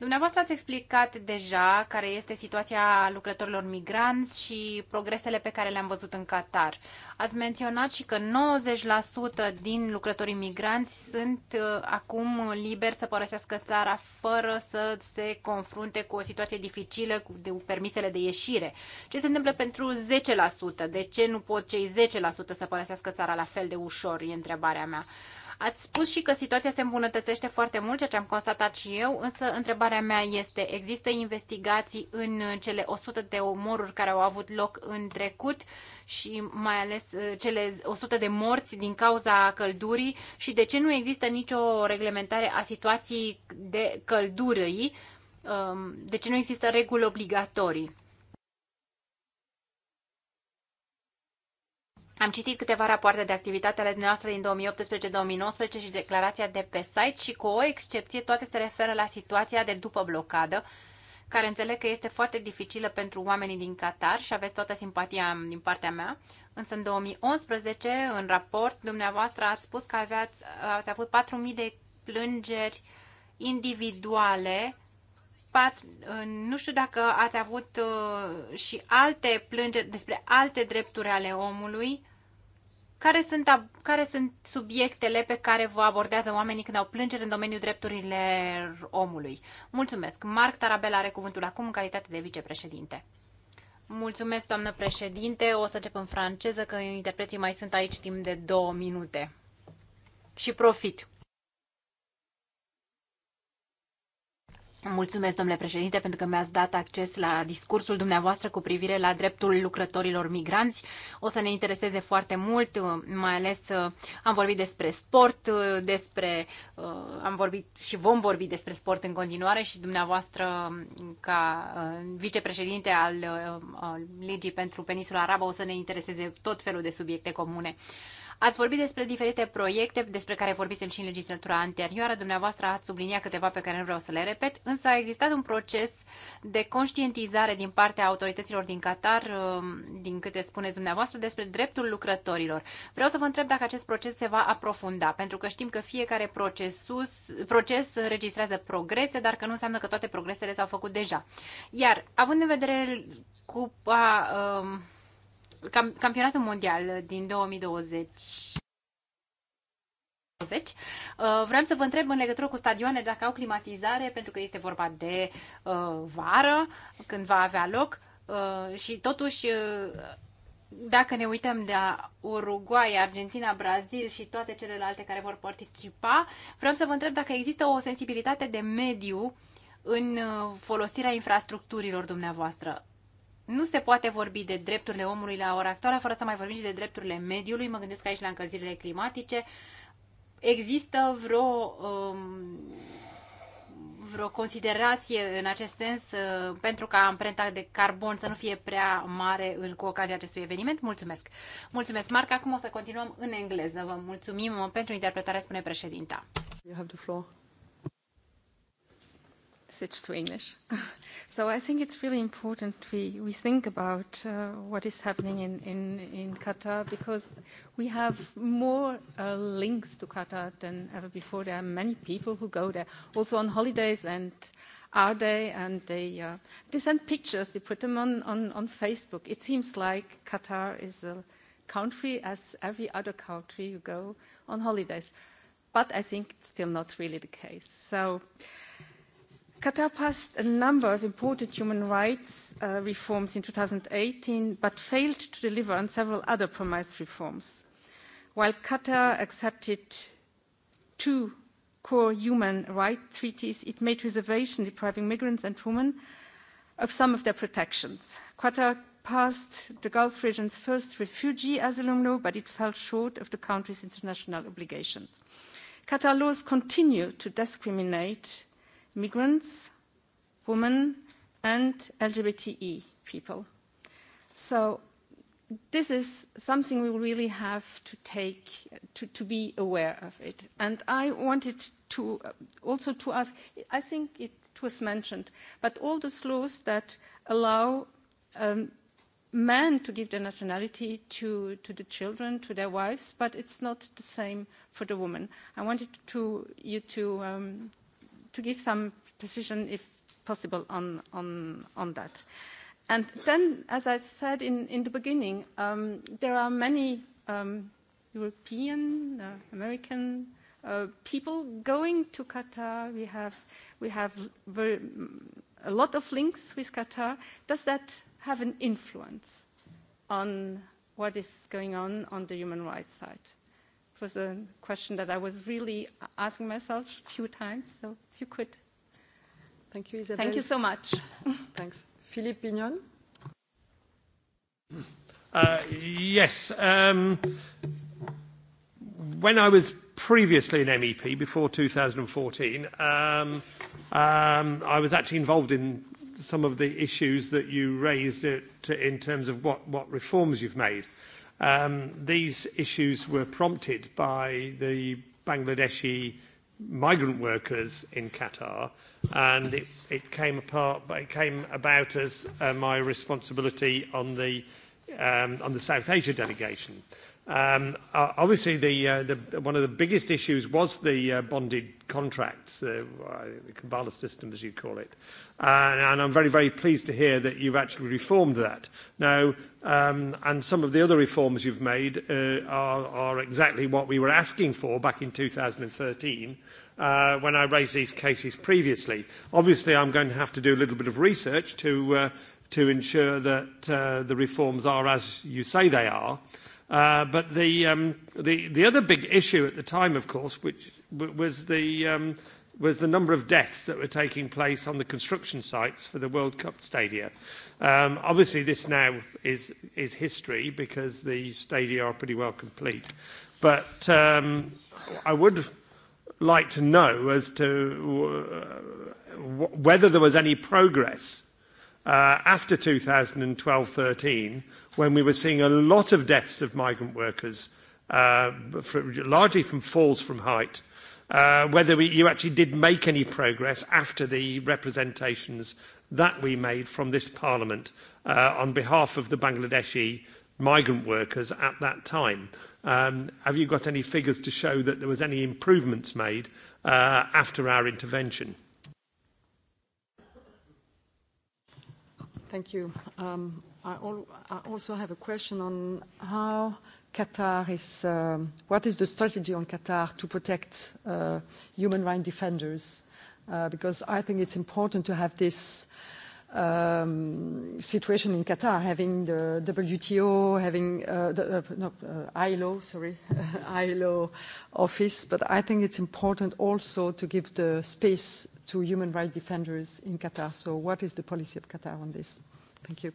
Dumneavoastră ați explicat deja care este situația lucrătorilor migranți și progresele pe care le-am văzut în Qatar. Ați menționat și că 90% din lucrătorii migranți sunt uh, acum liberi să părăsească țara fără să se confrunte cu o situație dificilă cu permisele de ieșire. Ce se întâmplă pentru 10%? De ce nu pot cei 10% să părăsească țara la fel de ușor? E întrebarea mea. Ați spus și că situația se îmbunătățește foarte mult, ceea ce am constatat și eu, însă întrebarea mea este, există investigații în cele 100 de omoruri care au avut loc în trecut și mai ales uh, cele 100 de morți din cauza căldurii și de ce nu există nicio reglementare a situației de căldurii, um, de ce nu există reguli obligatorii? Am citit câteva rapoarte de activitate ale noastre din 2018-2019 și declarația de pe site și cu o excepție toate se referă la situația de după blocadă, care înțeleg că este foarte dificilă pentru oamenii din Qatar și aveți toată simpatia din partea mea. Însă în 2011, în raport, dumneavoastră ați spus că aveați, ați avut 4.000 de plângeri individuale Pat, nu știu dacă ați avut uh, și alte plângeri despre alte drepturi ale omului care sunt, care sunt subiectele pe care vă abordează oamenii când au plângeri în domeniul drepturilor omului? Mulțumesc. Marc Tarabel are cuvântul acum în calitate de vicepreședinte. Mulțumesc, doamnă președinte. O să încep în franceză, că interpreții mai sunt aici timp de două minute. Și profit. Mulțumesc, domnule președinte, pentru că mi-ați dat acces la discursul dumneavoastră cu privire la dreptul lucrătorilor migranți. O să ne intereseze foarte mult, mai ales uh, am vorbit despre sport, uh, despre, uh, am vorbit și vom vorbi despre sport în continuare și dumneavoastră ca vicepreședinte al Ligii pentru Peninsula Arabă o să ne intereseze tot felul de subiecte comune. Ați vorbit despre diferite proiecte despre care vorbisem și în legislatura anterioară. Dumneavoastră ați subliniat câteva pe care nu vreau să le repet, însă a existat un proces de conștientizare din partea autorităților din Qatar, um, din câte spuneți dumneavoastră, despre dreptul lucrătorilor. Vreau să vă întreb dacă acest proces se va aprofunda, pentru că știm că fiecare procesus, proces înregistrează progrese, dar că nu înseamnă că toate progresele s-au făcut deja. Iar, având în vedere cupa... Uh, um, cam, campionatul mondial din 2020. 20. Uh, vreau să vă întreb în legătură cu stadioane dacă au climatizare, pentru că este vorba de uh, vară, când va avea loc uh, și totuși uh, dacă ne uităm de Uruguay, Argentina, Brazil și toate celelalte care vor participa, vreau să vă întreb dacă există o sensibilitate de mediu în uh, folosirea infrastructurilor dumneavoastră. Nu se poate vorbi de drepturile omului la ora actuală fără să mai vorbim și de drepturile mediului. Mă gândesc aici la încălzirile climatice. Există vreo, um, vreo considerație în acest sens uh, pentru ca amprenta de carbon să nu fie prea mare în, cu ocazia acestui eveniment? Mulțumesc! Mulțumesc, Marc! Acum o să continuăm în engleză. Vă mulțumim pentru interpretare, spune președinta. You have the floor switch to English. so I think it's really important we, we think about uh, what is happening in, in, in Qatar because we have more uh, links to Qatar than ever before. There are many people who go there, also on holidays and are they and they, uh, they send pictures, they put them on, on, on Facebook. It seems like Qatar is a country as every other country you go on holidays. But I think it's still not really the case. So. Uh, Qatar passed a number of important human rights uh, reforms in 2018, but failed to deliver on several other promised reforms. While Qatar accepted two core human rights treaties, it made reservations depriving migrants and women of some of their protections. Qatar passed the Gulf region's first refugee asylum law, but it fell short of the country's international obligations. Qatar laws continue to discriminate migrants, women, and LGBTE people. So this is something we really have to take, to, to be aware of it. And I wanted to also to ask, I think it was mentioned, but all those laws that allow um, men to give their nationality to, to the children, to their wives, but it's not the same for the woman. I wanted to, you to, um, to give some precision, if possible, on, on, on that. And then, as I said in, in the beginning, um, there are many um, European, uh, American uh, people going to Qatar. We have, we have very, a lot of links with Qatar. Does that have an influence on what is going on on the human rights side? was a question that I was really asking myself a few times, so if you could. Thank you, Isabel. Thank you so much. Thanks. Philippe Pignon? Uh, yes. Um, when I was previously an MEP, before 2014, um, um, I was actually involved in some of the issues that you raised it uh, to, in terms of what, what reforms you've made. Um, these issues were prompted by the Bangladeshi migrant workers in Qatar, and it, it came apart. It came about as uh, my responsibility on the um, on the South Asia delegation. Um, obviously, the, uh, the, one of the biggest issues was the uh, bonded contracts, the, uh, the system, as you call it. Uh, and I'm very, very pleased to hear that you've actually reformed that. Now, um, and some of the other reforms you've made uh, are, are exactly what we were asking for back in 2013 uh, when I raised these cases previously. Obviously, I'm going to have to do a little bit of research to, uh, to ensure that uh, the reforms are as you say they are. Uh, Uh, but the, um, the, the other big issue at the time, of course, which was the, um, was the number of deaths that were taking place on the construction sites for the World Cup stadia. Um, obviously, this now is, is history because the stadia are pretty well complete. But um, I would like to know as to w- uh, whether there was any progress uh, after 2012-13 when we were seeing a lot of deaths of migrant workers, uh, for, largely from falls from height, uh, whether we, you actually did make any progress after the representations that we made from this Parliament uh, on behalf of the Bangladeshi migrant workers at that time. Um, have you got any figures to show that there was any improvements made uh, after our intervention? Thank you. Um, I, al I also have a question on how Qatar is, um, what is the strategy on Qatar to protect uh, human rights defenders? Uh, because I think it's important to have this um, situation in Qatar, having the WTO, having uh, the uh, no, uh, ILO, sorry, ILO office, but I think it's important also to give the space to human rights defenders in Qatar. So what is the policy of Qatar on this? Thank you.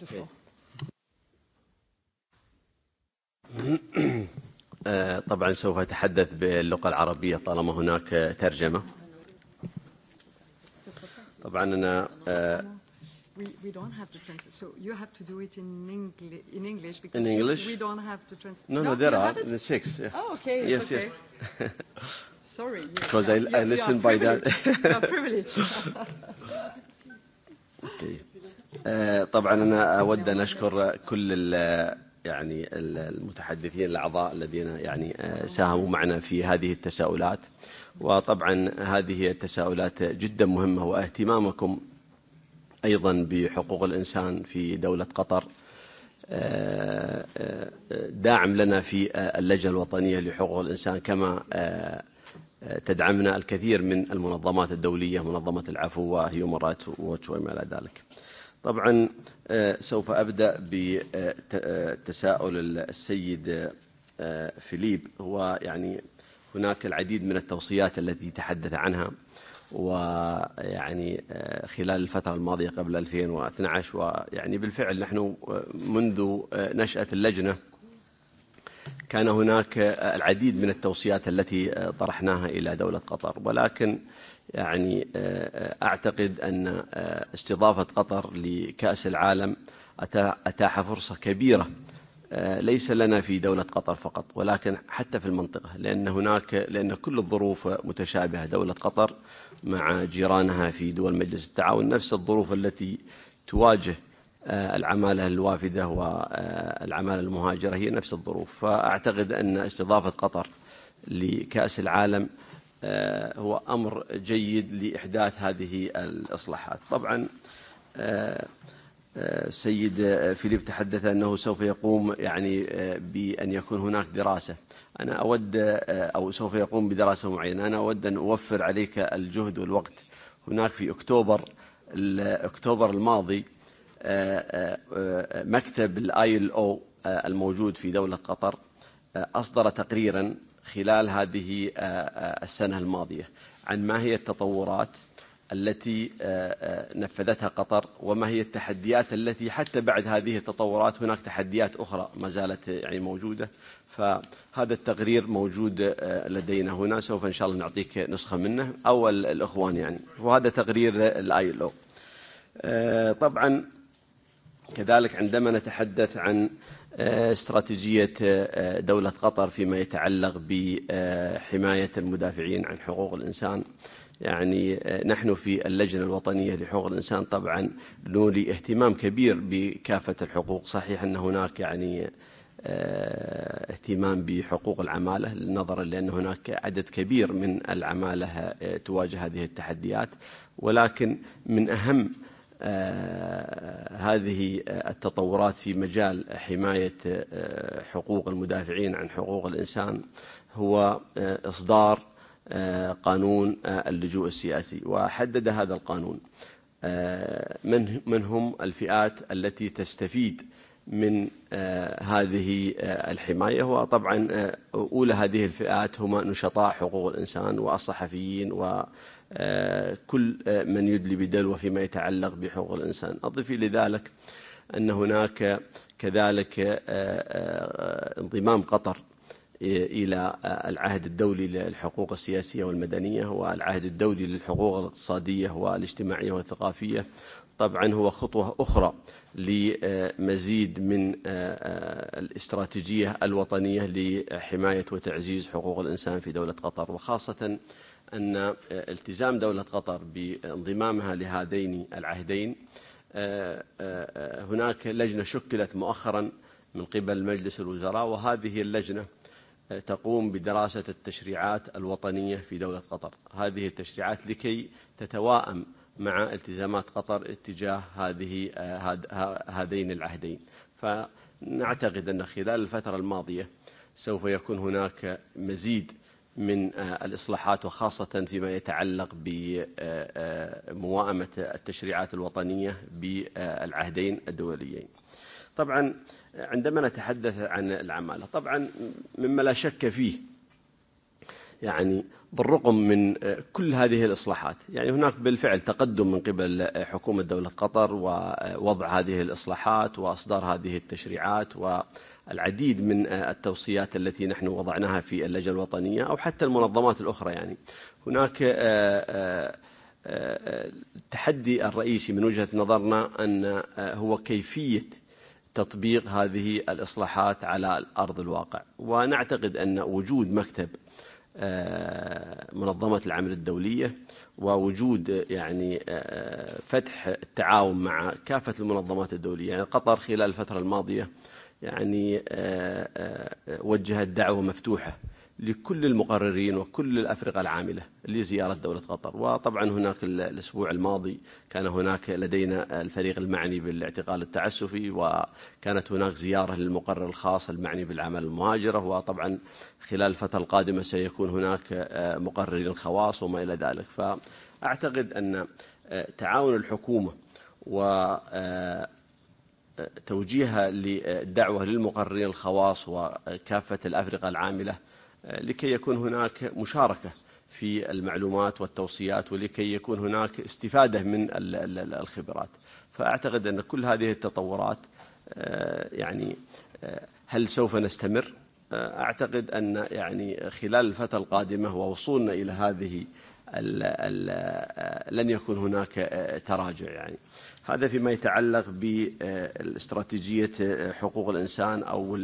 The floor. Uh, طبعا سوف أتحدث باللغة العربية طالما هناك ترجمة طبعا أنا uh, We, we don't have to translate, so you have to do it in, Engli in English because in English? we don't have to translate. No, no, no there are the six. Yeah. Oh, okay. Yes, okay. yes. Sorry. because I, I listen by privileged. that. you are privileged. okay. Uh, طبعا انا اود ان اشكر كل ال يعني المتحدثين الاعضاء الذين يعني ساهموا معنا في هذه التساؤلات وطبعا هذه التساؤلات جدا مهمه واهتمامكم أيضا بحقوق الإنسان في دولة قطر داعم لنا في اللجنة الوطنية لحقوق الإنسان كما تدعمنا الكثير من المنظمات الدولية منظمة العفو وهيومن رايت ووتش وما إلى ذلك طبعا سوف أبدأ بتساؤل السيد فيليب هو يعني هناك العديد من التوصيات التي تحدث عنها ويعني خلال الفترة الماضية قبل 2012 ويعني بالفعل نحن منذ نشأة اللجنة كان هناك العديد من التوصيات التي طرحناها إلى دولة قطر ولكن يعني أعتقد أن استضافة قطر لكأس العالم أتاح فرصة كبيرة ليس لنا في دولة قطر فقط ولكن حتى في المنطقة لأن هناك لأن كل الظروف متشابهة دولة قطر مع جيرانها في دول مجلس التعاون نفس الظروف التي تواجه العمالة الوافدة والعمالة المهاجرة هي نفس الظروف فأعتقد أن استضافة قطر لكأس العالم هو أمر جيد لإحداث هذه الإصلاحات طبعا سيد فيليب تحدث أنه سوف يقوم يعني بأن يكون هناك دراسة أنا أود أو سوف يقوم بدراسة معينة أنا أود أن أوفر عليك الجهد والوقت هناك في أكتوبر أكتوبر الماضي مكتب الاي ال او الموجود في دولة قطر أصدر تقريرا خلال هذه السنة الماضية عن ما هي التطورات التي نفذتها قطر وما هي التحديات التي حتى بعد هذه التطورات هناك تحديات أخرى ما زالت يعني موجودة فهذا التقرير موجود لدينا هنا سوف إن شاء الله نعطيك نسخة منه أو الاخوان يعني وهذا تقرير الاي ال او طبعا كذلك عندما نتحدث عن استراتيجية دولة قطر فيما يتعلق بحماية المدافعين عن حقوق الإنسان يعني نحن في اللجنة الوطنية لحقوق الإنسان طبعا نولي اهتمام كبير بكافة الحقوق صحيح أن هناك يعني اهتمام بحقوق العمالة نظرا لأن هناك عدد كبير من العمالة تواجه هذه التحديات ولكن من أهم هذه التطورات في مجال حماية حقوق المدافعين عن حقوق الإنسان هو إصدار قانون اللجوء السياسي وحدد هذا القانون من من هم الفئات التي تستفيد من هذه الحماية وطبعا أولى هذه الفئات هما نشطاء حقوق الإنسان والصحفيين وكل من يدلي بدلو فيما يتعلق بحقوق الإنسان أضف لذلك أن هناك كذلك انضمام قطر إلى العهد الدولي للحقوق السياسية والمدنية والعهد الدولي للحقوق الاقتصادية والاجتماعية والثقافية طبعا هو خطوة أخرى لمزيد من الاستراتيجية الوطنية لحماية وتعزيز حقوق الإنسان في دولة قطر وخاصة أن التزام دولة قطر بانضمامها لهذين العهدين هناك لجنة شكلت مؤخرا من قبل مجلس الوزراء وهذه اللجنة تقوم بدراسة التشريعات الوطنية في دولة قطر هذه التشريعات لكي تتواءم مع التزامات قطر اتجاه هذه هذين العهدين فنعتقد أن خلال الفترة الماضية سوف يكون هناك مزيد من الإصلاحات وخاصة فيما يتعلق بمواءمة التشريعات الوطنية بالعهدين الدوليين طبعا عندما نتحدث عن العمالة طبعا مما لا شك فيه يعني بالرقم من كل هذه الإصلاحات يعني هناك بالفعل تقدم من قبل حكومة دولة قطر ووضع هذه الإصلاحات وأصدار هذه التشريعات والعديد من التوصيات التي نحن وضعناها في اللجنة الوطنية أو حتى المنظمات الأخرى يعني هناك التحدي الرئيسي من وجهة نظرنا أن هو كيفية تطبيق هذه الإصلاحات على الأرض الواقع ونعتقد أن وجود مكتب منظمة العمل الدولية ووجود يعني فتح التعاون مع كافة المنظمات الدولية يعني قطر خلال الفترة الماضية يعني وجهت دعوة مفتوحة لكل المقررين وكل الأفرقة العاملة لزيارة دولة قطر وطبعا هناك الأسبوع الماضي كان هناك لدينا الفريق المعني بالاعتقال التعسفي وكانت هناك زيارة للمقرر الخاص المعني بالعمل المهاجرة وطبعا خلال الفترة القادمة سيكون هناك مقررين الخواص وما إلى ذلك فأعتقد أن تعاون الحكومة و توجيهها للدعوة للمقررين الخواص وكافة الأفرقة العاملة لكي يكون هناك مشاركة في المعلومات والتوصيات ولكي يكون هناك استفادة من الخبرات فأعتقد أن كل هذه التطورات يعني هل سوف نستمر؟ أعتقد أن يعني خلال الفترة القادمة ووصولنا إلى هذه ال ال لن يكون هناك تراجع يعني هذا فيما يتعلق باستراتيجية حقوق الإنسان أو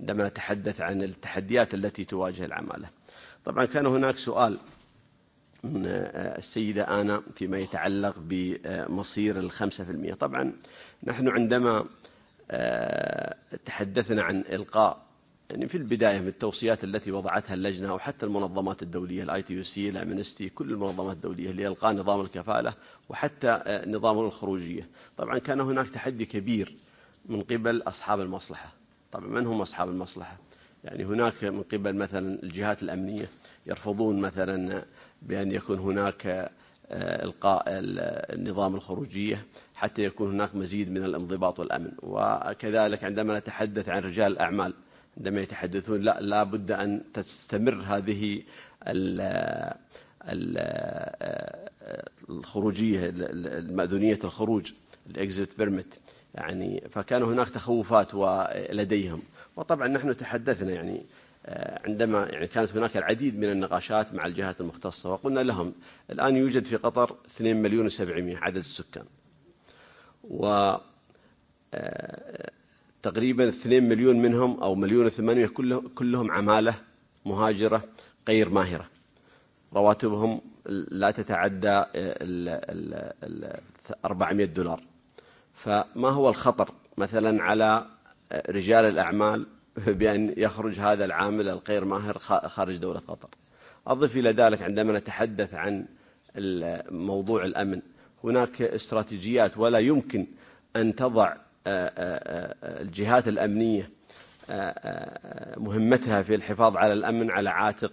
عندما نتحدث عن التحديات التي تواجه العمالة طبعا كان هناك سؤال من السيدة آنا فيما يتعلق بمصير الخمسة في المئة طبعا نحن عندما تحدثنا عن إلقاء يعني في البداية من التوصيات التي وضعتها اللجنة أو حتى المنظمات الدولية الاي تي سي الامنستي كل المنظمات الدولية اللي لإلقاء نظام الكفالة وحتى نظام الخروجية طبعا كان هناك تحدي كبير من قبل أصحاب المصلحة طبعا من هم أصحاب المصلحة يعني هناك من قبل مثلا الجهات الأمنية يرفضون مثلا بأن يكون هناك إلقاء النظام الخروجية حتى يكون هناك مزيد من الانضباط والأمن وكذلك عندما نتحدث عن رجال الأعمال عندما يتحدثون لا لا بد أن تستمر هذه ال ال الخروجية المأذونية الخروج الإكزيت بيرمت يعني فكان هناك تخوفات لديهم وطبعا نحن تحدثنا يعني عندما يعني كانت هناك العديد من النقاشات مع الجهات المختصة وقلنا لهم الآن يوجد في قطر 2 مليون و700 عدد السكان و تقريبا 2 مليون منهم أو مليون وثمانية كله كلهم عمالة مهاجرة غير ماهرة رواتبهم لا تتعدى ال ال 400 دولار فما هو الخطر مثلا على رجال الأعمال بأن يخرج هذا العامل الغير ماهر خارج دولة قطر أضف إلى ذلك عندما نتحدث عن موضوع الأمن هناك استراتيجيات ولا يمكن أن تضع الجهات الأمنية مهمتها في الحفاظ على الأمن على عاتق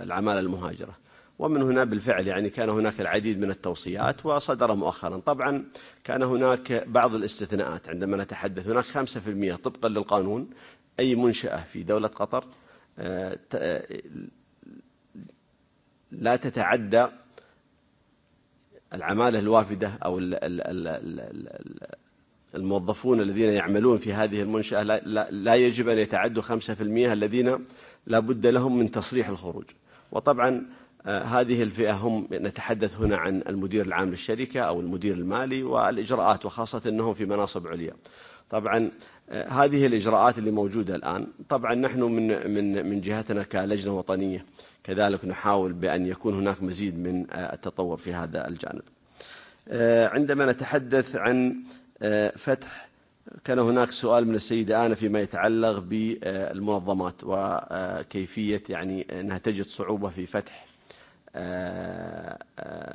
العمالة المهاجرة ومن هنا بالفعل يعني كان هناك العديد من التوصيات وصدر مؤخرا طبعا كان هناك بعض الاستثناءات عندما نتحدث هناك 5% طبقا للقانون أي منشأة في دولة قطر لا تتعدى العمالة الوافدة أو الموظفون الذين يعملون في هذه المنشأة لا, لا, لا يجب أن يتعدوا 5% الذين لا بد لهم من تصريح الخروج وطبعا هذه الفئة هم نتحدث هنا عن المدير العام للشركة أو المدير المالي والإجراءات وخاصة أنهم في مناصب عليا طبعا هذه الإجراءات اللي موجودة الآن طبعا نحن من, من, من جهتنا كلجنة وطنية كذلك نحاول بأن يكون هناك مزيد من التطور في هذا الجانب عندما نتحدث عن فتح كان هناك سؤال من السيدة آنا فيما يتعلق بالمنظمات وكيفية يعني أنها تجد صعوبة في فتح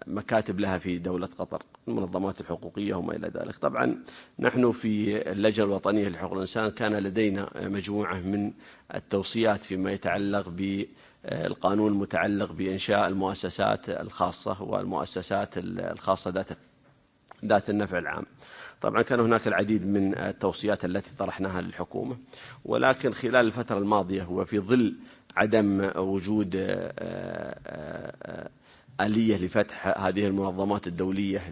مكاتب لها في دولة قطر المنظمات الحقوقية وما إلى ذلك طبعا نحن في اللجنة الوطنية لحقوق الإنسان كان لدينا مجموعة من التوصيات فيما يتعلق بالقانون المتعلق بإنشاء المؤسسات الخاصة والمؤسسات الخاصة ذات ذات النفع العام طبعا كان هناك العديد من التوصيات التي طرحناها للحكومة ولكن خلال الفترة الماضية وفي ظل عدم وجود آلية لفتح هذه المنظمات الدولية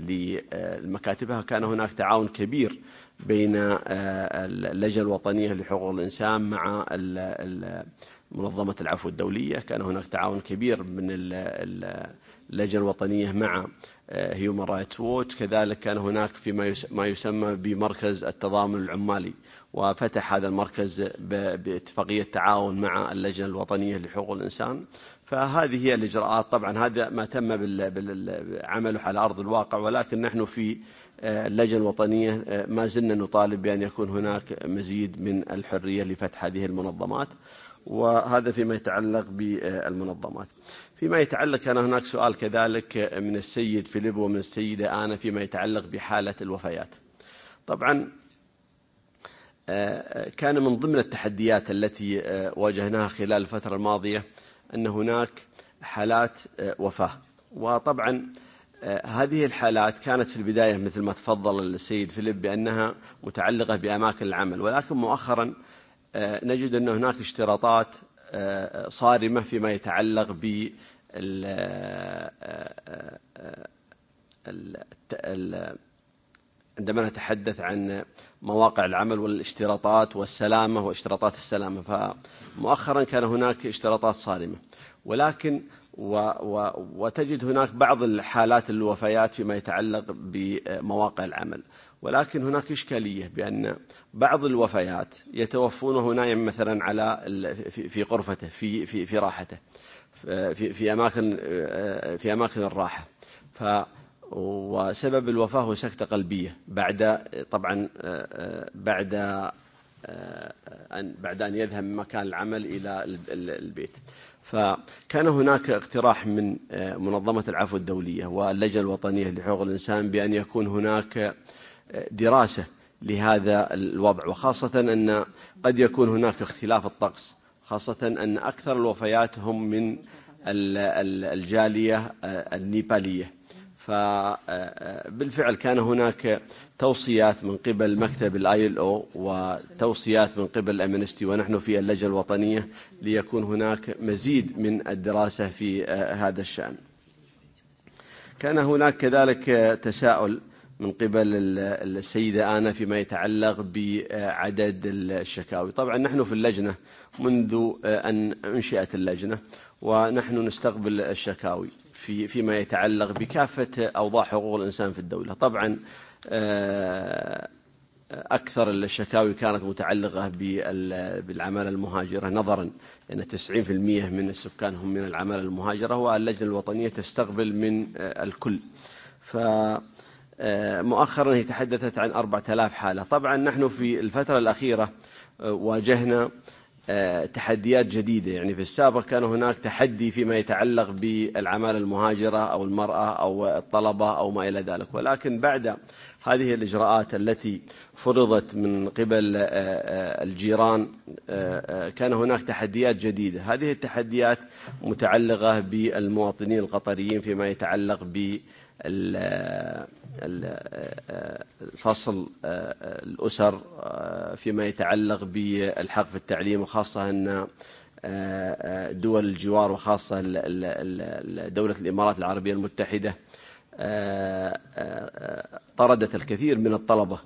لمكاتبها كان هناك تعاون كبير بين اللجنة الوطنية لحقوق الإنسان مع منظمة العفو الدولية كان هناك تعاون كبير من اللجنة الوطنية مع هيومن رايت ووتش كذلك كان هناك في ما يسمى بمركز التضامن العمالي وفتح هذا المركز باتفاقية تعاون مع اللجنة الوطنية لحقوق الإنسان فهذه هي الإجراءات طبعا هذا ما تم بالعمل على أرض الواقع ولكن نحن في اللجنة الوطنية ما زلنا نطالب بأن يكون هناك مزيد من الحرية لفتح هذه المنظمات وهذا فيما يتعلق بالمنظمات فيما يتعلق كان هناك سؤال كذلك من السيد فيليب ومن السيدة آنا فيما يتعلق بحالة الوفيات طبعا كان من ضمن التحديات التي واجهناها خلال الفترة الماضية أن هناك حالات وفاة وطبعا هذه الحالات كانت في البداية مثل ما تفضل السيد فيليب بأنها متعلقة بأماكن العمل ولكن مؤخرا نجد أن هناك اشتراطات صارمة فيما يتعلق بالعمل عندما نتحدث عن مواقع العمل والاشتراطات والسلامة واشتراطات السلامة فمؤخرا كان هناك اشتراطات صارمة ولكن و و وتجد هناك بعض الحالات الوفيات فيما يتعلق بمواقع العمل ولكن هناك إشكالية بأن بعض الوفيات يتوفون هنا مثلا على في غرفته في في في راحته في في اماكن في اماكن الراحه ف وسبب الوفاه هو سكته قلبيه بعد طبعا بعد ان بعد ان يذهب من مكان العمل الى البيت فكان هناك اقتراح من منظمه العفو الدوليه واللجنه الوطنيه لحقوق الانسان بان يكون هناك دراسه لهذا الوضع وخاصه ان قد يكون هناك اختلاف الطقس خاصة أن أكثر الوفيات هم من الجالية النيبالية فبالفعل كان هناك توصيات من قبل مكتب الاي ال او وتوصيات من قبل الامنستي ونحن في اللجنه الوطنيه ليكون هناك مزيد من الدراسه في هذا الشان. كان هناك كذلك تساؤل من قبل السيدة آنا فيما يتعلق بعدد الشكاوي طبعا نحن في اللجنة منذ أن أنشئت اللجنة ونحن نستقبل الشكاوي في فيما يتعلق بكافة أوضاع حقوق الإنسان في الدولة طبعا أكثر الشكاوي كانت متعلقة بالعمالة المهاجرة نظرا أن 90% من السكان هم من العمالة المهاجرة واللجنة الوطنية تستقبل من الكل ف... مؤخرا هي تحدثت عن 4000 حالة طبعا نحن في الفترة الأخيرة واجهنا تحديات جديدة يعني في السابق كان هناك تحدي فيما يتعلق بالعمالة المهاجرة أو المرأة أو الطلبة أو ما إلى ذلك ولكن بعد هذه الإجراءات التي فرضت من قبل الجيران كان هناك تحديات جديدة هذه التحديات متعلقة بالمواطنين القطريين فيما يتعلق بالمواطنين الفصل الأسر فيما يتعلق بالحق في التعليم وخاصة أن دول الجوار وخاصة دولة الإمارات العربية المتحدة طردت الكثير من الطلبة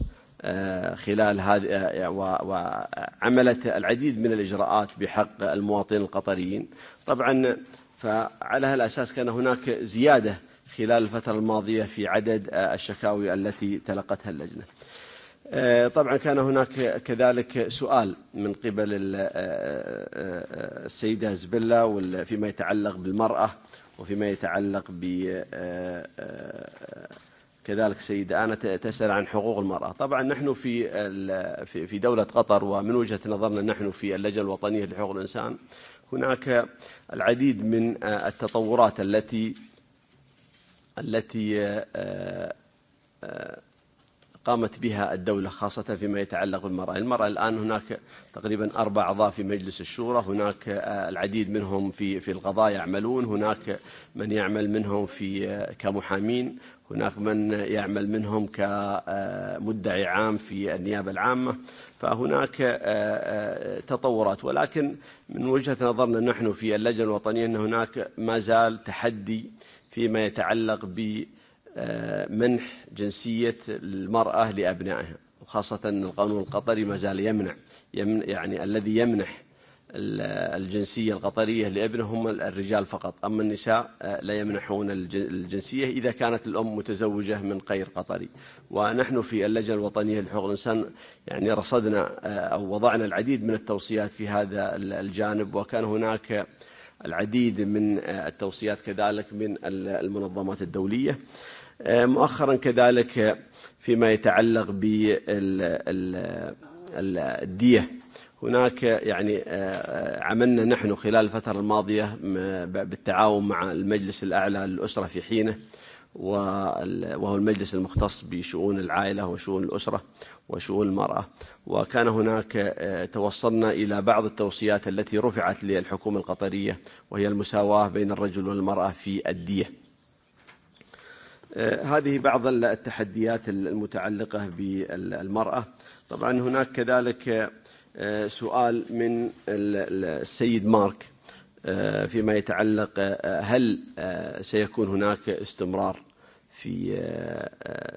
خلال هذه وعملت العديد من الإجراءات بحق المواطنين القطريين طبعا فعلى هالأساس كان هناك زيادة خلال الفترة الماضية في عدد الشكاوي التي تلقتها اللجنة طبعا كان هناك كذلك سؤال من قبل السيدة زبلة فيما يتعلق بالمرأة وفيما يتعلق ب كذلك سيدة أنا تسأل عن حقوق المرأة طبعا نحن في في دولة قطر ومن وجهة نظرنا نحن في اللجنة الوطنية لحقوق الإنسان هناك العديد من التطورات التي التي قامت بها الدولة خاصة فيما يتعلق بالمرأة المرأة الآن هناك تقريبا أربع أعضاء في مجلس الشورى هناك العديد منهم في في القضاء يعملون هناك من يعمل منهم في كمحامين هناك من يعمل منهم كمدعي عام في النيابة العامة فهناك تطورات ولكن من وجهة نظرنا نحن في اللجنة الوطنية أن هناك ما زال تحدي فيما يتعلق بمنح جنسية المرأة لأبنائها وخاصة أن القانون القطري ما زال يمنع يعني الذي يمنح الجنسية القطرية لأبنهم الرجال فقط أما النساء لا يمنحون الجنسية إذا كانت الأم متزوجة من غير قطري ونحن في اللجنة الوطنية لحقوق الإنسان يعني رصدنا أو وضعنا العديد من التوصيات في هذا الجانب وكان هناك العديد من التوصيات كذلك من المنظمات الدولية مؤخرا كذلك فيما يتعلق بالدية هناك يعني عملنا نحن خلال الفترة الماضية بالتعاون مع المجلس الأعلى للأسرة في حينه وهو المجلس المختص بشؤون العائلة وشؤون الأسرة وشؤون المرأة وكان هناك توصلنا إلى بعض التوصيات التي رفعت للحكومة القطرية وهي المساواة بين الرجل والمرأة في الدية هذه بعض التحديات المتعلقة بالمرأة طبعا هناك كذلك سؤال من السيد مارك فيما يتعلق هل سيكون هناك استمرار في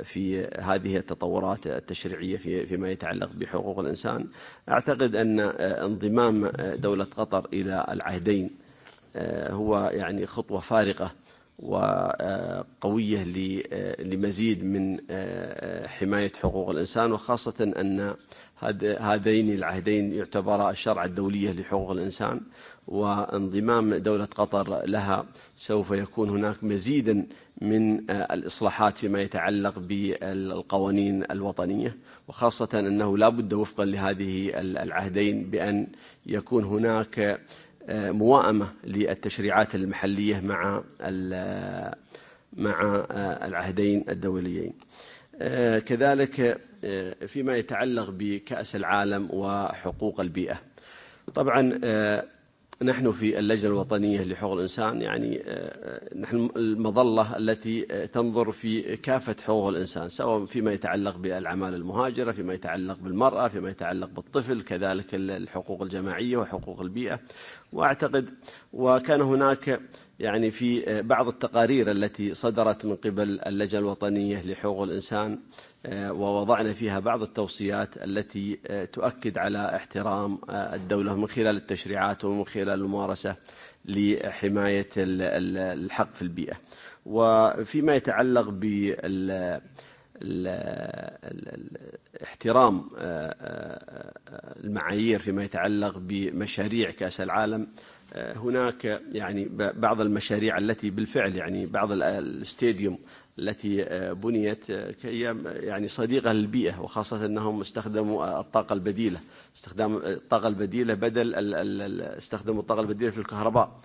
في هذه التطورات التشريعية في فيما يتعلق بحقوق الإنسان أعتقد أن انضمام دولة قطر إلى العهدين هو يعني خطوة فارقة وقوية لمزيد من حماية حقوق الإنسان وخاصة أن هذين العهدين يعتبر الشرع الدولية لحقوق الإنسان وانضمام دولة قطر لها سوف يكون هناك مزيدا من الإصلاحات فيما يتعلق بالقوانين الوطنية وخاصة أنه لا بد وفقا لهذه العهدين بأن يكون هناك موائمة للتشريعات المحلية مع مع العهدين الدوليين كذلك فيما يتعلق بكأس العالم وحقوق البيئة طبعا نحن في اللجنة الوطنية لحقوق الإنسان يعني نحن المظلة التي تنظر في كافة حقوق الإنسان سواء فيما يتعلق بالعمال المهاجرة فيما يتعلق بالمرأة فيما يتعلق بالطفل كذلك الحقوق الجماعية وحقوق البيئة وأعتقد وكان هناك يعني في بعض التقارير التي صدرت من قبل اللجنة الوطنية لحقوق الإنسان ووضعنا فيها بعض التوصيات التي تؤكد على احترام الدولة من خلال التشريعات ومن خلال الممارسة لحماية الحق في البيئة وفيما يتعلق بال احترام المعايير فيما يتعلق بمشاريع كأس العالم هناك يعني بعض المشاريع التي بالفعل يعني بعض الاستاديوم التي بنيت هي يعني صديقة للبيئة وخاصة أنهم استخدموا الطاقة البديلة استخدام الطاقة البديلة بدل استخدموا الطاقة البديلة في الكهرباء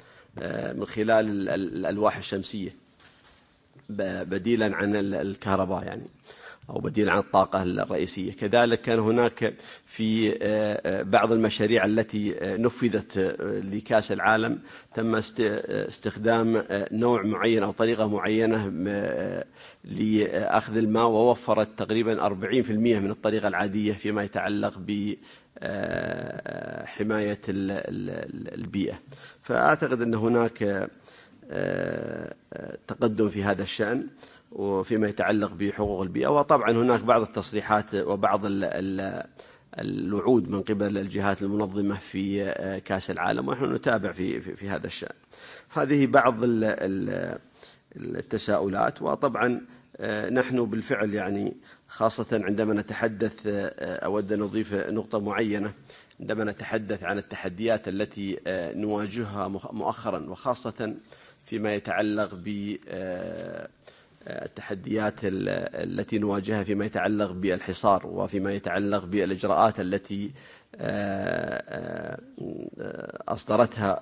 من خلال الألواح الشمسية بديلا عن الكهرباء يعني أو بديل عن الطاقة الرئيسية كذلك كان هناك في بعض المشاريع التي نفذت لكاس العالم تم استخدام نوع معين أو طريقة معينة لأخذ الماء ووفرت تقريبا 40% من الطريقة العادية فيما يتعلق ب حماية البيئة فأعتقد أن هناك تقدم في هذا الشأن وفيما يتعلق بحقوق البيئة وطبعا هناك بعض التصريحات وبعض ال ال الوعود من قبل الجهات المنظمة في كأس العالم ونحن نتابع في, في, في هذا الشأن هذه بعض التساؤلات وطبعا نحن بالفعل يعني خاصة عندما نتحدث أود أن أضيف نقطة معينة عندما نتحدث عن التحديات التي نواجهها مؤخرا وخاصة فيما يتعلق ب التحديات التي نواجهها فيما يتعلق بالحصار وفيما يتعلق بالإجراءات التي أصدرتها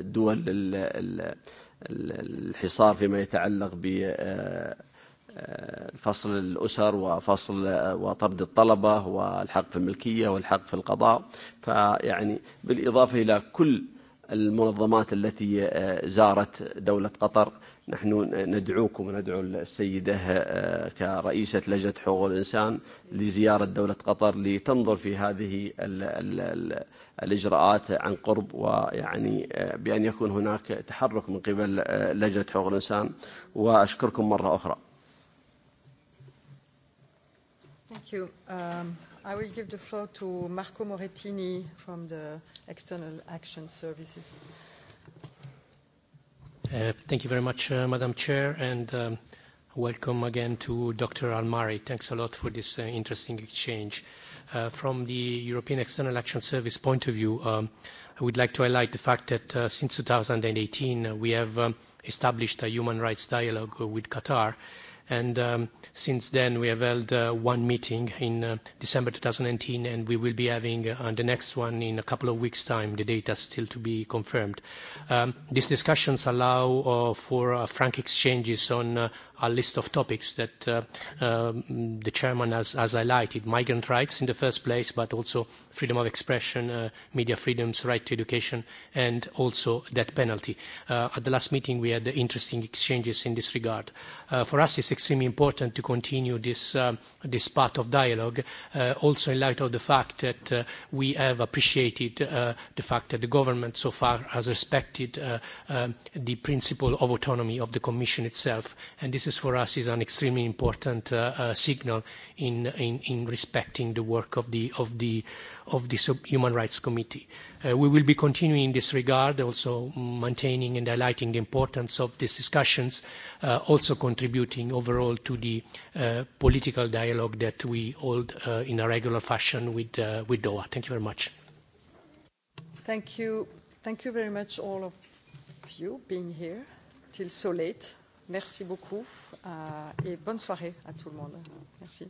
دول الحصار فيما يتعلق بفصل الأسر وفصل وطرد الطلبة والحق في الملكية والحق في القضاء فيعني بالإضافة إلى كل المنظمات التي زارت دولة قطر نحن ندعوكم وندعو السيدة كرئيسة لجنة حقوق الإنسان لزيارة دولة قطر لتنظر في هذه الـ الـ الـ الإجراءات عن قرب ويعني بأن يكون هناك تحرك من قبل لجنة حقوق الإنسان وأشكركم مرة أخرى Thank you. Um, I will give the floor to Marco Morettini from the External Action Services. Uh, thank you very much, uh, Madam Chair, and um, welcome again to Dr. Almari. Thanks a lot for this uh, interesting exchange. Uh, from the European External Action Service point of view, um, I would like to highlight the fact that uh, since 2018, uh, we have um, established a human rights dialogue uh, with Qatar, And um, since then, we have held uh, one meeting in uh, December 2019, and we will be having uh, the next one in a couple of weeks' time. The data is still to be confirmed. Um, these discussions allow for frank exchanges on a list of topics that uh, um, the chairman has, has highlighted. Migrant rights in the first place, but also freedom of expression, uh, media freedoms, right to education, and also death penalty. Uh, at the last meeting, we had interesting exchanges in this regard. Uh, for us, it's extremely important to continue this, um, this part of dialogue, uh, also in light of the fact that uh, we have appreciated uh, the fact that the government so far has respected uh, um, the principle of autonomy of the Commission itself. And this is is for us is an extremely important uh, uh, signal in, in, in respecting the work of the, of the, of the Human Rights Committee. Uh, we will be continuing in this regard, also maintaining and highlighting the importance of these discussions, uh, also contributing overall to the uh, political dialogue that we hold uh, in a regular fashion with, with Doha. Thank you very much. Thank you. Thank you very much, all of you, being here till so late. Merci beaucoup euh, et bonne soirée à tout le monde. Merci.